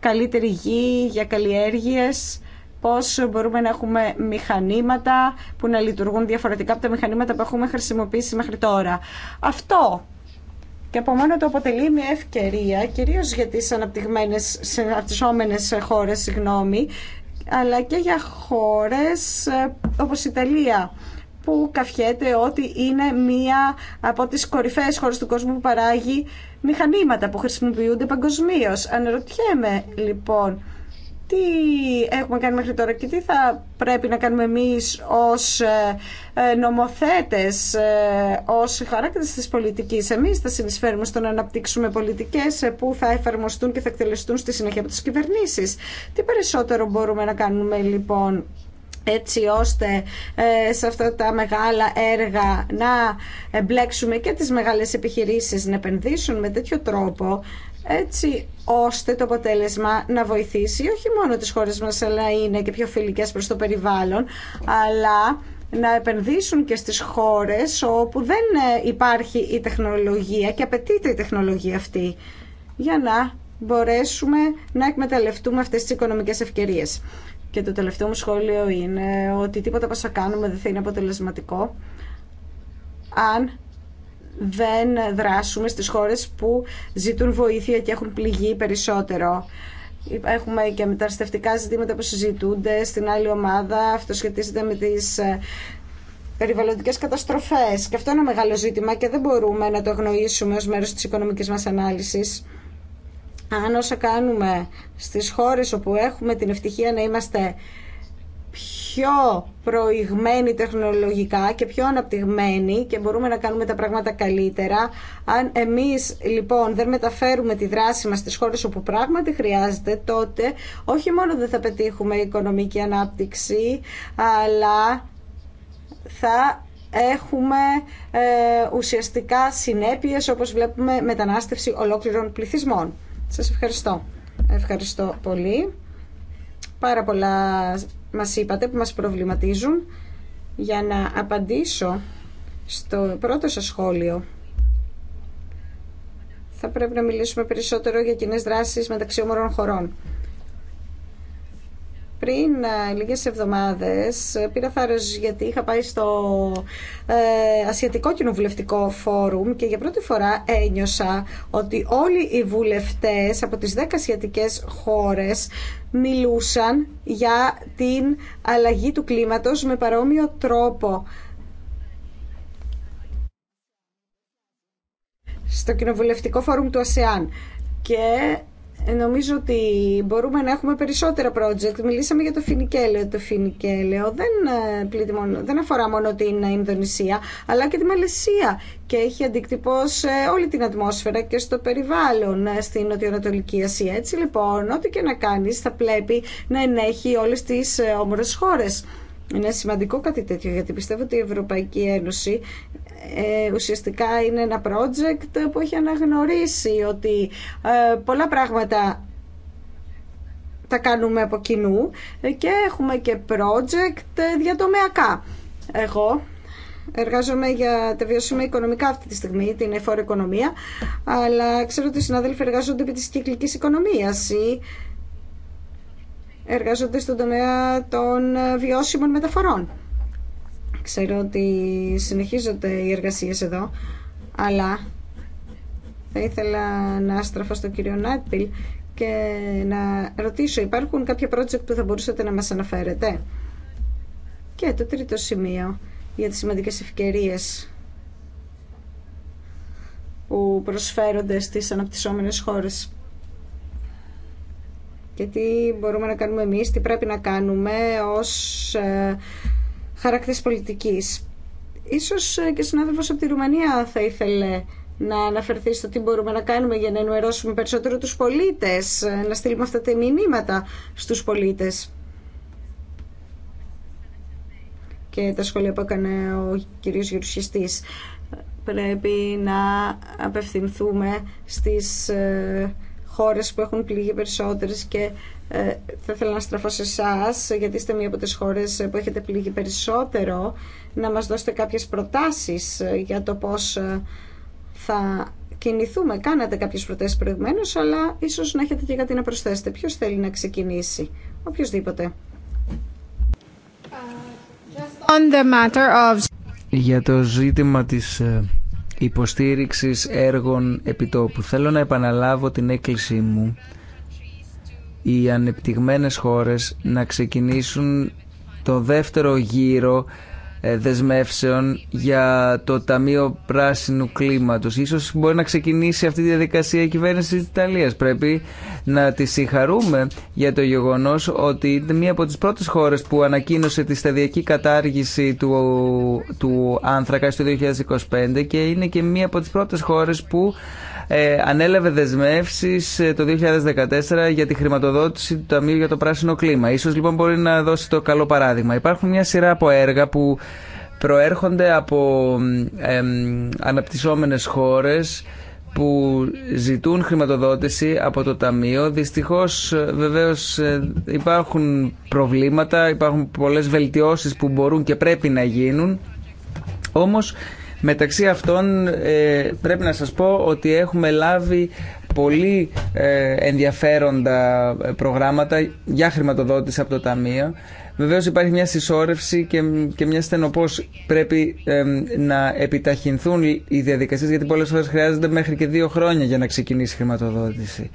καλύτερη γη, για καλλιέργειες, πώς μπορούμε να έχουμε μηχανήματα που να λειτουργούν διαφορετικά από τα μηχανήματα που έχουμε χρησιμοποιήσει μέχρι τώρα. Αυτό και από μόνο το αποτελεί μια ευκαιρία, κυρίως για τις αναπτυγμένες, αναπτυσσόμενες χώρες, συγγνώμη, αλλά και για χώρες ε, όπως η Ιταλία που καφιέται ότι είναι μία από τις κορυφαίες χώρες του κόσμου που παράγει μηχανήματα που χρησιμοποιούνται παγκοσμίω. Αναρωτιέμαι λοιπόν τι έχουμε κάνει μέχρι τώρα και τι θα πρέπει να κάνουμε εμείς ως ε, ε, νομοθέτες, ε, ως χαράκτες της πολιτικής. Εμείς θα συνεισφέρουμε στο να αναπτύξουμε πολιτικές που θα εφαρμοστούν και θα εκτελεστούν στη συνέχεια από τις κυβερνήσεις. Τι περισσότερο μπορούμε να κάνουμε λοιπόν έτσι ώστε σε αυτά τα μεγάλα έργα να εμπλέξουμε και τις μεγάλες επιχειρήσεις να επενδύσουν με τέτοιο τρόπο έτσι ώστε το αποτέλεσμα να βοηθήσει όχι μόνο τις χώρες μας αλλά είναι και πιο φιλικές προς το περιβάλλον αλλά να επενδύσουν και στις χώρες όπου δεν ε, υπάρχει η τεχνολογία και απαιτείται η τεχνολογία αυτή για να μπορέσουμε να εκμεταλλευτούμε αυτές τις οικονομικές ευκαιρίες. Και το τελευταίο μου σχόλιο είναι ότι τίποτα που θα κάνουμε δεν θα είναι αποτελεσματικό αν δεν δράσουμε στις χώρες που ζητούν βοήθεια και έχουν πληγεί περισσότερο. Έχουμε και μεταναστευτικά ζητήματα που συζητούνται στην άλλη ομάδα. Αυτό σχετίζεται με τις ε, περιβαλλοντικές καταστροφές. Και αυτό είναι ένα μεγάλο ζήτημα και δεν μπορούμε να το γνωρίσουμε ως μέρος της οικονομικής μας ανάλυσης. Αν όσα κάνουμε στις χώρες όπου έχουμε την ευτυχία να είμαστε πιο προηγμένοι τεχνολογικά και πιο αναπτυγμένοι και μπορούμε να κάνουμε τα πράγματα καλύτερα. Αν εμείς λοιπόν δεν μεταφέρουμε τη δράση μας στις χώρες όπου πράγματι χρειάζεται, τότε όχι μόνο δεν θα πετύχουμε οικονομική ανάπτυξη, αλλά θα έχουμε ε, ουσιαστικά συνέπειες όπως βλέπουμε μετανάστευση ολόκληρων πληθυσμών. Σας ευχαριστώ. Ευχαριστώ πολύ. Πάρα πολλά μας είπατε που μας προβληματίζουν. Για να απαντήσω στο πρώτο σας σχόλιο, θα πρέπει να μιλήσουμε περισσότερο για κοινέ δράσεις μεταξύ όμορων χωρών πριν ε, λίγε εβδομάδες ε, πήρα θάρρος γιατί είχα πάει στο ε, Ασιατικό Κοινοβουλευτικό Φόρουμ και για πρώτη φορά ένιωσα ότι όλοι οι βουλευτές από τις 10 ασιατικές χώρες μιλούσαν για την αλλαγή του κλίματος με παρόμοιο τρόπο. Στο Κοινοβουλευτικό Φόρουμ του ΑΣΕΑΝ. Και ε, νομίζω ότι μπορούμε να έχουμε περισσότερα project. Μιλήσαμε για το Φινικέλαιο. Το Φινικέλαιο δεν, ε, δεν αφορά μόνο την Ινδονησία, αλλά και τη Μαλαισία. Και έχει αντίκτυπο όλη την ατμόσφαιρα και στο περιβάλλον ε, στην Νοτιοανατολική Ασία. Έτσι λοιπόν, ό,τι και να κάνει, θα πρέπει να ενέχει όλε τι όμορφε χώρε. Είναι σημαντικό κάτι τέτοιο γιατί πιστεύω ότι η Ευρωπαϊκή Ένωση ε, ουσιαστικά είναι ένα project που έχει αναγνωρίσει ότι ε, πολλά πράγματα τα κάνουμε από κοινού και έχουμε και project διατομεακά. Εγώ εργάζομαι για τα βιώσιμα οικονομικά αυτή τη στιγμή, την εφόρο οικονομία, αλλά ξέρω ότι οι συνάδελφοι εργάζονται επί της κυκλικής οικονομίας ή εργάζονται στον τομέα των ε, βιώσιμων μεταφορών. Ξέρω ότι συνεχίζονται οι εργασίες εδώ, αλλά θα ήθελα να στραφώ στον κύριο Νάτπιλ και να ρωτήσω, υπάρχουν κάποια project που θα μπορούσατε να μας αναφέρετε. Και το τρίτο σημείο για τις σημαντικές ευκαιρίες που προσφέρονται στις αναπτυσσόμενες χώρες. Και τι μπορούμε να κάνουμε εμείς, τι πρέπει να κάνουμε ως ε, χαρακτής πολιτικής. Ίσως ε, και συνάδελφος από τη Ρουμανία θα ήθελε να αναφερθεί στο τι μπορούμε να κάνουμε για να ενημερώσουμε περισσότερο τους πολίτες, ε, να στείλουμε αυτά τα μηνύματα στους πολίτες. Και τα σχόλια που έκανε ο κυρίος Γερουσιαστής. Πρέπει να απευθυνθούμε στις ε, χώρες που έχουν πληγεί περισσότερες και ε, θα ήθελα να στραφώ σε εσά, γιατί είστε μία από τι χώρε που έχετε πληγεί περισσότερο, να μας δώσετε κάποιες προτάσεις για το πώς ε, θα κινηθούμε. Κάνατε κάποιες προτάσεις προηγουμένως, αλλά ίσως να έχετε και κάτι να προσθέσετε. Ποιο θέλει να ξεκινήσει, οποιοδήποτε. Για το ζήτημα της ε, υποστήριξης έργων επιτόπου, θέλω να επαναλάβω την έκκλησή μου οι ανεπτυγμένες χώρες να ξεκινήσουν το δεύτερο γύρο ε, δεσμεύσεων για το Ταμείο Πράσινου Κλίματος. Ίσως μπορεί να ξεκινήσει αυτή τη διαδικασία η κυβέρνηση της Ιταλίας. Πρέπει να τη συγχαρούμε για το γεγονός ότι είναι μία από τις πρώτες χώρες που ανακοίνωσε τη σταδιακή κατάργηση του, του άνθρακα στο 2025 και είναι και μία από τις πρώτες χώρες που ε, ανέλαβε δεσμεύσεις ε, το 2014 για τη χρηματοδότηση του Ταμείου για το Πράσινο Κλίμα. Ίσως λοιπόν μπορεί να δώσει το καλό παράδειγμα. Υπάρχουν μια σειρά από έργα που προέρχονται από αναπτυσσόμενες χώρες που ζητούν χρηματοδότηση από το Ταμείο. Δυστυχώς ε, βεβαίως υπάρχουν προβλήματα, υπάρχουν πολλές βελτιώσεις που μπορούν και πρέπει να γίνουν. Όμως Μεταξύ αυτών ε, πρέπει να σας πω ότι έχουμε λάβει πολύ ε, ενδιαφέροντα ε, προγράμματα για χρηματοδότηση από το Ταμείο. Βεβαίως υπάρχει μια συσσόρευση και μια στενοπός πρέπει να επιταχυνθούν οι διαδικασίες γιατί πολλές φορές χρειάζονται μέχρι και δύο χρόνια για να ξεκινήσει η χρηματοδότηση.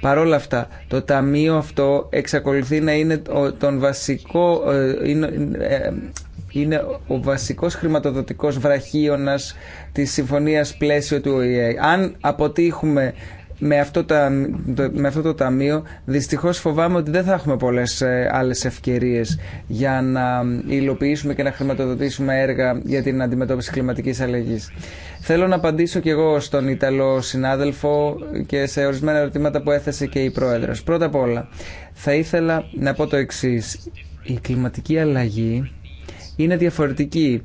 Παρόλα αυτά, το ταμείο αυτό εξακολουθεί να είναι τον βασικό, είναι ο βασικός χρηματοδοτικός βραχίωνας της συμφωνίας πλαίσιο του ΟΗΕ. Αν αποτύχουμε με αυτό, με αυτό το ταμείο δυστυχώς φοβάμαι ότι δεν θα έχουμε πολλές ε, άλλες ευκαιρίες για να υλοποιήσουμε και να χρηματοδοτήσουμε έργα για την αντιμετώπιση κλιματικής αλλαγής. Θέλω να απαντήσω και εγώ στον Ιταλό συνάδελφο και σε ορισμένα ερωτήματα που έθεσε και η Πρόεδρος. Πρώτα απ' όλα θα ήθελα να πω το εξής. Η κλιματική αλλαγή είναι διαφορετική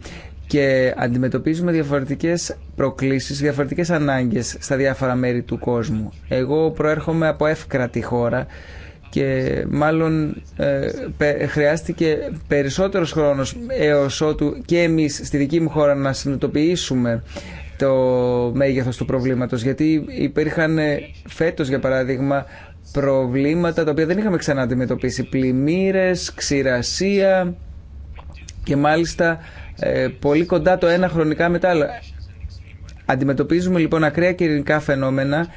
και αντιμετωπίζουμε διαφορετικές προκλήσεις, διαφορετικές ανάγκες στα διάφορα μέρη του κόσμου. Εγώ προέρχομαι από εύκρατη χώρα και μάλλον ε, χρειάστηκε περισσότερος χρόνος έως ότου και εμείς στη δική μου χώρα να συνειδητοποιήσουμε το μέγεθος του προβλήματος γιατί υπήρχαν ε, φέτος για παράδειγμα προβλήματα τα οποία δεν είχαμε ξανά αντιμετωπίσει πλημμύρες, ξηρασία και μάλιστα ε, πολύ κοντά το ένα χρονικά μετά Αντιμετωπίζουμε λοιπόν ακραία καιρικά φαινόμενα,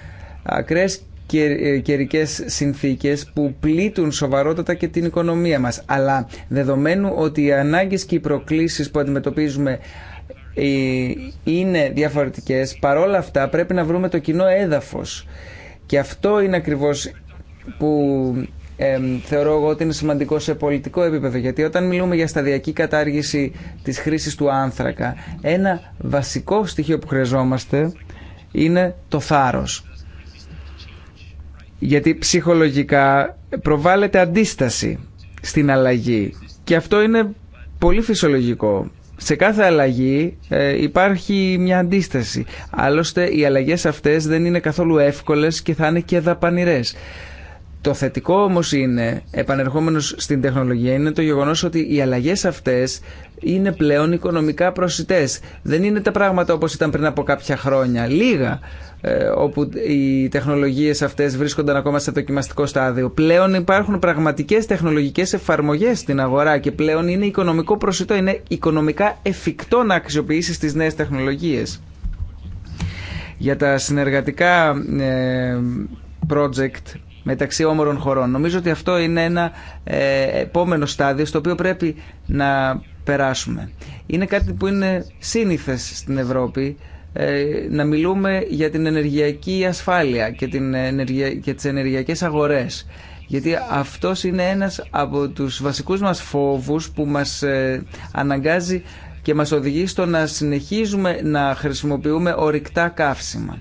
ακραίες ε, καιρικέ συνθήκες που πλήττουν σοβαρότατα και την οικονομία μας. Αλλά δεδομένου ότι οι ανάγκες και οι προκλήσεις που αντιμετωπίζουμε ε, είναι διαφορετικές, παρόλα αυτά πρέπει να βρούμε το κοινό έδαφος. Και αυτό είναι ακριβώς που θεωρώ εγώ ότι είναι σημαντικό σε πολιτικό επίπεδο γιατί όταν μιλούμε για σταδιακή κατάργηση της χρήσης του άνθρακα ένα βασικό στοιχείο που χρειαζόμαστε είναι το θάρρος γιατί ψυχολογικά προβάλλεται αντίσταση στην αλλαγή και αυτό είναι πολύ φυσιολογικό σε κάθε αλλαγή ε, υπάρχει μια αντίσταση άλλωστε οι αλλαγές αυτές δεν είναι καθόλου εύκολες και θα είναι και δαπανηρές το θετικό όμω είναι, επανερχόμενος στην τεχνολογία, είναι το γεγονό ότι οι αλλαγέ αυτέ είναι πλέον οικονομικά προσιτέ. Δεν είναι τα πράγματα όπω ήταν πριν από κάποια χρόνια. Λίγα ε, όπου οι τεχνολογίε αυτέ βρίσκονταν ακόμα σε δοκιμαστικό στάδιο. Πλέον υπάρχουν πραγματικέ τεχνολογικέ εφαρμογέ στην αγορά και πλέον είναι οικονομικό προσιτό, είναι οικονομικά εφικτό να αξιοποιήσει τι νέε τεχνολογίε. Για τα συνεργατικά ε, project μεταξύ όμορων χωρών. Νομίζω ότι αυτό είναι ένα ε, επόμενο στάδιο στο οποίο πρέπει να περάσουμε. Είναι κάτι που είναι σύνηθες στην Ευρώπη ε, να μιλούμε για την ενεργειακή ασφάλεια και, την ενεργεια... και τις ενεργειακές αγορές. Γιατί αυτός είναι ένας από τους βασικούς μας φόβους που μας ε, αναγκάζει και μας οδηγεί στο να συνεχίζουμε να χρησιμοποιούμε ορυκτά καύσιμα.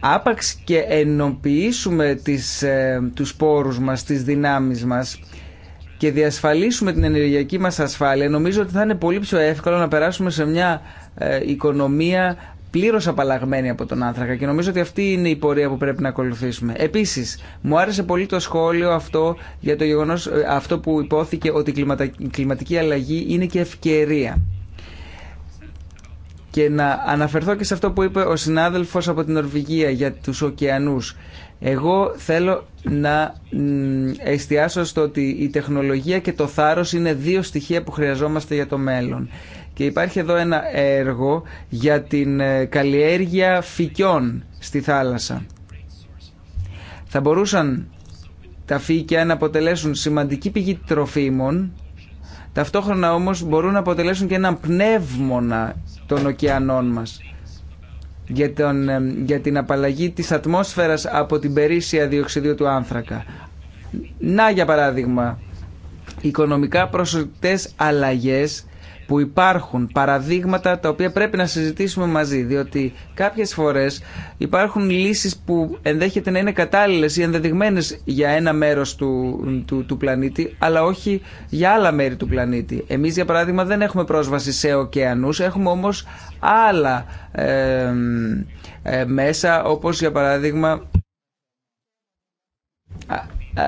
Άπαξ και ενοποιήσουμε τις, ε, τους πόρους μας, τις δυνάμεις μας και διασφαλίσουμε την ενεργειακή μας ασφάλεια, νομίζω ότι θα είναι πολύ πιο εύκολο να περάσουμε σε μια ε, οικονομία πλήρως απαλλαγμένη από τον άνθρακα και νομίζω ότι αυτή είναι η πορεία που πρέπει να ακολουθήσουμε. Επίσης, μου άρεσε πολύ το σχόλιο αυτό για το γεγονός ε, αυτό που υπόθηκε ότι η κλιματική αλλαγή είναι και ευκαιρία και να αναφερθώ και σε αυτό που είπε ο συνάδελφος από την Νορβηγία για τους ωκεανούς. Εγώ θέλω να εστιάσω στο ότι η τεχνολογία και το θάρρος είναι δύο στοιχεία που χρειαζόμαστε για το μέλλον. Και υπάρχει εδώ ένα έργο για την ε, καλλιέργεια φυκιών στη θάλασσα. Θα μπορούσαν τα φύκια να αποτελέσουν σημαντική πηγή τροφίμων Ταυτόχρονα όμως μπορούν να αποτελέσουν και έναν πνεύμονα των ωκεανών μας για, τον, για την απαλλαγή της ατμόσφαιρας από την περίσσια διοξιδίου του άνθρακα. Να για παράδειγμα, οικονομικά προσωπικές αλλαγές που υπάρχουν παραδείγματα τα οποία πρέπει να συζητήσουμε μαζί, διότι κάποιες φορές υπάρχουν λύσεις που ενδέχεται να είναι κατάλληλες ή ενδεδειγμένες για ένα μέρος του, του, του πλανήτη, αλλά όχι για άλλα μέρη του πλανήτη. Εμείς, για παράδειγμα, δεν έχουμε πρόσβαση σε ωκεανούς, έχουμε όμως άλλα ε, μέσα, όπως για παράδειγμα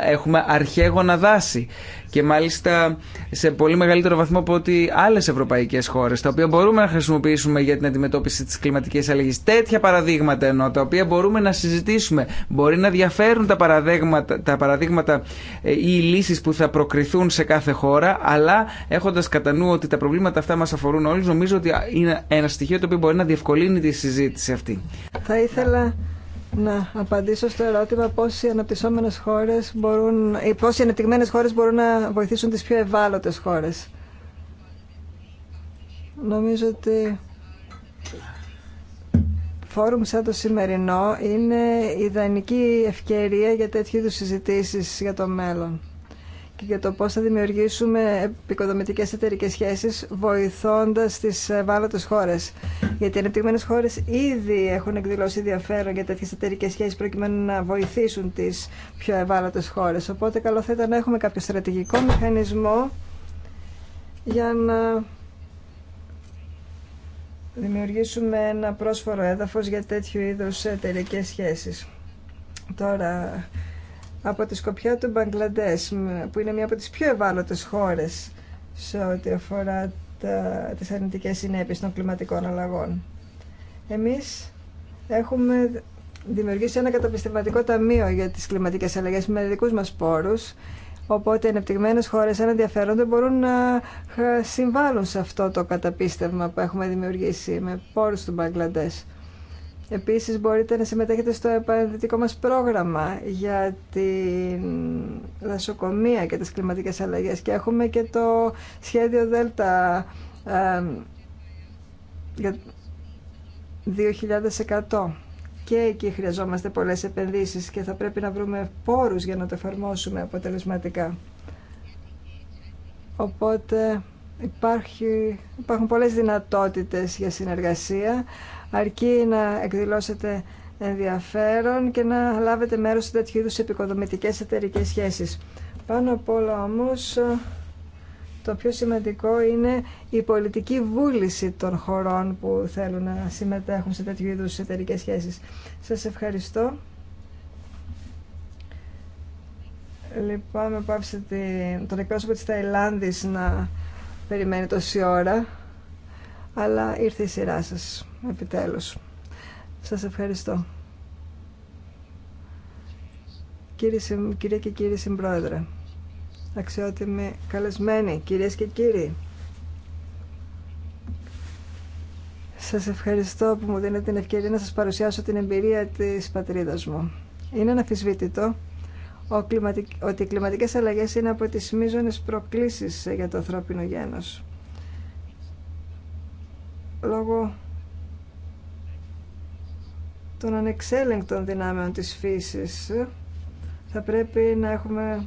έχουμε αρχαίγωνα δάση και μάλιστα σε πολύ μεγαλύτερο βαθμό από ότι άλλες ευρωπαϊκές χώρες τα οποία μπορούμε να χρησιμοποιήσουμε για την αντιμετώπιση της κλιματικής αλλαγής τέτοια παραδείγματα ενώ τα οποία μπορούμε να συζητήσουμε μπορεί να διαφέρουν τα παραδείγματα, τα παραδείγματα ε, ή οι λύσεις που θα προκριθούν σε κάθε χώρα αλλά έχοντας κατά νου ότι τα προβλήματα αυτά μας αφορούν όλους νομίζω ότι είναι ένα στοιχείο το οποίο μπορεί να διευκολύνει τη συζήτηση αυτή. Θα ήθελα να απαντήσω στο ερώτημα πώς οι αναπτυσσόμενες χώρες μπορούν, ε, πώς οι ανεπτυγμένες χώρες μπορούν να βοηθήσουν τις πιο ευάλωτες χώρες. Νομίζω ότι φόρουμ σαν το σημερινό είναι ιδανική ευκαιρία για τέτοιου είδους συζητήσεις για το μέλλον και για το πώς θα δημιουργήσουμε επικοδομητικές εταιρικέ σχέσεις βοηθώντας τις ευάλωτες χώρες. Γιατί οι ανεπτυγμένες χώρες ήδη έχουν εκδηλώσει ενδιαφέρον για τέτοιες εταιρικέ σχέσεις προκειμένου να βοηθήσουν τις πιο ευάλωτες χώρες. Οπότε καλό θα ήταν να έχουμε κάποιο στρατηγικό μηχανισμό για να δημιουργήσουμε ένα πρόσφορο έδαφος για τέτοιου είδους εταιρικέ σχέσεις. Τώρα, από τη σκοπιά του Μπαγκλαντές, που είναι μία από τις πιο ευάλωτες χώρες σε ό,τι αφορά τα, τις αρνητικές συνέπειες των κλιματικών αλλαγών. Εμείς έχουμε δημιουργήσει ένα καταπιστευματικό ταμείο για τις κλιματικές αλλαγές με δικούς μας πόρους, οπότε οι ανεπτυγμένες χώρες αν ενδιαφέρονται μπορούν να συμβάλλουν σε αυτό το καταπίστευμα που έχουμε δημιουργήσει με πόρους του Μπαγκλαντές. Επίσης μπορείτε να συμμετέχετε στο επανδυτικό μας πρόγραμμα για τη δασοκομεία και τις κλιματικές αλλαγές και έχουμε και το σχέδιο ΔΕΛΤΑ για 2.100 και εκεί χρειαζόμαστε πολλές επενδύσεις και θα πρέπει να βρούμε πόρους για να το εφαρμόσουμε αποτελεσματικά. Οπότε υπάρχει, υπάρχουν πολλές δυνατότητες για συνεργασία αρκεί να εκδηλώσετε ενδιαφέρον και να λάβετε μέρος σε τέτοιου είδους επικοδομητικές εταιρικές σχέσεις. Πάνω απ' όλα όμως το πιο σημαντικό είναι η πολιτική βούληση των χωρών που θέλουν να συμμετέχουν σε τέτοιου είδους εταιρικέ σχέσεις. Σας ευχαριστώ. Λυπάμαι που άφησε τον εκπρόσωπο της Ταϊλάνδης να περιμένει τόση ώρα, αλλά ήρθε η σειρά σας επιτέλους. Σας ευχαριστώ. Κύριε και κύριοι συμπρόεδρε, αξιότιμοι καλεσμένοι, κυρίες και κύριοι, σας ευχαριστώ που μου δίνετε την ευκαιρία να σας παρουσιάσω την εμπειρία της πατρίδας μου. Είναι αναφυσβήτητο ότι οι κλιματικές αλλαγές είναι από τις μείζονες προκλήσεις για το ανθρώπινο γένος. Λόγω των ανεξέλεγκτων δυνάμεων της φύσης. Θα πρέπει να έχουμε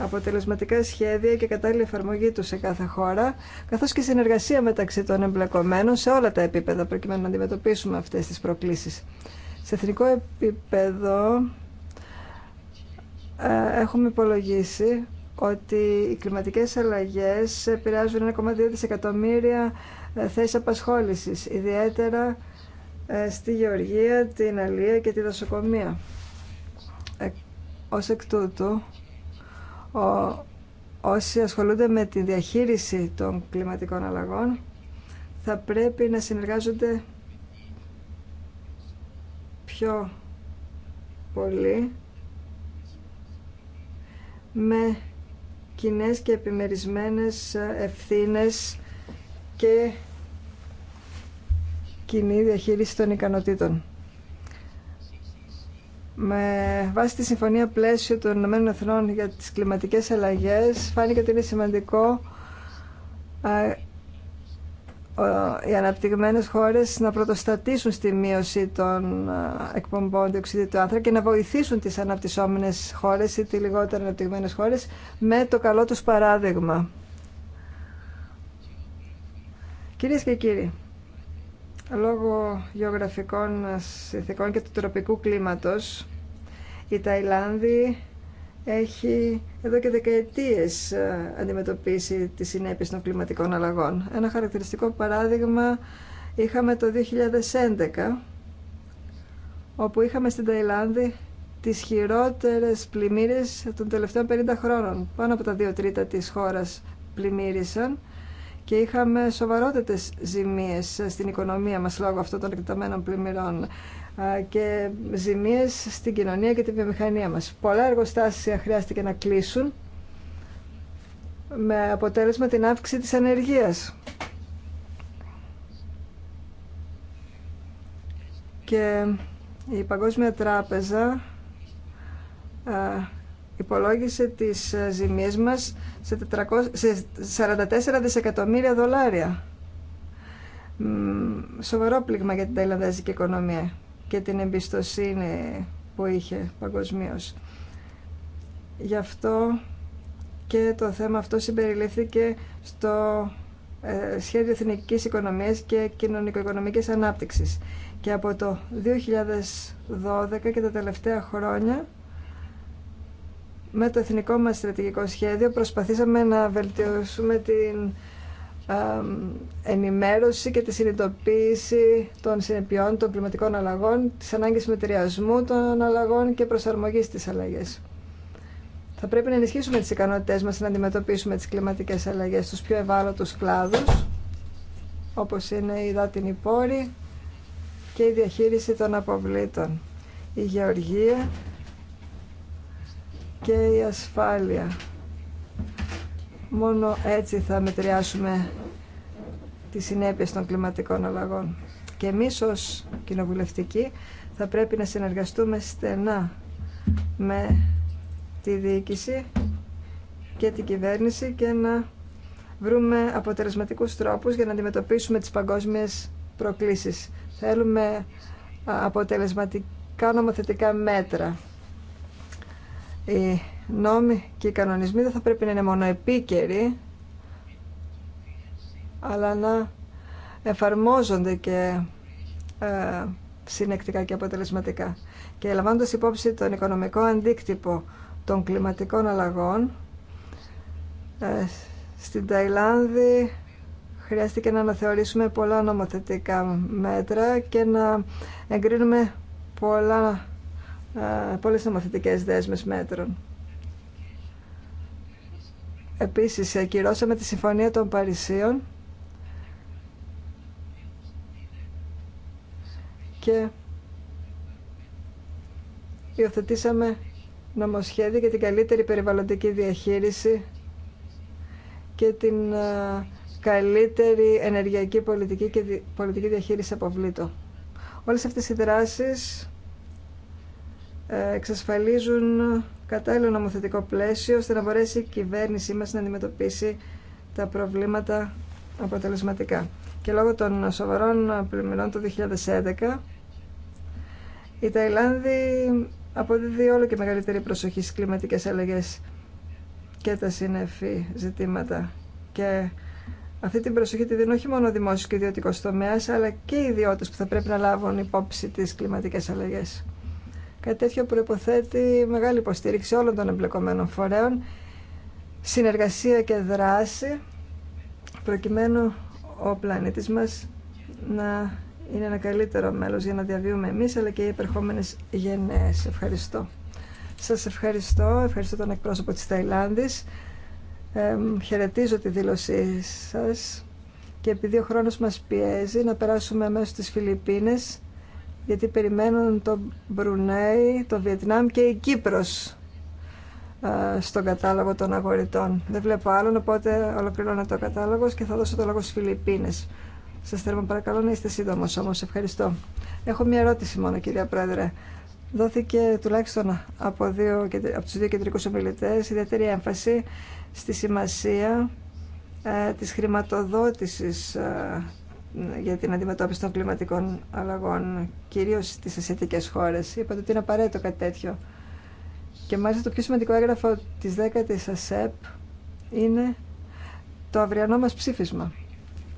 αποτελεσματικά σχέδια και κατάλληλη εφαρμογή του σε κάθε χώρα, καθώς και συνεργασία μεταξύ των εμπλεκομένων σε όλα τα επίπεδα, προκειμένου να αντιμετωπίσουμε αυτές τις προκλήσεις. Σε εθνικό επίπεδο ε, έχουμε υπολογίσει ότι οι κλιματικές αλλαγές επηρεάζουν 1,2 δισεκατομμύρια ε, θέσεις απασχόλησης, ιδιαίτερα ε, στη γεωργία, την αλία και τη δασοκομεία. Ε, ως εκ τούτου, ο, όσοι ασχολούνται με τη διαχείριση των κλιματικών αλλαγών θα πρέπει να συνεργάζονται πιο πολύ με κοινέ και επιμερισμένες ευθύνες και κοινή διαχείριση των ικανοτήτων. Με βάση τη Συμφωνία Πλαίσιο των Ηνωμένων Εθνών για τις κλιματικές αλλαγές φάνηκε ότι είναι σημαντικό οι αναπτυγμένες χώρες να πρωτοστατήσουν στη μείωση των εκπομπών διοξιδίου του άνθρακα και να βοηθήσουν τις αναπτυσσόμενες χώρες ή τις λιγότερα αναπτυγμένες χώρες με το καλό τους παράδειγμα. Κυρίες και κύριοι, Λόγω γεωγραφικών συνθηκών και του τροπικού κλίματος, η Ταϊλάνδη έχει εδώ και δεκαετίες ε, αντιμετωπίσει τις συνέπειες των κλιματικών αλλαγών. Ένα χαρακτηριστικό παράδειγμα είχαμε το 2011, όπου είχαμε στην Ταϊλάνδη τις χειρότερες πλημμύρες των τελευταίων 50 χρόνων. Πάνω από τα δύο τρίτα της χώρας πλημμύρισαν και είχαμε σοβαρότατες ζημίες στην οικονομία μας λόγω αυτών των εκτεταμένων πλημμυρών και ζημίες στην κοινωνία και τη βιομηχανία μας. Πολλά εργοστάσια χρειάστηκε να κλείσουν με αποτέλεσμα την αύξηση της ανεργίας. Και η Παγκόσμια Τράπεζα υπολόγισε τις ε, ζημίες μας σε 44 δισεκατομμύρια δολάρια. Σοβαρό πλήγμα για την ταϊλανδέζικη οικονομία και την εμπιστοσύνη που είχε παγκοσμίω. Γι' αυτό και το θέμα αυτό συμπεριλήφθηκε στο ε, σχέδιο εθνικής οικονομίας και κοινωνικο ανάπτυξης. Και από το 2012 και τα τελευταία χρόνια με το εθνικό μας στρατηγικό σχέδιο προσπαθήσαμε να βελτιώσουμε την ενημέρωση και τη συνειδητοποίηση των συνεπειών των κλιματικών αλλαγών, της ανάγκης μετριασμού των αλλαγών και προσαρμογής στις αλλαγές. Θα πρέπει να ενισχύσουμε τις ικανότητές μας να αντιμετωπίσουμε τις κλιματικές αλλαγές στους πιο ευάλωτους κλάδους, όπως είναι η δάτινη πόρη και η διαχείριση των αποβλήτων, η γεωργία και η ασφάλεια. Μόνο έτσι θα μετριάσουμε τις συνέπειες των κλιματικών αλλαγών. Και εμείς ως κοινοβουλευτικοί θα πρέπει να συνεργαστούμε στενά με τη διοίκηση και την κυβέρνηση και να βρούμε αποτελεσματικούς τρόπους για να αντιμετωπίσουμε τις παγκόσμιες προκλήσεις. Θέλουμε αποτελεσματικά νομοθετικά μέτρα οι νόμοι και οι κανονισμοί δεν θα πρέπει να είναι μόνο επίκαιροι, αλλά να εφαρμόζονται και ε, συνεκτικά και αποτελεσματικά. Και λαμβάνοντας υπόψη τον οικονομικό αντίκτυπο των κλιματικών αλλαγών, ε, στην Ταϊλάνδη χρειάστηκε να αναθεωρήσουμε πολλά νομοθετικά μέτρα και να εγκρίνουμε πολλά ε, πολλές νομοθετικές δέσμες μέτρων. Επίσης, ακυρώσαμε τη Συμφωνία των Παρισίων και υιοθετήσαμε νομοσχέδια για την καλύτερη περιβαλλοντική διαχείριση και την ε, καλύτερη ενεργειακή πολιτική και πολιτική διαχείριση αποβλήτων. Όλες αυτές οι δράσεις ε, εξασφαλίζουν κατάλληλο νομοθετικό πλαίσιο ώστε να μπορέσει η κυβέρνησή μας να αντιμετωπίσει τα προβλήματα αποτελεσματικά. Και λόγω των σοβαρών πλημμυρών το 2011 η Ταϊλάνδη αποδίδει όλο και μεγαλύτερη προσοχή στις κλιματικές αλλαγές και τα συνεφή ζητήματα. Και αυτή την προσοχή τη δίνουν όχι μόνο ο δημόσιο και ιδιωτικό τομέα, αλλά και οι ιδιώτε που θα πρέπει να λάβουν υπόψη τι κλιματικέ αλλαγέ. Κάτι τέτοιο προποθέτει μεγάλη υποστήριξη όλων των εμπλεκομένων φορέων, συνεργασία και δράση, προκειμένου ο πλανήτης μας να είναι ένα καλύτερο μέλος για να διαβίουμε εμείς, αλλά και οι επερχόμενες γενναίες. Ευχαριστώ. Σας ευχαριστώ. Ευχαριστώ τον εκπρόσωπο της Ταϊλάνδης. Ε, χαιρετίζω τη δήλωσή σας και επειδή ο χρόνος μας πιέζει να περάσουμε αμέσως στις Φιλιππίνες γιατί περιμένουν το Μπρουνέι, το Βιετνάμ και η Κύπρος στον κατάλογο των αγορητών. Δεν βλέπω άλλον, οπότε ολοκληρώνω το κατάλογο και θα δώσω το λόγο στις Φιλιππίνες. Σας θέλω παρακαλώ να είστε σύντομος όμως. Ευχαριστώ. Έχω μια ερώτηση μόνο κυρία Πρόεδρε. Δόθηκε τουλάχιστον από, δύο, από τους δύο κεντρικούς ομιλητές ιδιαίτερη έμφαση στη σημασία ε, της χρηματοδότησης ε, για την αντιμετώπιση των κλιματικών αλλαγών, κυρίως στις ασιατικέ χώρες. Είπατε ότι είναι απαραίτητο κάτι τέτοιο. Και μάλιστα το πιο σημαντικό έγγραφο της 10 η ΑΣΕΠ είναι το αυριανό μας ψήφισμα.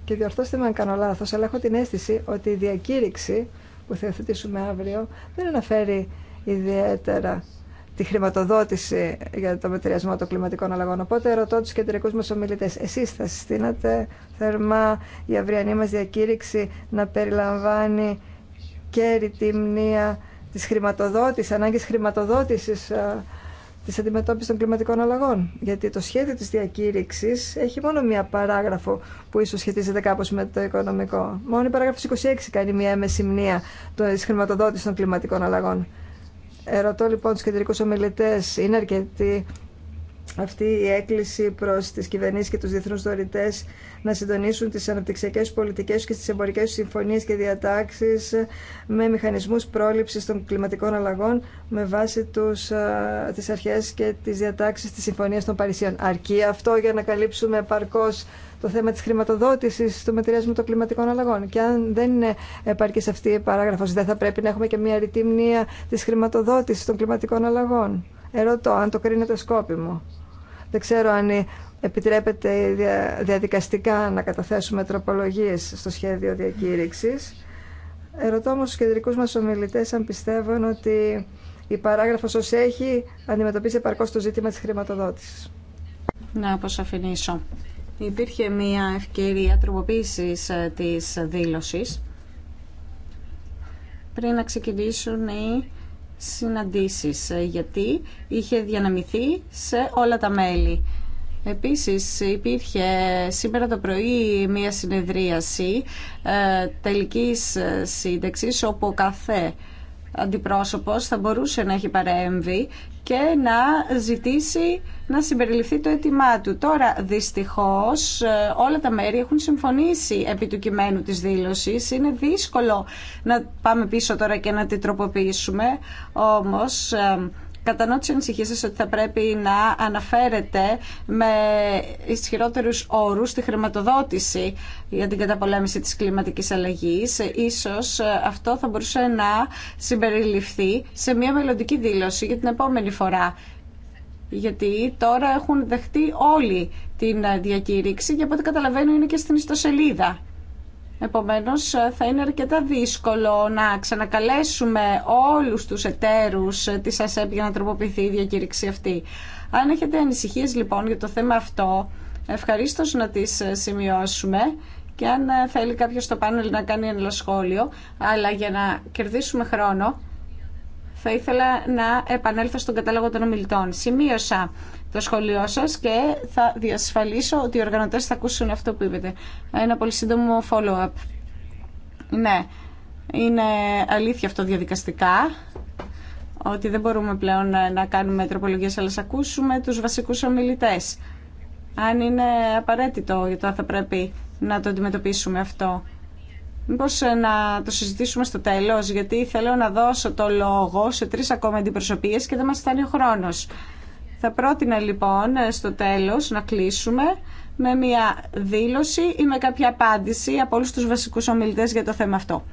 Και διορθώστε με αν κάνω λάθο, αλλά έχω την αίσθηση ότι η διακήρυξη που θα υιοθετήσουμε αύριο δεν αναφέρει ιδιαίτερα τη χρηματοδότηση για το μετριασμό των κλιματικών αλλαγών. Οπότε ρωτώ του κεντρικού μα ομιλητέ, εσεί θα συστήνατε θερμά η αυριανή μα διακήρυξη να περιλαμβάνει και ρητή μνήμα τη χρηματοδότηση, ανάγκη χρηματοδότηση ε, τη αντιμετώπιση των κλιματικών αλλαγών. Γιατί το σχέδιο τη διακήρυξη έχει μόνο μία παράγραφο που ίσω σχετίζεται κάπω με το οικονομικό. Μόνο η παράγραφο 26 κάνει μία έμεση μνήμα τη χρηματοδότηση των κλιματικών αλλαγών. Ερωτώ λοιπόν τους κεντρικούς ομιλητές, είναι αρκετή αυτή η έκκληση προς τις κυβερνήσεις και τους διεθνούς δωρητές να συντονίσουν τις αναπτυξιακές πολιτικές και τις εμπορικές συμφωνίες και διατάξεις με μηχανισμούς πρόληψης των κλιματικών αλλαγών με βάση τους, τις αρχές και τις διατάξεις της Συμφωνίας των Παρισίων. Αρκεί αυτό για να καλύψουμε παρκώς το θέμα τη χρηματοδότηση του μετριασμού των κλιματικών αλλαγών. Και αν δεν είναι επαρκή αυτή η παράγραφο, δεν θα πρέπει να έχουμε και μια ρητή μνήμα της χρηματοδότηση των κλιματικών αλλαγών. Ερωτώ αν το κρίνετε σκόπιμο. Δεν ξέρω αν επιτρέπεται διαδικαστικά να καταθέσουμε τροπολογίε στο σχέδιο διακήρυξη. Ερωτώ όμω, τους κεντρικού μα ομιλητέ αν πιστεύουν ότι η παράγραφος ως έχει αντιμετωπίσει επαρκώς το ζήτημα της χρηματοδότησης. Να αποσαφηνίσω υπήρχε μια ευκαιρία τροποποίησης ε, της δήλωσης πριν να ξεκινήσουν οι συναντήσεις, ε, γιατί είχε διαναμηθεί σε όλα τα μέλη. Επίσης υπήρχε σήμερα το πρωί μια συνεδρίαση ε, τελικής σύνταξης όπου καθέ αντιπρόσωπος θα μπορούσε να έχει παρέμβει και να ζητήσει να συμπεριληφθεί το αίτημά του. Τώρα, δυστυχώς, ε, όλα τα μέρη έχουν συμφωνήσει επί του κειμένου της δήλωσης. Είναι δύσκολο να πάμε πίσω τώρα και να την τροποποιήσουμε, όμως... Ε, Κατανοώ τι ανησυχίε ότι θα πρέπει να αναφέρετε με ισχυρότερους όρους τη χρηματοδότηση για την καταπολέμηση της κλιματικής αλλαγής. Ίσως αυτό θα μπορούσε να συμπεριληφθεί σε μια μελλοντική δήλωση για την επόμενη φορά. Γιατί τώρα έχουν δεχτεί όλοι την διακήρυξη και από ό,τι καταλαβαίνω είναι και στην ιστοσελίδα. Επομένως θα είναι αρκετά δύσκολο να ξανακαλέσουμε όλους τους εταίρους της ΑΣΕΠ για να τροποποιηθεί η διακήρυξη αυτή. Αν έχετε ανησυχίες λοιπόν για το θέμα αυτό, ευχαρίστω να τις σημειώσουμε και αν θέλει κάποιος στο πάνελ να κάνει ένα σχόλιο, αλλά για να κερδίσουμε χρόνο θα ήθελα να επανέλθω στον κατάλογο των ομιλητών. Σημείωσα το σχολείο σας και θα διασφαλίσω ότι οι οργανωτές θα ακούσουν αυτό που είπετε. Ένα πολύ σύντομο follow-up. Ναι, είναι αλήθεια αυτό διαδικαστικά ότι δεν μπορούμε πλέον να κάνουμε τροπολογίες αλλά να ακούσουμε τους βασικούς ομιλητές. Αν είναι απαραίτητο για το θα πρέπει να το αντιμετωπίσουμε αυτό. Μήπως να το συζητήσουμε στο τέλος, γιατί θέλω να δώσω το λόγο σε τρεις ακόμα αντιπροσωπείες και δεν μας φτάνει ο χρόνος. Θα πρότεινα λοιπόν ε, στο τέλος να κλείσουμε με μια δήλωση ή με κάποια απάντηση από όλους τους βασικούς ομιλητές για το θέμα αυτό.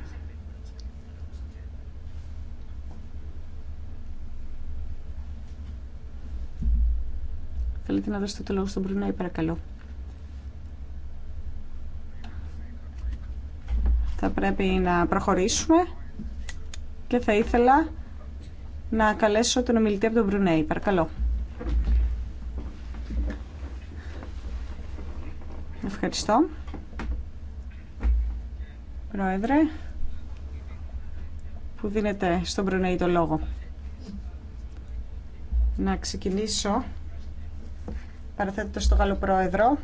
Θέλετε να δώσετε το λόγο στον Μπρουνέη, παρακαλώ. Θα πρέπει να προχωρήσουμε και θα ήθελα να καλέσω τον ομιλητή από τον Μπρουνέη. Παρακαλώ. Ευχαριστώ. Πρόεδρε, που δίνετε στον Προνέη το λόγο. Να ξεκινήσω παραθέτω στο Γάλλο Πρόεδρο.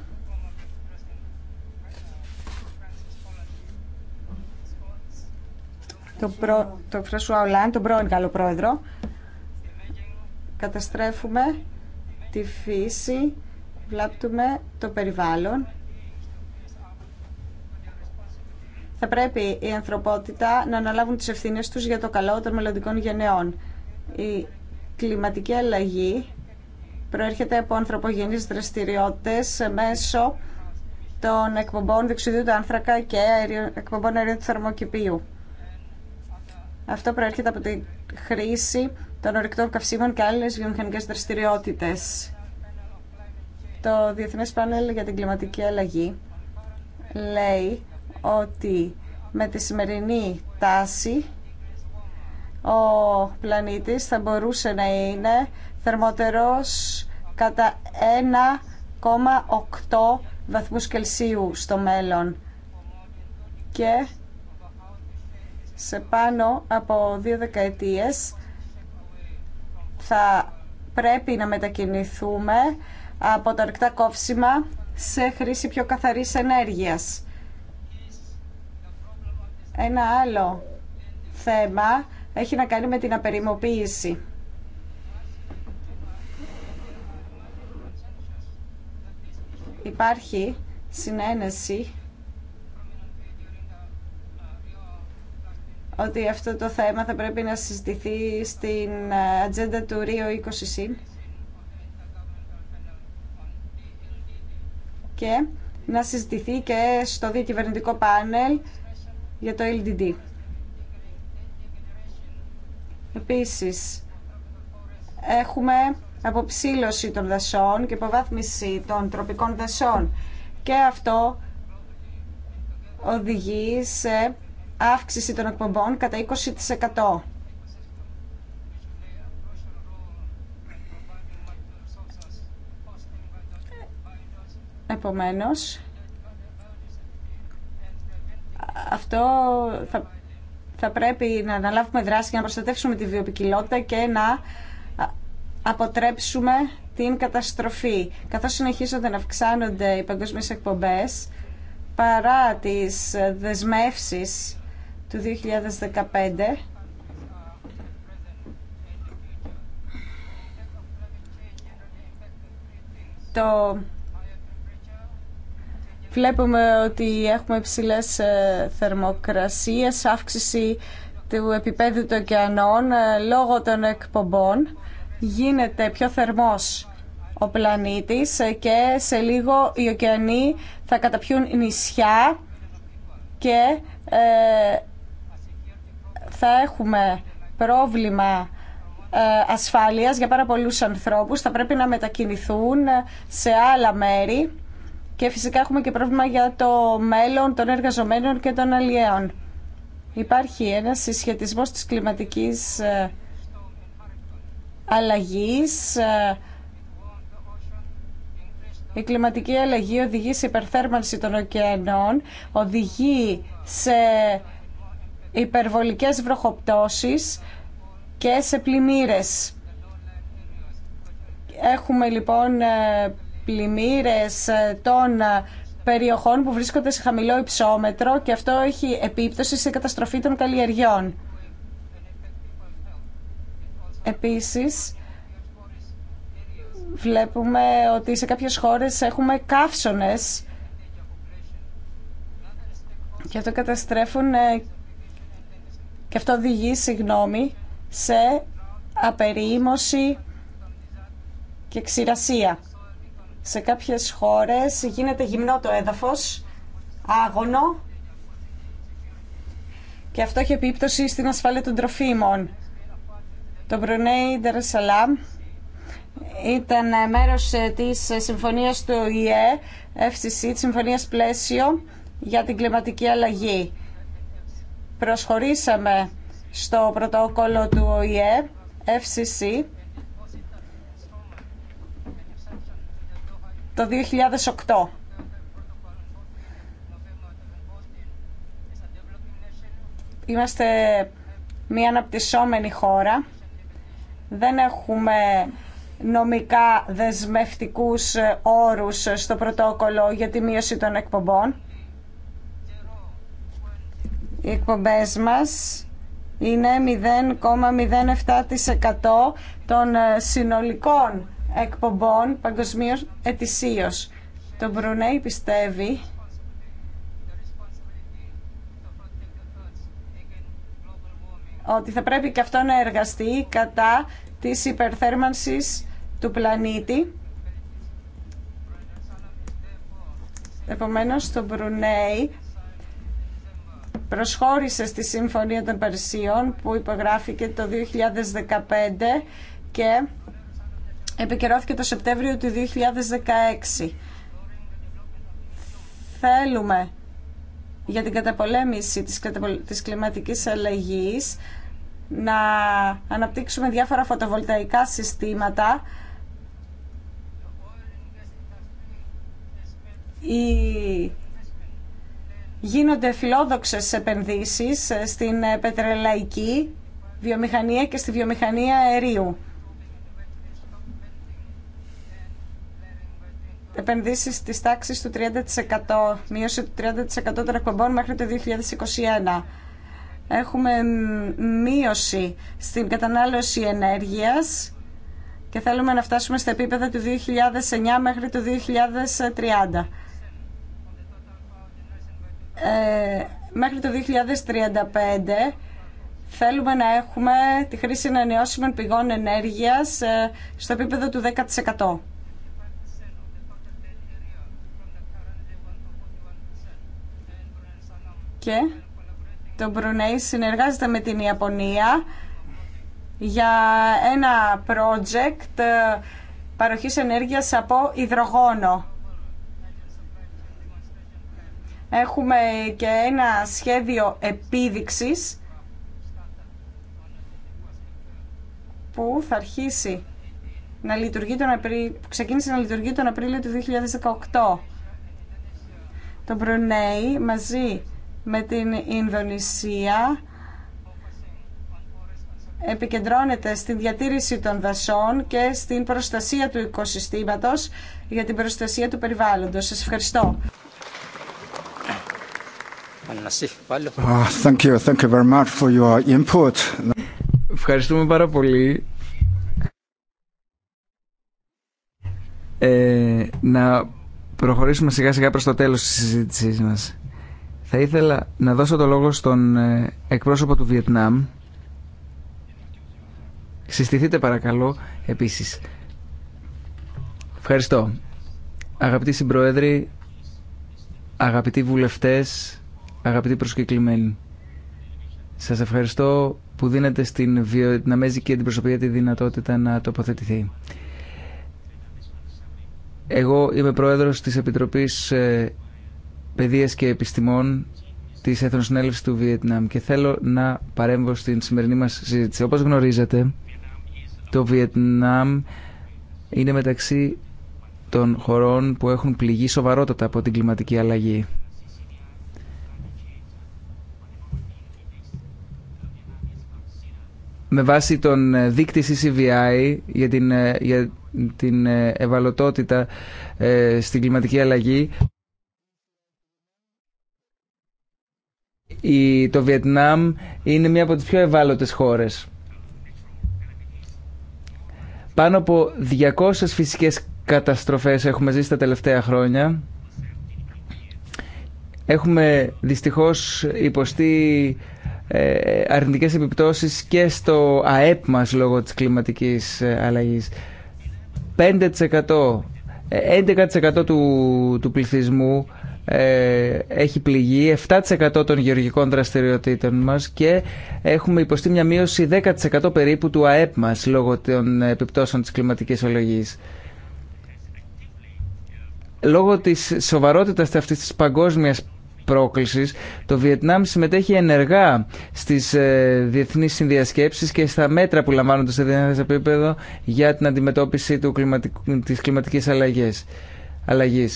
Το, προ, το Φρασουά Ολάν, τον πρώην Γάλλο Πρόεδρο, καταστρέφουμε τη φύση, βλάπτουμε το περιβάλλον. Θα πρέπει η ανθρωπότητα να αναλάβουν τις ευθύνες τους για το καλό των μελλοντικών γενεών. Η κλιματική αλλαγή προέρχεται από ανθρωπογενείς δραστηριότητες μέσω των εκπομπών διοξιδίου του άνθρακα και εκπομπών αερίου του θερμοκηπίου. Αυτό προέρχεται από τη χρήση των ορεικτών καυσίμων και άλλες βιομηχανικές δραστηριότητες. Το Διεθνές Πάνελ για την Κλιματική Αλλαγή λέει ότι με τη σημερινή τάση ο πλανήτης θα μπορούσε να είναι θερμότερος κατά 1,8 βαθμούς Κελσίου στο μέλλον και σε πάνω από δύο δεκαετίες θα πρέπει να μετακινηθούμε από τα αρκτά κόψιμα σε χρήση πιο καθαρής ενέργειας. Ένα άλλο θέμα έχει να κάνει με την απεριμοποίηση. Υπάρχει συνένεση ότι αυτό το θέμα θα πρέπει να συζητηθεί στην ε, ατζέντα του Ρίο 20 και να συζητηθεί και στο διακυβερνητικό πάνελ για το LDD. Επίσης, έχουμε αποψήλωση των δασών και υποβάθμιση των τροπικών δασών και αυτό οδηγεί σε αύξηση των εκπομπών κατά 20%. Επομένως, αυτό θα, θα πρέπει να αναλάβουμε δράση για να προστατεύσουμε τη βιοπικιλότητα και να αποτρέψουμε την καταστροφή. Καθώς συνεχίζονται να αυξάνονται οι παγκόσμιες εκπομπές, παρά τις δεσμεύσεις του 2015 το βλέπουμε ότι έχουμε υψηλές ε, θερμοκρασίες, αύξηση του επίπεδου των ωκεανών ε, λόγω των εκπομπών. Γίνεται πιο θερμός ο πλανήτης ε, και σε λίγο οι ωκεανοί θα καταπιούν νησιά και θα έχουμε πρόβλημα ε, ασφάλειας για πάρα πολλούς ανθρώπους, θα πρέπει να μετακινηθούν σε άλλα μέρη και φυσικά έχουμε και πρόβλημα για το μέλλον των εργαζομένων και των αλλιέων. Υπάρχει ένας συσχετισμός της κλιματικής ε, αλλαγής. Ε, η κλιματική αλλαγή οδηγεί σε υπερθέρμανση των ωκεανών, οδηγεί σε υπερβολικές βροχοπτώσεις και σε πλημμύρες. Έχουμε λοιπόν ε, πλημμύρες ε, των ε, περιοχών που βρίσκονται σε χαμηλό υψόμετρο και αυτό έχει επίπτωση σε καταστροφή των καλλιεργιών. Επίσης, βλέπουμε ότι σε κάποιες χώρες έχουμε καύσονες και αυτό καταστρέφουν και αυτό οδηγεί, συγγνώμη, σε απερίμωση και ξηρασία. Σε κάποιες χώρες γίνεται γυμνό το έδαφος, άγωνο και αυτό έχει επίπτωση στην ασφάλεια των τροφίμων. Το Μπρουνέι Ντερεσαλάμ ήταν μέρος ε, της ε, συμφωνίας του ΙΕ, FCC, της συμφωνίας πλαίσιο για την κλιματική αλλαγή προσχωρήσαμε στο πρωτόκολλο του ΟΗΕ, FCC, το 2008. Είμαστε μια αναπτυσσόμενη χώρα. Δεν έχουμε νομικά δεσμευτικούς όρους στο πρωτόκολλο για τη μείωση των εκπομπών. Οι εκπομπές μας είναι 0,07% των ε, συνολικών εκπομπών παγκοσμίω ετησίω. Το Μπρουνέι πιστεύει ότι θα πρέπει και αυτό να εργαστεί κατά της υπερθέρμανσης του πλανήτη. Επομένως, το Μπρουνέι προσχώρησε στη Συμφωνία των Παρισίων που υπογράφηκε το 2015 και επικαιρώθηκε το Σεπτέμβριο του 2016. Θέλουμε για την καταπολέμηση της, της κλιματικής αλλαγής να αναπτύξουμε διάφορα φωτοβολταϊκά συστήματα η γίνονται φιλόδοξες επενδύσεις στην πετρελαϊκή βιομηχανία και στη βιομηχανία αερίου. Επενδύσεις της τάξης του 30%, μείωση του 30% των εκπομπών μέχρι το 2021. Έχουμε μείωση στην κατανάλωση ενέργειας και θέλουμε να φτάσουμε στα επίπεδα του 2009 μέχρι το 2030. Ε, μέχρι το 2035 θέλουμε να έχουμε τη χρήση ανανεώσιμων πηγών ενέργειας ε, στο επίπεδο του 10%. Και το Μπρουνέι συνεργάζεται με την Ιαπωνία για ένα project ε, παροχής ενέργειας από υδρογόνο. Έχουμε και ένα σχέδιο επίδειξης που θα αρχίσει να λειτουργεί τον ξεκίνησε να λειτουργεί τον Απρίλιο του 2018. Το Μπρουνέι μαζί με την Ινδονησία επικεντρώνεται στην διατήρηση των δασών και στην προστασία του οικοσυστήματος για την προστασία του περιβάλλοντος. Σας ευχαριστώ. Ευχαριστούμε πάρα πολύ. Ε, να προχωρήσουμε σιγά σιγά προς το τέλος της συζήτησής μας. Θα ήθελα να δώσω το λόγο στον ε, εκπρόσωπο του Βιετνάμ. Συστηθείτε παρακαλώ επίσης. Ευχαριστώ. Αγαπητοί συμπροέδροι, αγαπητοί βουλευτές, Αγαπητοί προσκεκλημένοι, σας ευχαριστώ που δίνετε στην την αντιπροσωπεία τη δυνατότητα να τοποθετηθεί. Εγώ είμαι πρόεδρος της Επιτροπής ε, Παιδείας και Επιστημών της Εθνοσυνέλευσης του Βιετνάμ και θέλω να παρέμβω στην σημερινή μας συζήτηση. Όπως γνωρίζετε, το Βιετνάμ είναι μεταξύ των χωρών που έχουν πληγεί σοβαρότατα από την κλιματική αλλαγή. με βάση τον ε, δείκτη CCVI για την, ε, για την ε, ευαλωτότητα στην κλιματική αλλαγή. Η, το Βιετνάμ είναι μία από τις πιο ευάλωτες χώρες. Πάνω από 200 φυσικές καταστροφές έχουμε ζήσει τα τελευταία χρόνια. Έχουμε δυστυχώς υποστεί ε, αρνητικές επιπτώσεις και στο ΑΕΠ μας λόγω της κλιματικής ε, αλλαγής. 5%, 11% ε, του, του πληθυσμού έχει πληγεί, 7% των γεωργικών δραστηριοτήτων μας και έχουμε υποστεί μια μείωση 10% περίπου του ΑΕΠ μας λόγω των επιπτώσεων της κλιματικής αλλαγής. Λόγω της σοβαρότητας αυτής της παγκόσμιας το Βιετνάμ συμμετέχει ενεργά στις ε, διεθνείς συνδιασκέψεις και στα μέτρα που λαμβάνονται σε διεθνέ επίπεδο για την αντιμετώπιση τη κλιματική αλλαγή.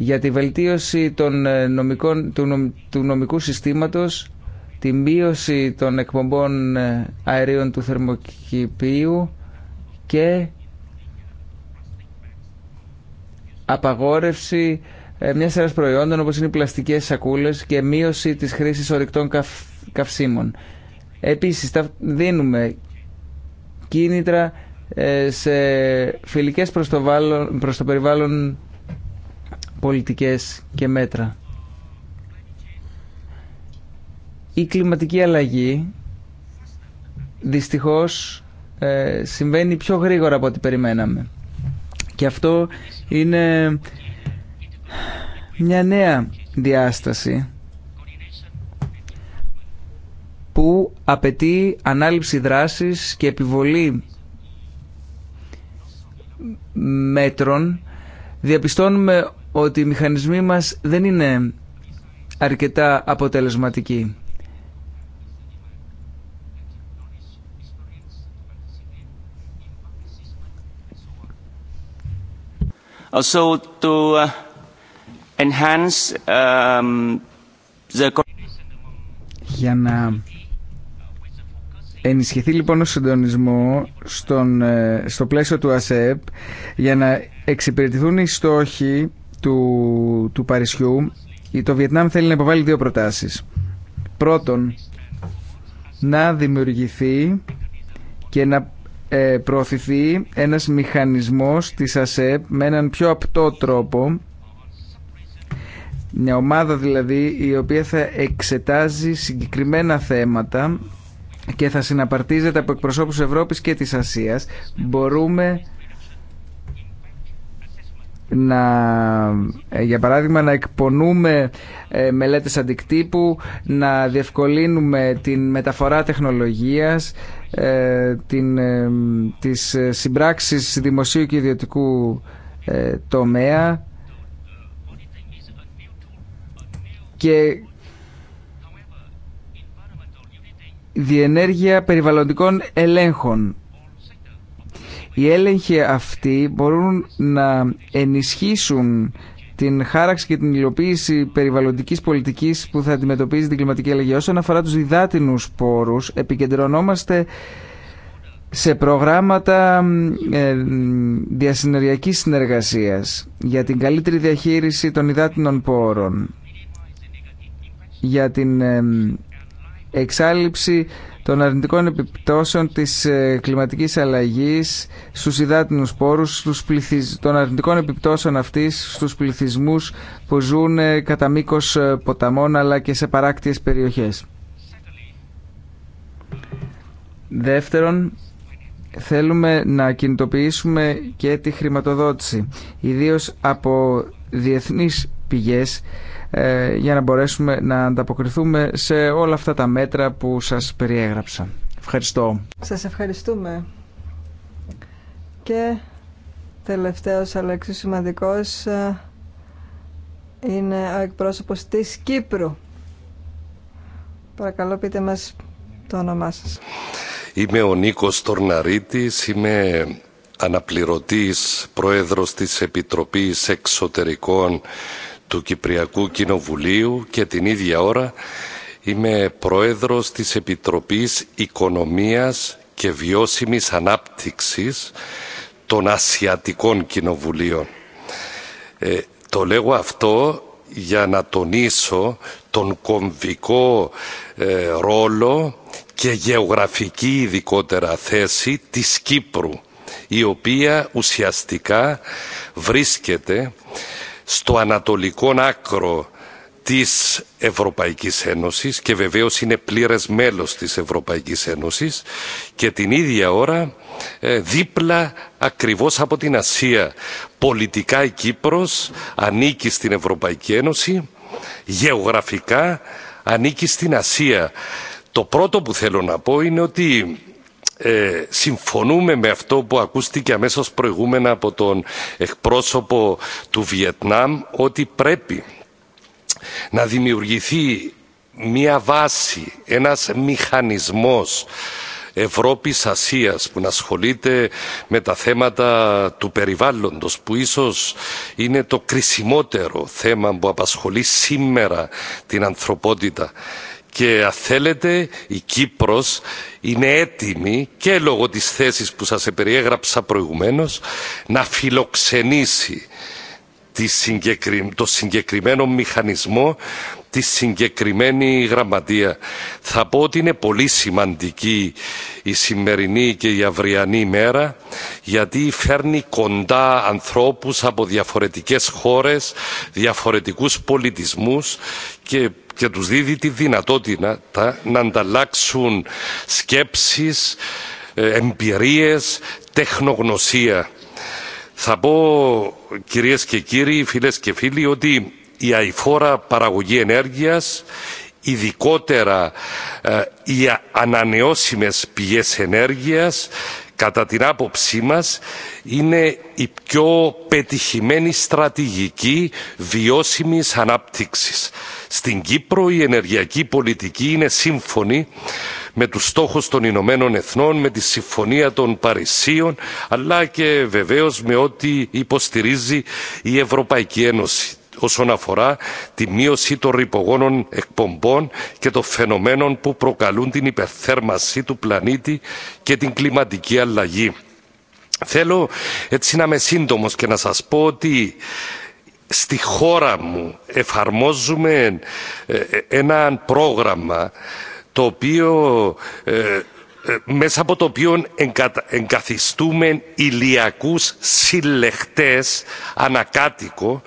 Για τη βελτίωση των ε, νομικών, του, του νομικού συστήματος, τη μείωση των εκπομπών ε, αερίων του θερμοκηπίου και απαγόρευση ε, μια σειρά προϊόντων όπω είναι οι πλαστικέ σακούλες και μείωση της χρήσης ορυκτών καυσίμων. Επίσης δίνουμε κίνητρα ε, σε φιλικές προ το, προς το περιβάλλον πολιτικές και μέτρα. Η κλιματική αλλαγή δυστυχώς ε, συμβαίνει πιο γρήγορα από ό,τι περιμέναμε. Και αυτό είναι μια νέα διάσταση που απαιτεί ανάληψη δράσης και επιβολή μέτρων διαπιστώνουμε ότι οι μηχανισμοί μας δεν είναι αρκετά αποτελεσματικοί. Also uh, Um, για να ενισχυθεί λοιπόν ο συντονισμό στον, ε, στο πλαίσιο του ΑΣΕΠ για να εξυπηρετηθούν οι στόχοι του, του Παρισιού το Βιετνάμ θέλει να υποβάλει δύο προτάσεις. Πρώτον, να δημιουργηθεί και να ε, προωθηθεί ένας μηχανισμός της ΑΣΕΠ με έναν πιο απτό τρόπο μια ομάδα δηλαδή η οποία θα εξετάζει συγκεκριμένα θέματα και θα συναπαρτίζεται από εκπροσώπους Ευρώπης και της Ασίας. Μπορούμε να, ε, για παράδειγμα να εκπονούμε ε, μελέτες αντικτύπου, να διευκολύνουμε την μεταφορά τεχνολογίας, ε, την, τις συμπράξεις δημοσίου και ιδιωτικού τομέα, και διενέργεια περιβαλλοντικών ελέγχων. Οι έλεγχοι αυτοί μπορούν να ενισχύσουν την χάραξη και την υλοποίηση περιβαλλοντικής πολιτικής που θα αντιμετωπίζει την κλιματική αλλαγή. Όσον αφορά τους διδάτινους πόρους, επικεντρωνόμαστε σε προγράμματα ε, διασυνεριακής συνεργασίας για την καλύτερη διαχείριση των υδάτινων πόρων για την εξάλληψη των αρνητικών επιπτώσεων της ε, κλιματικής αλλαγής στους υδάτινους πόρους, στους πληθυσ... των αρνητικών επιπτώσεων αυτής στους πληθυσμούς που ζουν ε, κατά μήκο ε, ποταμών αλλά και σε παράκτιες περιοχές. Δεύτερον, θέλουμε να κινητοποιήσουμε και τη χρηματοδότηση, ιδίως από διεθνείς πηγές ε, για να μπορέσουμε να ανταποκριθούμε σε όλα αυτά τα μέτρα που σας περιέγραψα. Ευχαριστώ. Σας ευχαριστούμε. Και τελευταίος αλλά εξίσου σημαντικός ε, είναι ο εκπρόσωπος της Κύπρου. Παρακαλώ πείτε μας το όνομά σας. Είμαι ο Νίκος Τορναρίτης, είμαι αναπληρωτής πρόεδρος της Επιτροπής Εξωτερικών του Κυπριακού Κοινοβουλίου και την ίδια ώρα είμαι πρόεδρος της Επιτροπής Οικονομίας και Βιώσιμης Ανάπτυξης των Ασιατικών Κοινοβουλίων. Ε, το λέγω αυτό για να τονίσω τον κομβικό ε, ρόλο και γεωγραφική ειδικότερα θέση της Κύπρου, η οποία ουσιαστικά βρίσκεται στο ανατολικό άκρο της Ευρωπαϊκής Ένωσης και βεβαίως είναι πλήρες μέλος της Ευρωπαϊκής Ένωσης και την ίδια ώρα ε, δίπλα ακριβώς από την Ασία. Πολιτικά η Κύπρος ανήκει στην Ευρωπαϊκή Ένωση, γεωγραφικά ανήκει στην Ασία. Το πρώτο που θέλω να πω είναι ότι ε, συμφωνούμε με αυτό που ακούστηκε αμέσως προηγούμενα από τον εκπρόσωπο του Βιετνάμ ότι πρέπει να δημιουργηθεί μια βάση, ένας μηχανισμός Ευρώπης Ασίας που να ασχολείται με τα θέματα του περιβάλλοντος που ίσως είναι το κρισιμότερο θέμα που απασχολεί σήμερα την ανθρωπότητα και αν θέλετε η Κύπρος είναι έτοιμη και λόγω της θέσης που σας περιέγραψα προηγουμένως να φιλοξενήσει το συγκεκριμένο μηχανισμό, τη συγκεκριμένη γραμματεία. Θα πω ότι είναι πολύ σημαντική η σημερινή και η αυριανή μέρα, γιατί φέρνει κοντά ανθρώπους από διαφορετικές χώρες, διαφορετικούς πολιτισμούς και και τους δίδει τη δυνατότητα να ανταλλάξουν σκέψεις, ε, εμπειρίες, τεχνογνωσία. Θα πω κυρίες και κύριοι, φίλες και φίλοι ότι η αηφόρα παραγωγή ενέργειας ειδικότερα ε, οι ανανεώσιμες πηγές ενέργειας κατά την άποψή μας είναι η πιο πετυχημένη στρατηγική βιώσιμης ανάπτυξης. Στην Κύπρο η ενεργειακή πολιτική είναι σύμφωνη με τους στόχους των Ηνωμένων Εθνών, με τη Συμφωνία των Παρισίων, αλλά και βεβαίως με ό,τι υποστηρίζει η Ευρωπαϊκή Ένωση όσον αφορά τη μείωση των ρηπογόνων εκπομπών και των φαινομένων που προκαλούν την υπερθέρμανση του πλανήτη και την κλιματική αλλαγή. Θέλω έτσι να είμαι σύντομος και να σας πω ότι στη χώρα μου εφαρμόζουμε ε, ε, ένα πρόγραμμα το οποίο ε, ε, μέσα από το οποίο εγκαθιστούμε ηλιακούς συλλεχτές ανακάτοικο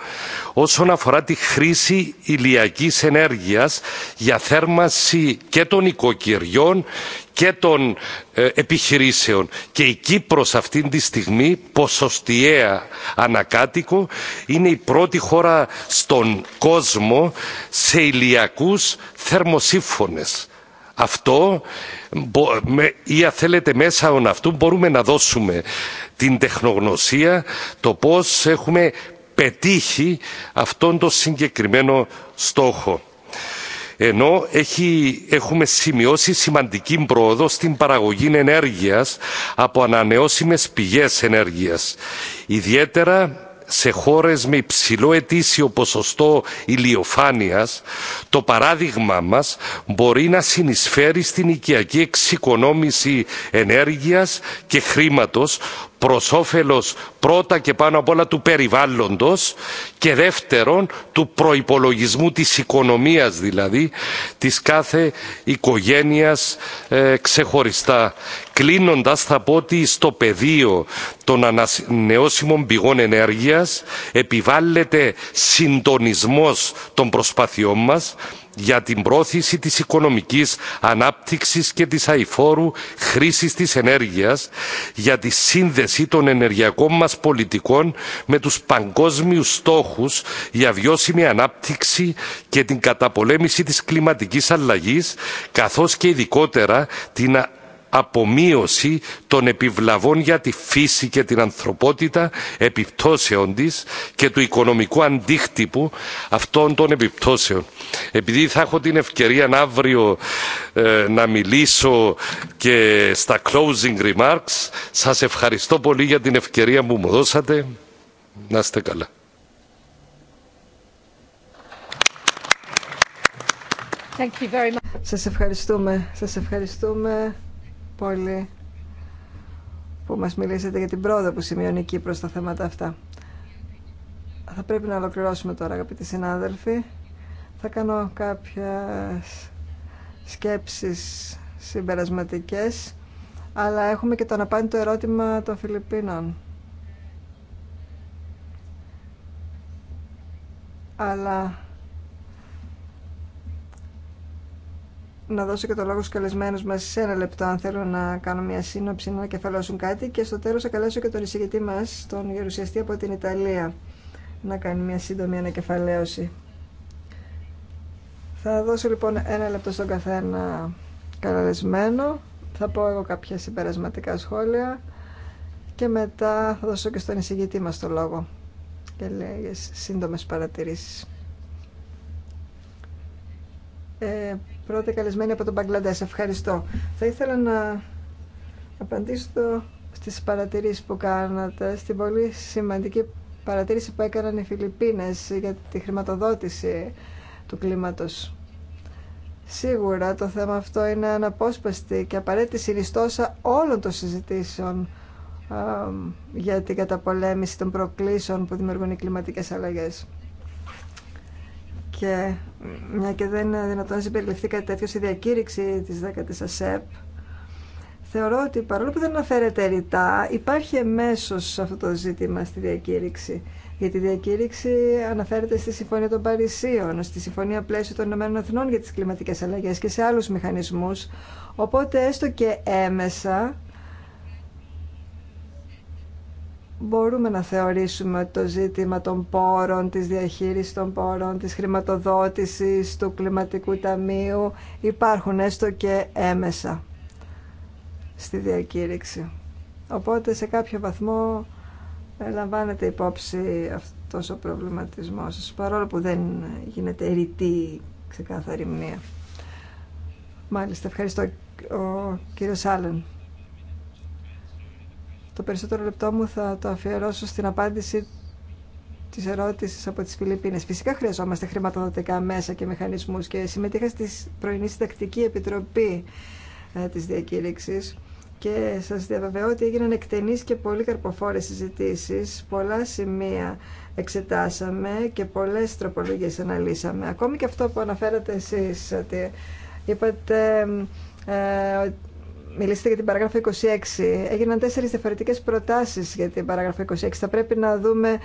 όσον αφορά τη χρήση ηλιακής ενέργειας για θέρμανση και των οικοκυριών και των ε, επιχειρήσεων. Και η Κύπρος αυτή τη στιγμή ποσοστιαία ανακάτοικο είναι η πρώτη χώρα στον κόσμο σε ηλιακούς θερμοσύμφωνες αυτό ή αν θέλετε μέσα από αυτού μπορούμε να δώσουμε την τεχνογνωσία το πώς έχουμε πετύχει αυτόν τον συγκεκριμένο στόχο. Ενώ έχει, έχουμε σημειώσει σημαντική πρόοδο στην παραγωγή ενέργειας από ανανεώσιμες πηγές ενέργειας. Ιδιαίτερα σε χώρες με υψηλό ετήσιο ποσοστό ηλιοφάνειας, το παράδειγμα μας μπορεί να συνεισφέρει στην οικιακή εξοικονόμηση ενέργειας και χρήματος Προ όφελο πρώτα και πάνω απ' όλα του περιβάλλοντος και δεύτερον του προπολογισμού της οικονομίας δηλαδή της κάθε οικογένεια ε, ξεχωριστά. κλείνοντα θα πω ότι στο πεδίο των ανανεώσιμων πηγών ενέργεια, επιβάλλεται συντονισμό των προσπαθειών μας για την πρόθεση της οικονομικής ανάπτυξης και της αηφόρου χρήσης της ενέργειας, για τη σύνδεση των ενεργειακών μας πολιτικών με τους παγκόσμιους στόχους για βιώσιμη ανάπτυξη και την καταπολέμηση της κλιματικής αλλαγής, καθώς και ειδικότερα την απομείωση των επιβλαβών για τη φύση και την ανθρωπότητα επιπτώσεων της και του οικονομικού αντίκτυπου αυτών των επιπτώσεων. Επειδή θα έχω την ευκαιρία αύριο ε, να μιλήσω και στα closing remarks, σας ευχαριστώ πολύ για την ευκαιρία που μου δώσατε. Να είστε καλά. Thank you very much. Σας ευχαριστούμε. Σας ευχαριστούμε πολύ που μας μιλήσατε για την πρόοδο που σημειώνει η Κύπρος στα θέματα αυτά. Θα πρέπει να ολοκληρώσουμε τώρα, αγαπητοί συνάδελφοι. Θα κάνω κάποια σκέψεις συμπερασματικές, αλλά έχουμε και το αναπάντητο ερώτημα των Φιλιππίνων. Αλλά να δώσω και το λόγο στους καλεσμένους μας σε ένα λεπτό αν θέλω να κάνω μια σύνοψη, να κεφαλώσουν κάτι και στο τέλος θα καλέσω και τον εισηγητή μας, τον γερουσιαστή από την Ιταλία, να κάνει μια σύντομη ανακεφαλαίωση. Θα δώσω λοιπόν ένα λεπτό στον καθένα καλεσμένο, θα πω εγώ κάποια συμπερασματικά σχόλια και μετά θα δώσω και στον εισηγητή μας το λόγο και λέγες σύντομες παρατηρήσεις. Ε, πρώτα καλεσμένη από τον Μπαγκλαντές. Ευχαριστώ. Θα ήθελα να απαντήσω στις παρατηρήσεις που κάνατε, στην πολύ σημαντική παρατήρηση που έκαναν οι Φιλιππίνες για τη χρηματοδότηση του κλίματος. Σίγουρα το θέμα αυτό είναι αναπόσπαστη και απαραίτητη συνιστόσα όλων των συζητήσεων για την καταπολέμηση των προκλήσεων που δημιουργούν οι κλιματικές αλλαγές και μια και δεν είναι δυνατόν να συμπεριληφθεί κάτι τέτοιο στη διακήρυξη της 10ης ΑΣΕΠ, θεωρώ ότι παρόλο που δεν αναφέρεται ρητά, υπάρχει εμέσω αυτό το ζήτημα στη διακήρυξη. Γιατί η διακήρυξη αναφέρεται στη Συμφωνία των Παρισίων, στη Συμφωνία Πλαίσιο των Ηνωμένων Εθνών για τις κλιματικές αλλαγές και σε άλλου μηχανισμού. Οπότε έστω και έμεσα μπορούμε να θεωρήσουμε το ζήτημα των πόρων, της διαχείρισης των πόρων, της χρηματοδότησης, του κλιματικού ταμείου υπάρχουν έστω και έμεσα στη διακήρυξη. Οπότε σε κάποιο βαθμό λαμβάνεται υπόψη αυτός ο προβληματισμός σας, παρόλο που δεν γίνεται ρητή ξεκάθαρη μνήμα. Μάλιστα, ευχαριστώ ο κύριος Άλλεν. Το περισσότερο λεπτό μου θα το αφιερώσω στην απάντηση τη ερώτηση από τι Φιλιππίνε. Φυσικά χρειαζόμαστε χρηματοδοτικά μέσα και μηχανισμού και συμμετείχα στη πρωινή συντακτική επιτροπή ε, τη διακήρυξη και σα διαβεβαιώ ότι έγιναν εκτενεί και πολύ καρποφόρε συζητήσει. Πολλά σημεία εξετάσαμε και πολλέ τροπολογίε αναλύσαμε. Ακόμη και αυτό που αναφέρατε εσεί, ότι είπατε ε, μιλήσετε για την παράγραφο 26. Έγιναν τέσσερι διαφορετικές προτάσεις για την παράγραφο 26. Θα πρέπει να δούμε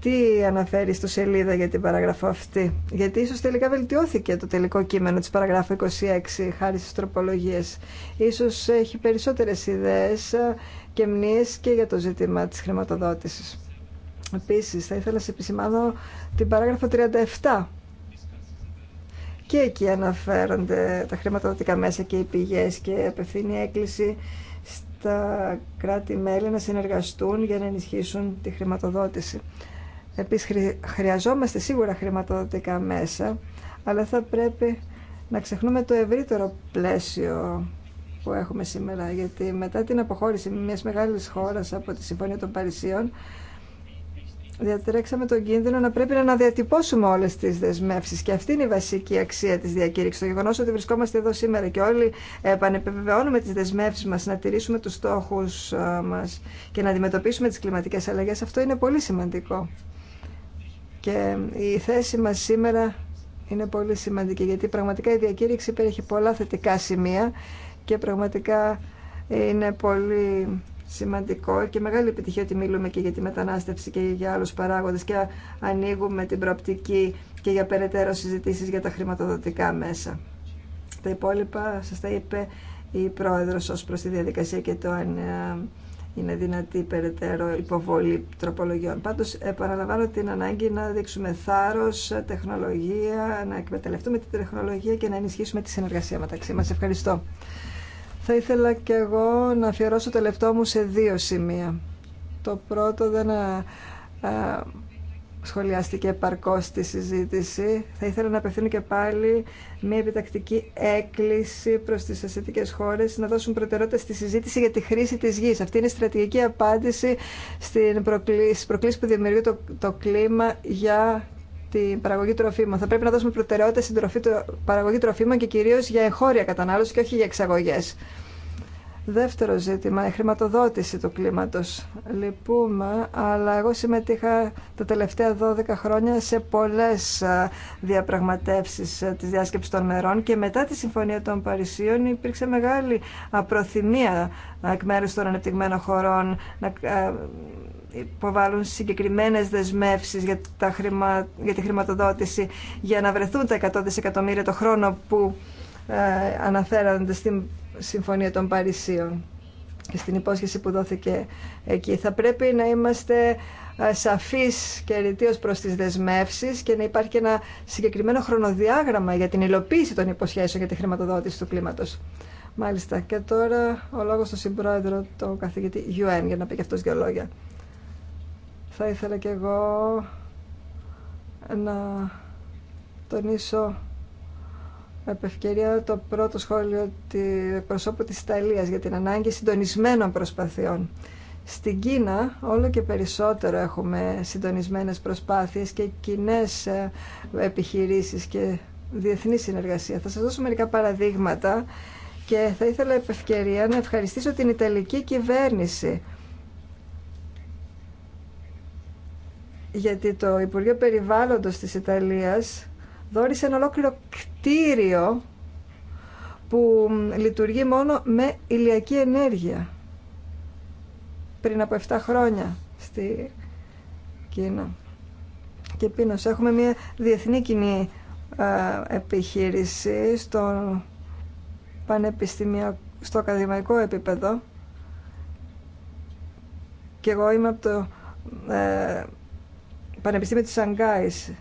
τι αναφέρει στο σελίδα για την παράγραφο αυτή. Γιατί ίσως τελικά βελτιώθηκε το τελικό κείμενο της παραγράφου 26 χάρη στι τροπολογίες. Ίσως έχει περισσότερες ιδέες και μνήες και για το ζήτημα τη χρηματοδότηση. Επίση, θα ήθελα να σε επισημάνω την παράγραφο 37 και εκεί αναφέρονται τα χρηματοδοτικά μέσα και οι πηγές και απευθύνει η έκκληση στα κράτη-μέλη να συνεργαστούν για να ενισχύσουν τη χρηματοδότηση. Επίσης χρειαζόμαστε σίγουρα χρηματοδοτικά μέσα, αλλά θα πρέπει να ξεχνούμε το ευρύτερο πλαίσιο που έχουμε σήμερα, γιατί μετά την αποχώρηση μιας μεγάλης χώρας από τη Συμφωνία των Παρισίων, διατρέξαμε τον κίνδυνο να πρέπει να αναδιατυπώσουμε όλε τι δεσμεύσει. Και αυτή είναι η βασική αξία τη διακήρυξη. Το γεγονό ότι βρισκόμαστε εδώ σήμερα και όλοι επανεπιβεβαιώνουμε τι δεσμεύσει μα, να τηρήσουμε του στόχου ε, μα και να αντιμετωπίσουμε τι κλιματικέ αλλαγέ, αυτό είναι πολύ σημαντικό. Και ε, η θέση μα σήμερα είναι πολύ σημαντική, γιατί πραγματικά η διακήρυξη υπέρχει πολλά θετικά σημεία και πραγματικά είναι πολύ σημαντικό και μεγάλη επιτυχία ότι μιλούμε και για τη μετανάστευση και για άλλους παράγοντες και ανοίγουμε την προοπτική και για περαιτέρω συζητήσεις για τα χρηματοδοτικά μέσα. Τα υπόλοιπα σας τα είπε η Πρόεδρος ως προς τη διαδικασία και το αν ε, είναι δυνατή περαιτέρω υποβολή τροπολογιών. Πάντως επαναλαμβάνω την ανάγκη να δείξουμε θάρρος, τεχνολογία, να εκμεταλλευτούμε την τεχνολογία και να ενισχύσουμε τη συνεργασία μεταξύ μας. Ευχαριστώ. Θα ήθελα και εγώ να αφιερώσω το λεπτό μου σε δύο σημεία. Το πρώτο δεν ε, ε, σχολιάστηκε επαρκώς στη συζήτηση. Θα ήθελα να απευθύνω και πάλι μια επιτακτική έκκληση προς τις ασιατικές χώρες να δώσουν προτεραιότητα στη συζήτηση για τη χρήση της γης. Αυτή είναι η στρατηγική απάντηση στην προκλήση που δημιουργεί το, το κλίμα για την παραγωγή τροφίμων. Θα πρέπει να δώσουμε προτεραιότητα στην τροφή, παραγωγή τροφίμων και κυρίω για εγχώρια κατανάλωση και όχι για εξαγωγέ. Δεύτερο ζήτημα, η χρηματοδότηση του κλίματο. Λυπούμε, αλλά εγώ συμμετείχα τα τελευταία 12 χρόνια σε πολλέ διαπραγματεύσει τη διάσκεψης των μερών και μετά τη Συμφωνία των Παρισίων υπήρξε μεγάλη απροθυμία εκ μέρου των ανεπτυγμένων χωρών να υποβάλλουν συγκεκριμένες δεσμεύσεις για, τα χρημα... για τη χρηματοδότηση για να βρεθούν τα 100 δισεκατομμύρια το χρόνο που ε, αναφέρονται στην Συμφωνία των Παρισίων και στην υπόσχεση που δόθηκε εκεί. Θα πρέπει να είμαστε ε, σαφείς και ρητίως προς τις δεσμεύσεις και να υπάρχει και ένα συγκεκριμένο χρονοδιάγραμμα για την υλοποίηση των υποσχέσεων για τη χρηματοδότηση του κλίματος. Μάλιστα. Και τώρα ο λόγος στον συμπρόεδρο, τον καθηγητή UN, για να πει και αυτός δύο λόγια. Θα ήθελα και εγώ να τονίσω επ' ευκαιρία το πρώτο σχόλιο του προσώπου της Ιταλίας για την ανάγκη συντονισμένων προσπαθειών. Στην Κίνα όλο και περισσότερο έχουμε συντονισμένες προσπάθειες και κοινέ ε, επιχειρήσεις και διεθνή συνεργασία. Θα σας δώσω μερικά παραδείγματα και θα ήθελα επ' ευκαιρία να ευχαριστήσω την Ιταλική κυβέρνηση γιατί το Υπουργείο Περιβάλλοντος της Ιταλίας δόρισε ένα ολόκληρο κτίριο που λειτουργεί μόνο με ηλιακή ενέργεια πριν από 7 χρόνια στη Κίνα. Και πίνος, έχουμε μια διεθνή κοινή επιχείρηση στο πανεπιστημιακό, στο ακαδημαϊκό επίπεδο και εγώ είμαι από το ε, Πανεπιστήμιο της Σανγκάης.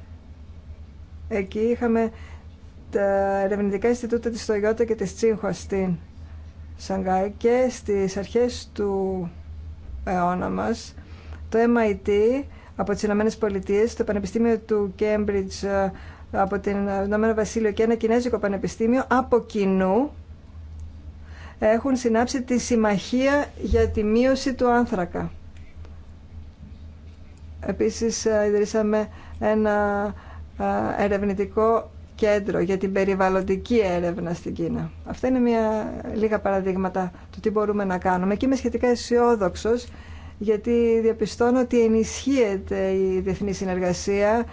Εκεί είχαμε τα ερευνητικά Ινστιτούτα της Τοϊότα και της Τσίνχουα στην Σανγκάη και στις αρχές του αιώνα μας το MIT από τις Ηνωμένες Πολιτείες, το Πανεπιστήμιο του Cambridge ε, από την Ηνωμένο Βασίλειο και ένα Κινέζικο Πανεπιστήμιο από κοινού έχουν συνάψει τη Συμμαχία για τη Μείωση του Άνθρακα. Επίσης ε, ιδρύσαμε ένα ε, ερευνητικό κέντρο για την περιβαλλοντική έρευνα στην Κίνα. Αυτά είναι μια, λίγα παραδείγματα του τι μπορούμε να κάνουμε και είμαι σχετικά αισιόδοξο γιατί διαπιστώνω ότι ενισχύεται η διεθνή συνεργασία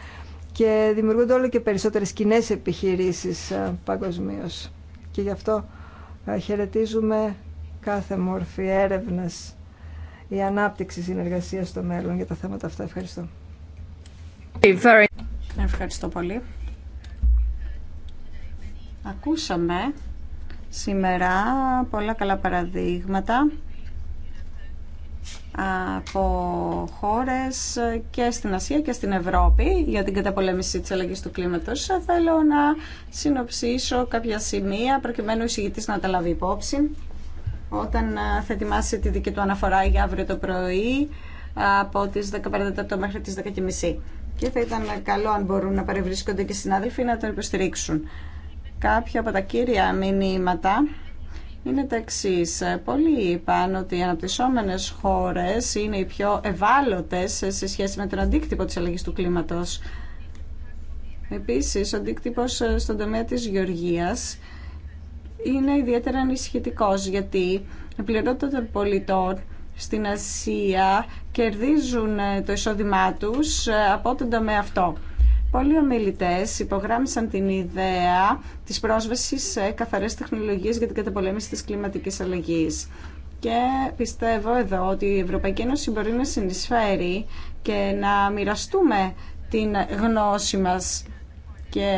και δημιουργούνται όλο και περισσότερες κοινέ επιχειρήσεις ε, παγκοσμίω. Και γι' αυτό χαιρετίζουμε κάθε μορφή έρευνας η ανάπτυξη συνεργασία στο μέλλον για τα θέματα αυτά. Ευχαριστώ. Ευχαριστώ πολύ. Ακούσαμε σήμερα πολλά καλά παραδείγματα από χώρες και στην Ασία και στην Ευρώπη για την καταπολέμηση της αλλαγής του κλίματος. Θέλω να συνοψίσω κάποια σημεία προκειμένου ο εισηγητής να τα λάβει υπόψη όταν ε, θα ετοιμάσει τη δική του αναφορά για αύριο το πρωί από τις 15 μέχρι τις 10.30. Και θα ήταν καλό αν μπορούν να παρευρίσκονται και οι συνάδελφοι να τον υποστηρίξουν. Κάποια από τα κύρια μηνύματα είναι τα εξή. Πολλοί είπαν ότι οι αναπτυσσόμενε χώρε είναι οι πιο ευάλωτε σε σχέση με τον αντίκτυπο τη αλλαγή του κλίματο. Επίση, ο αντίκτυπο ε, στον τομέα τη γεωργία είναι ιδιαίτερα ανησυχητικό γιατί η πληρότητα των πολιτών στην Ασία κερδίζουν ε, το εισόδημά τους ε, από τον τομέα αυτό. Πολλοί ομιλητέ υπογράμμισαν την ιδέα τη πρόσβαση σε καθαρέ τεχνολογίε για την καταπολέμηση τη κλιματική αλλαγή. Και πιστεύω εδώ ότι η Ευρωπαϊκή Ένωση μπορεί να συνεισφέρει και να μοιραστούμε την γνώση μας. Και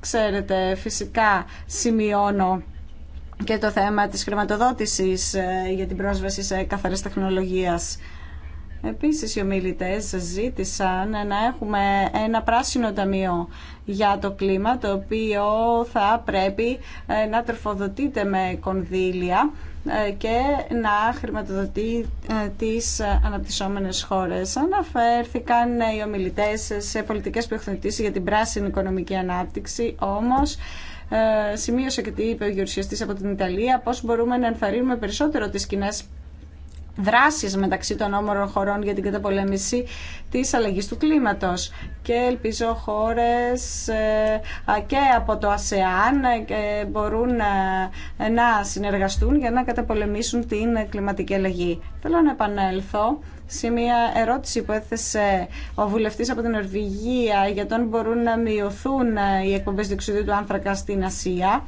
ξέρετε, φυσικά σημειώνω και το θέμα της χρηματοδότησης ε, για την πρόσβαση σε καθαρές τεχνολογίες. Επίσης οι ομιλητές ζήτησαν να έχουμε ένα πράσινο ταμείο για το κλίμα το οποίο θα πρέπει ε, να τροφοδοτείται με κονδύλια ε, και να χρηματοδοτεί τις αναπτυσσόμενες χώρες. Αναφέρθηκαν οι ομιλητές σε πολιτικές που για την πράσινη οικονομική ανάπτυξη, όμως ε, σημείωσε και τι είπε ο γερουσιαστή από την Ιταλία, πώς μπορούμε να ενθαρρύνουμε περισσότερο τις κοινέ δράσεις μεταξύ των όμορων χωρών για την καταπολέμηση της αλλαγής του κλίματος. Και ελπίζω χώρες ε, και από το ΑΣΕΑΝ ε, μπορούν ε, να συνεργαστούν για να καταπολεμήσουν την κλιματική αλλαγή. Θέλω να επανέλθω σε μια ερώτηση που έθεσε ο βουλευτής από την Ορβηγία για το αν μπορούν να μειωθούν οι εκπομπές διοξιδίου του άνθρακα στην Ασία.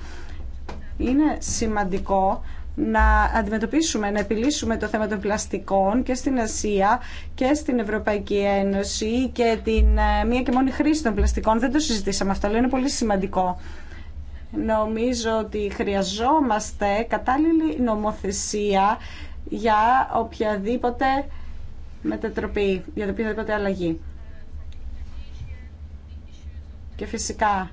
Είναι σημαντικό να αντιμετωπίσουμε, να επιλύσουμε το θέμα των πλαστικών και στην Ασία και στην Ευρωπαϊκή Ένωση και την ε, μία και μόνη χρήση των πλαστικών. Δεν το συζητήσαμε αυτό, αλλά είναι πολύ σημαντικό. Νομίζω ότι χρειαζόμαστε κατάλληλη νομοθεσία για οποιαδήποτε μετατροπή, για οποιαδήποτε αλλαγή. Και φυσικά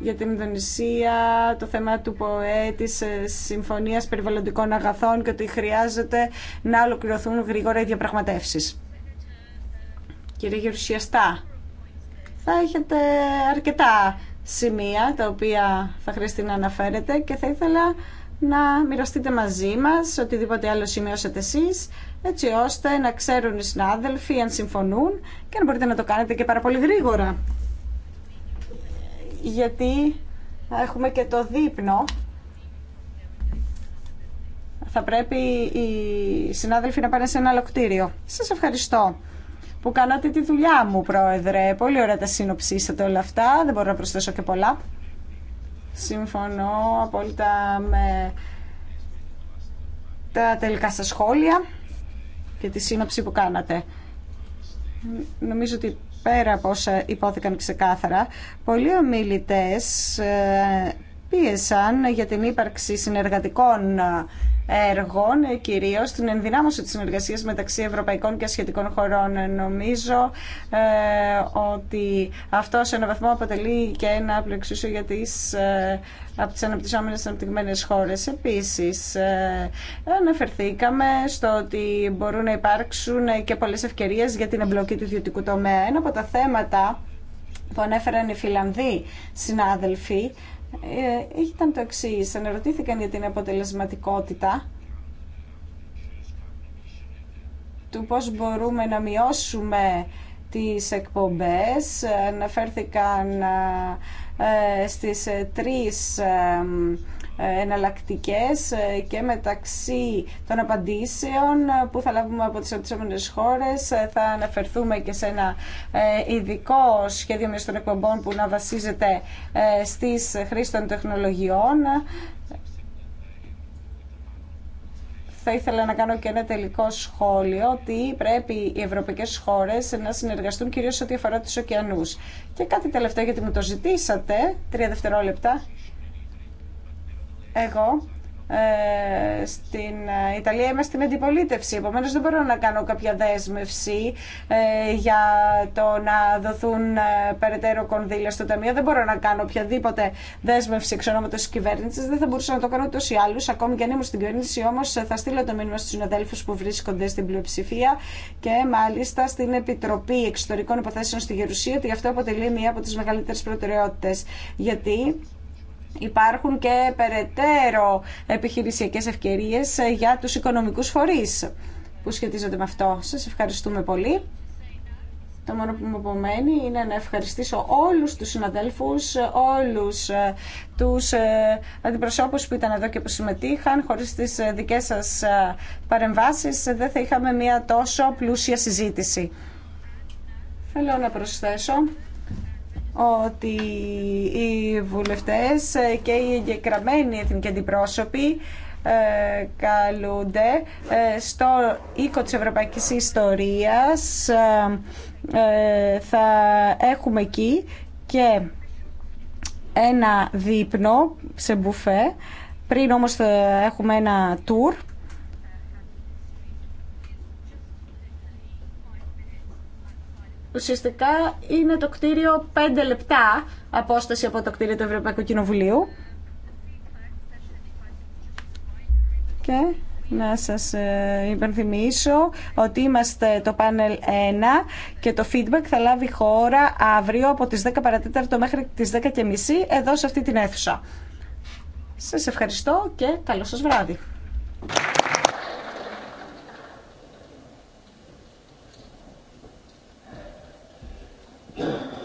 για την Ινδονησία, το θέμα του ΠΟΕ, τη ε, Συμφωνίας Περιβαλλοντικών Αγαθών και ότι χρειάζεται να ολοκληρωθούν γρήγορα οι διαπραγματεύσει. Κύριε Γερουσιαστά, θα έχετε αρκετά σημεία τα οποία θα χρειαστεί να αναφέρετε και θα ήθελα να μοιραστείτε μαζί μας οτιδήποτε άλλο σημειώσετε εσείς έτσι ώστε να ξέρουν οι συνάδελφοι αν συμφωνούν και να μπορείτε να το κάνετε και πάρα πολύ γρήγορα γιατί έχουμε και το δείπνο. Θα πρέπει οι συνάδελφοι να πάνε σε ένα άλλο κτίριο. Σας ευχαριστώ που κάνατε τη δουλειά μου, Πρόεδρε. Πολύ ωραία τα σύνοψίσατε όλα αυτά. Δεν μπορώ να προσθέσω και πολλά. Συμφωνώ απόλυτα με τα τελικά σας σχόλια και τη σύνοψη που κάνατε. Νομίζω ότι πέρα από όσα υπόθηκαν ξεκάθαρα, πολλοί ομιλητές ε, πίεσαν για την ύπαρξη συνεργατικών ε, έργων, ε, κυρίως στην ενδυνάμωση της συνεργασίας μεταξύ ευρωπαϊκών και ασιατικών χωρών. Νομίζω ε, ότι αυτό σε έναν βαθμό αποτελεί και ένα πλεξούσιο για τις ε, από τις αναπτυσσόμενες αναπτυγμένες χώρες. Επίσης, αναφερθήκαμε στο ότι μπορούν να υπάρξουν και πολλές ευκαιρίες για την εμπλοκή του ιδιωτικού τομέα. Ένα από τα θέματα που ανέφεραν οι Φιλανδοί συνάδελφοι ε, ήταν το εξή. Αναρωτήθηκαν για την αποτελεσματικότητα του πώς μπορούμε να μειώσουμε τις εκπομπές. Αναφέρθηκαν ε, στις ε, τρεις εναλλακτικέ ε, και μεταξύ των απαντήσεων που θα λάβουμε από τις αναπτυσσόμενες χώρες ε, θα αναφερθούμε και σε ένα ε, ειδικό σχέδιο με των εκπομπών που να βασίζεται στις χρήσεις των τεχνολογιών. θα ήθελα να κάνω και ένα τελικό σχόλιο ότι πρέπει οι ευρωπαϊκές χώρες να συνεργαστούν κυρίως ό,τι αφορά τους ωκεανούς. Και κάτι τελευταίο γιατί μου το ζητήσατε, τρία δευτερόλεπτα. Εγώ ε, στην Ιταλία είμαι στην αντιπολίτευση. Επομένως δεν μπορώ να κάνω κάποια δέσμευση ε, για το να δοθούν ε, περαιτέρω κονδύλια στο Ταμείο. Δεν μπορώ να κάνω οποιαδήποτε δέσμευση εξ ονόματος της κυβέρνησης. Δεν θα μπορούσα να το κάνω τόσοι άλλους. Ακόμη και αν ήμουν στην κυβέρνηση όμως ε, θα στείλω το μήνυμα στους συναδέλφου που βρίσκονται στην πλειοψηφία και μάλιστα στην Επιτροπή Εξωτερικών Υποθέσεων στη Γερουσία ότι αυτό αποτελεί μία από τι μεγαλύτερε προτεραιότητε Γιατί υπάρχουν και περαιτέρω επιχειρησιακές ευκαιρίες ε, για τους οικονομικούς φορείς που σχετίζονται με αυτό. Σας ευχαριστούμε πολύ. Το μόνο που μου απομένει είναι να ευχαριστήσω όλους τους συναδέλφους, όλους ε, τους ε, αντιπροσώπους που ήταν εδώ και που συμμετείχαν. Χωρίς τις δικές σας παρεμβάσεις δεν θα είχαμε μια τόσο πλούσια συζήτηση. Θέλω να προσθέσω ότι οι βουλευτές και οι εγκεκραμένοι εθνικοί αντιπρόσωποι ε, καλούνται ε, στο οίκο της Ευρωπαϊκής Ιστορίας ε, θα έχουμε εκεί και ένα δείπνο σε μπουφέ πριν όμως έχουμε ένα τουρ ουσιαστικά είναι το κτίριο 5 λεπτά απόσταση από το κτίριο του Ευρωπαϊκού Κοινοβουλίου. Και να σας ε, υπενθυμίσω ότι είμαστε το πάνελ 1 και το feedback θα λάβει χώρα αύριο από τις 10 παρατέταρτο μέχρι τις 10.30 εδώ σε αυτή την αίθουσα. Σας ευχαριστώ και καλό σας βράδυ. Υπότιτλοι AUTHORWAVE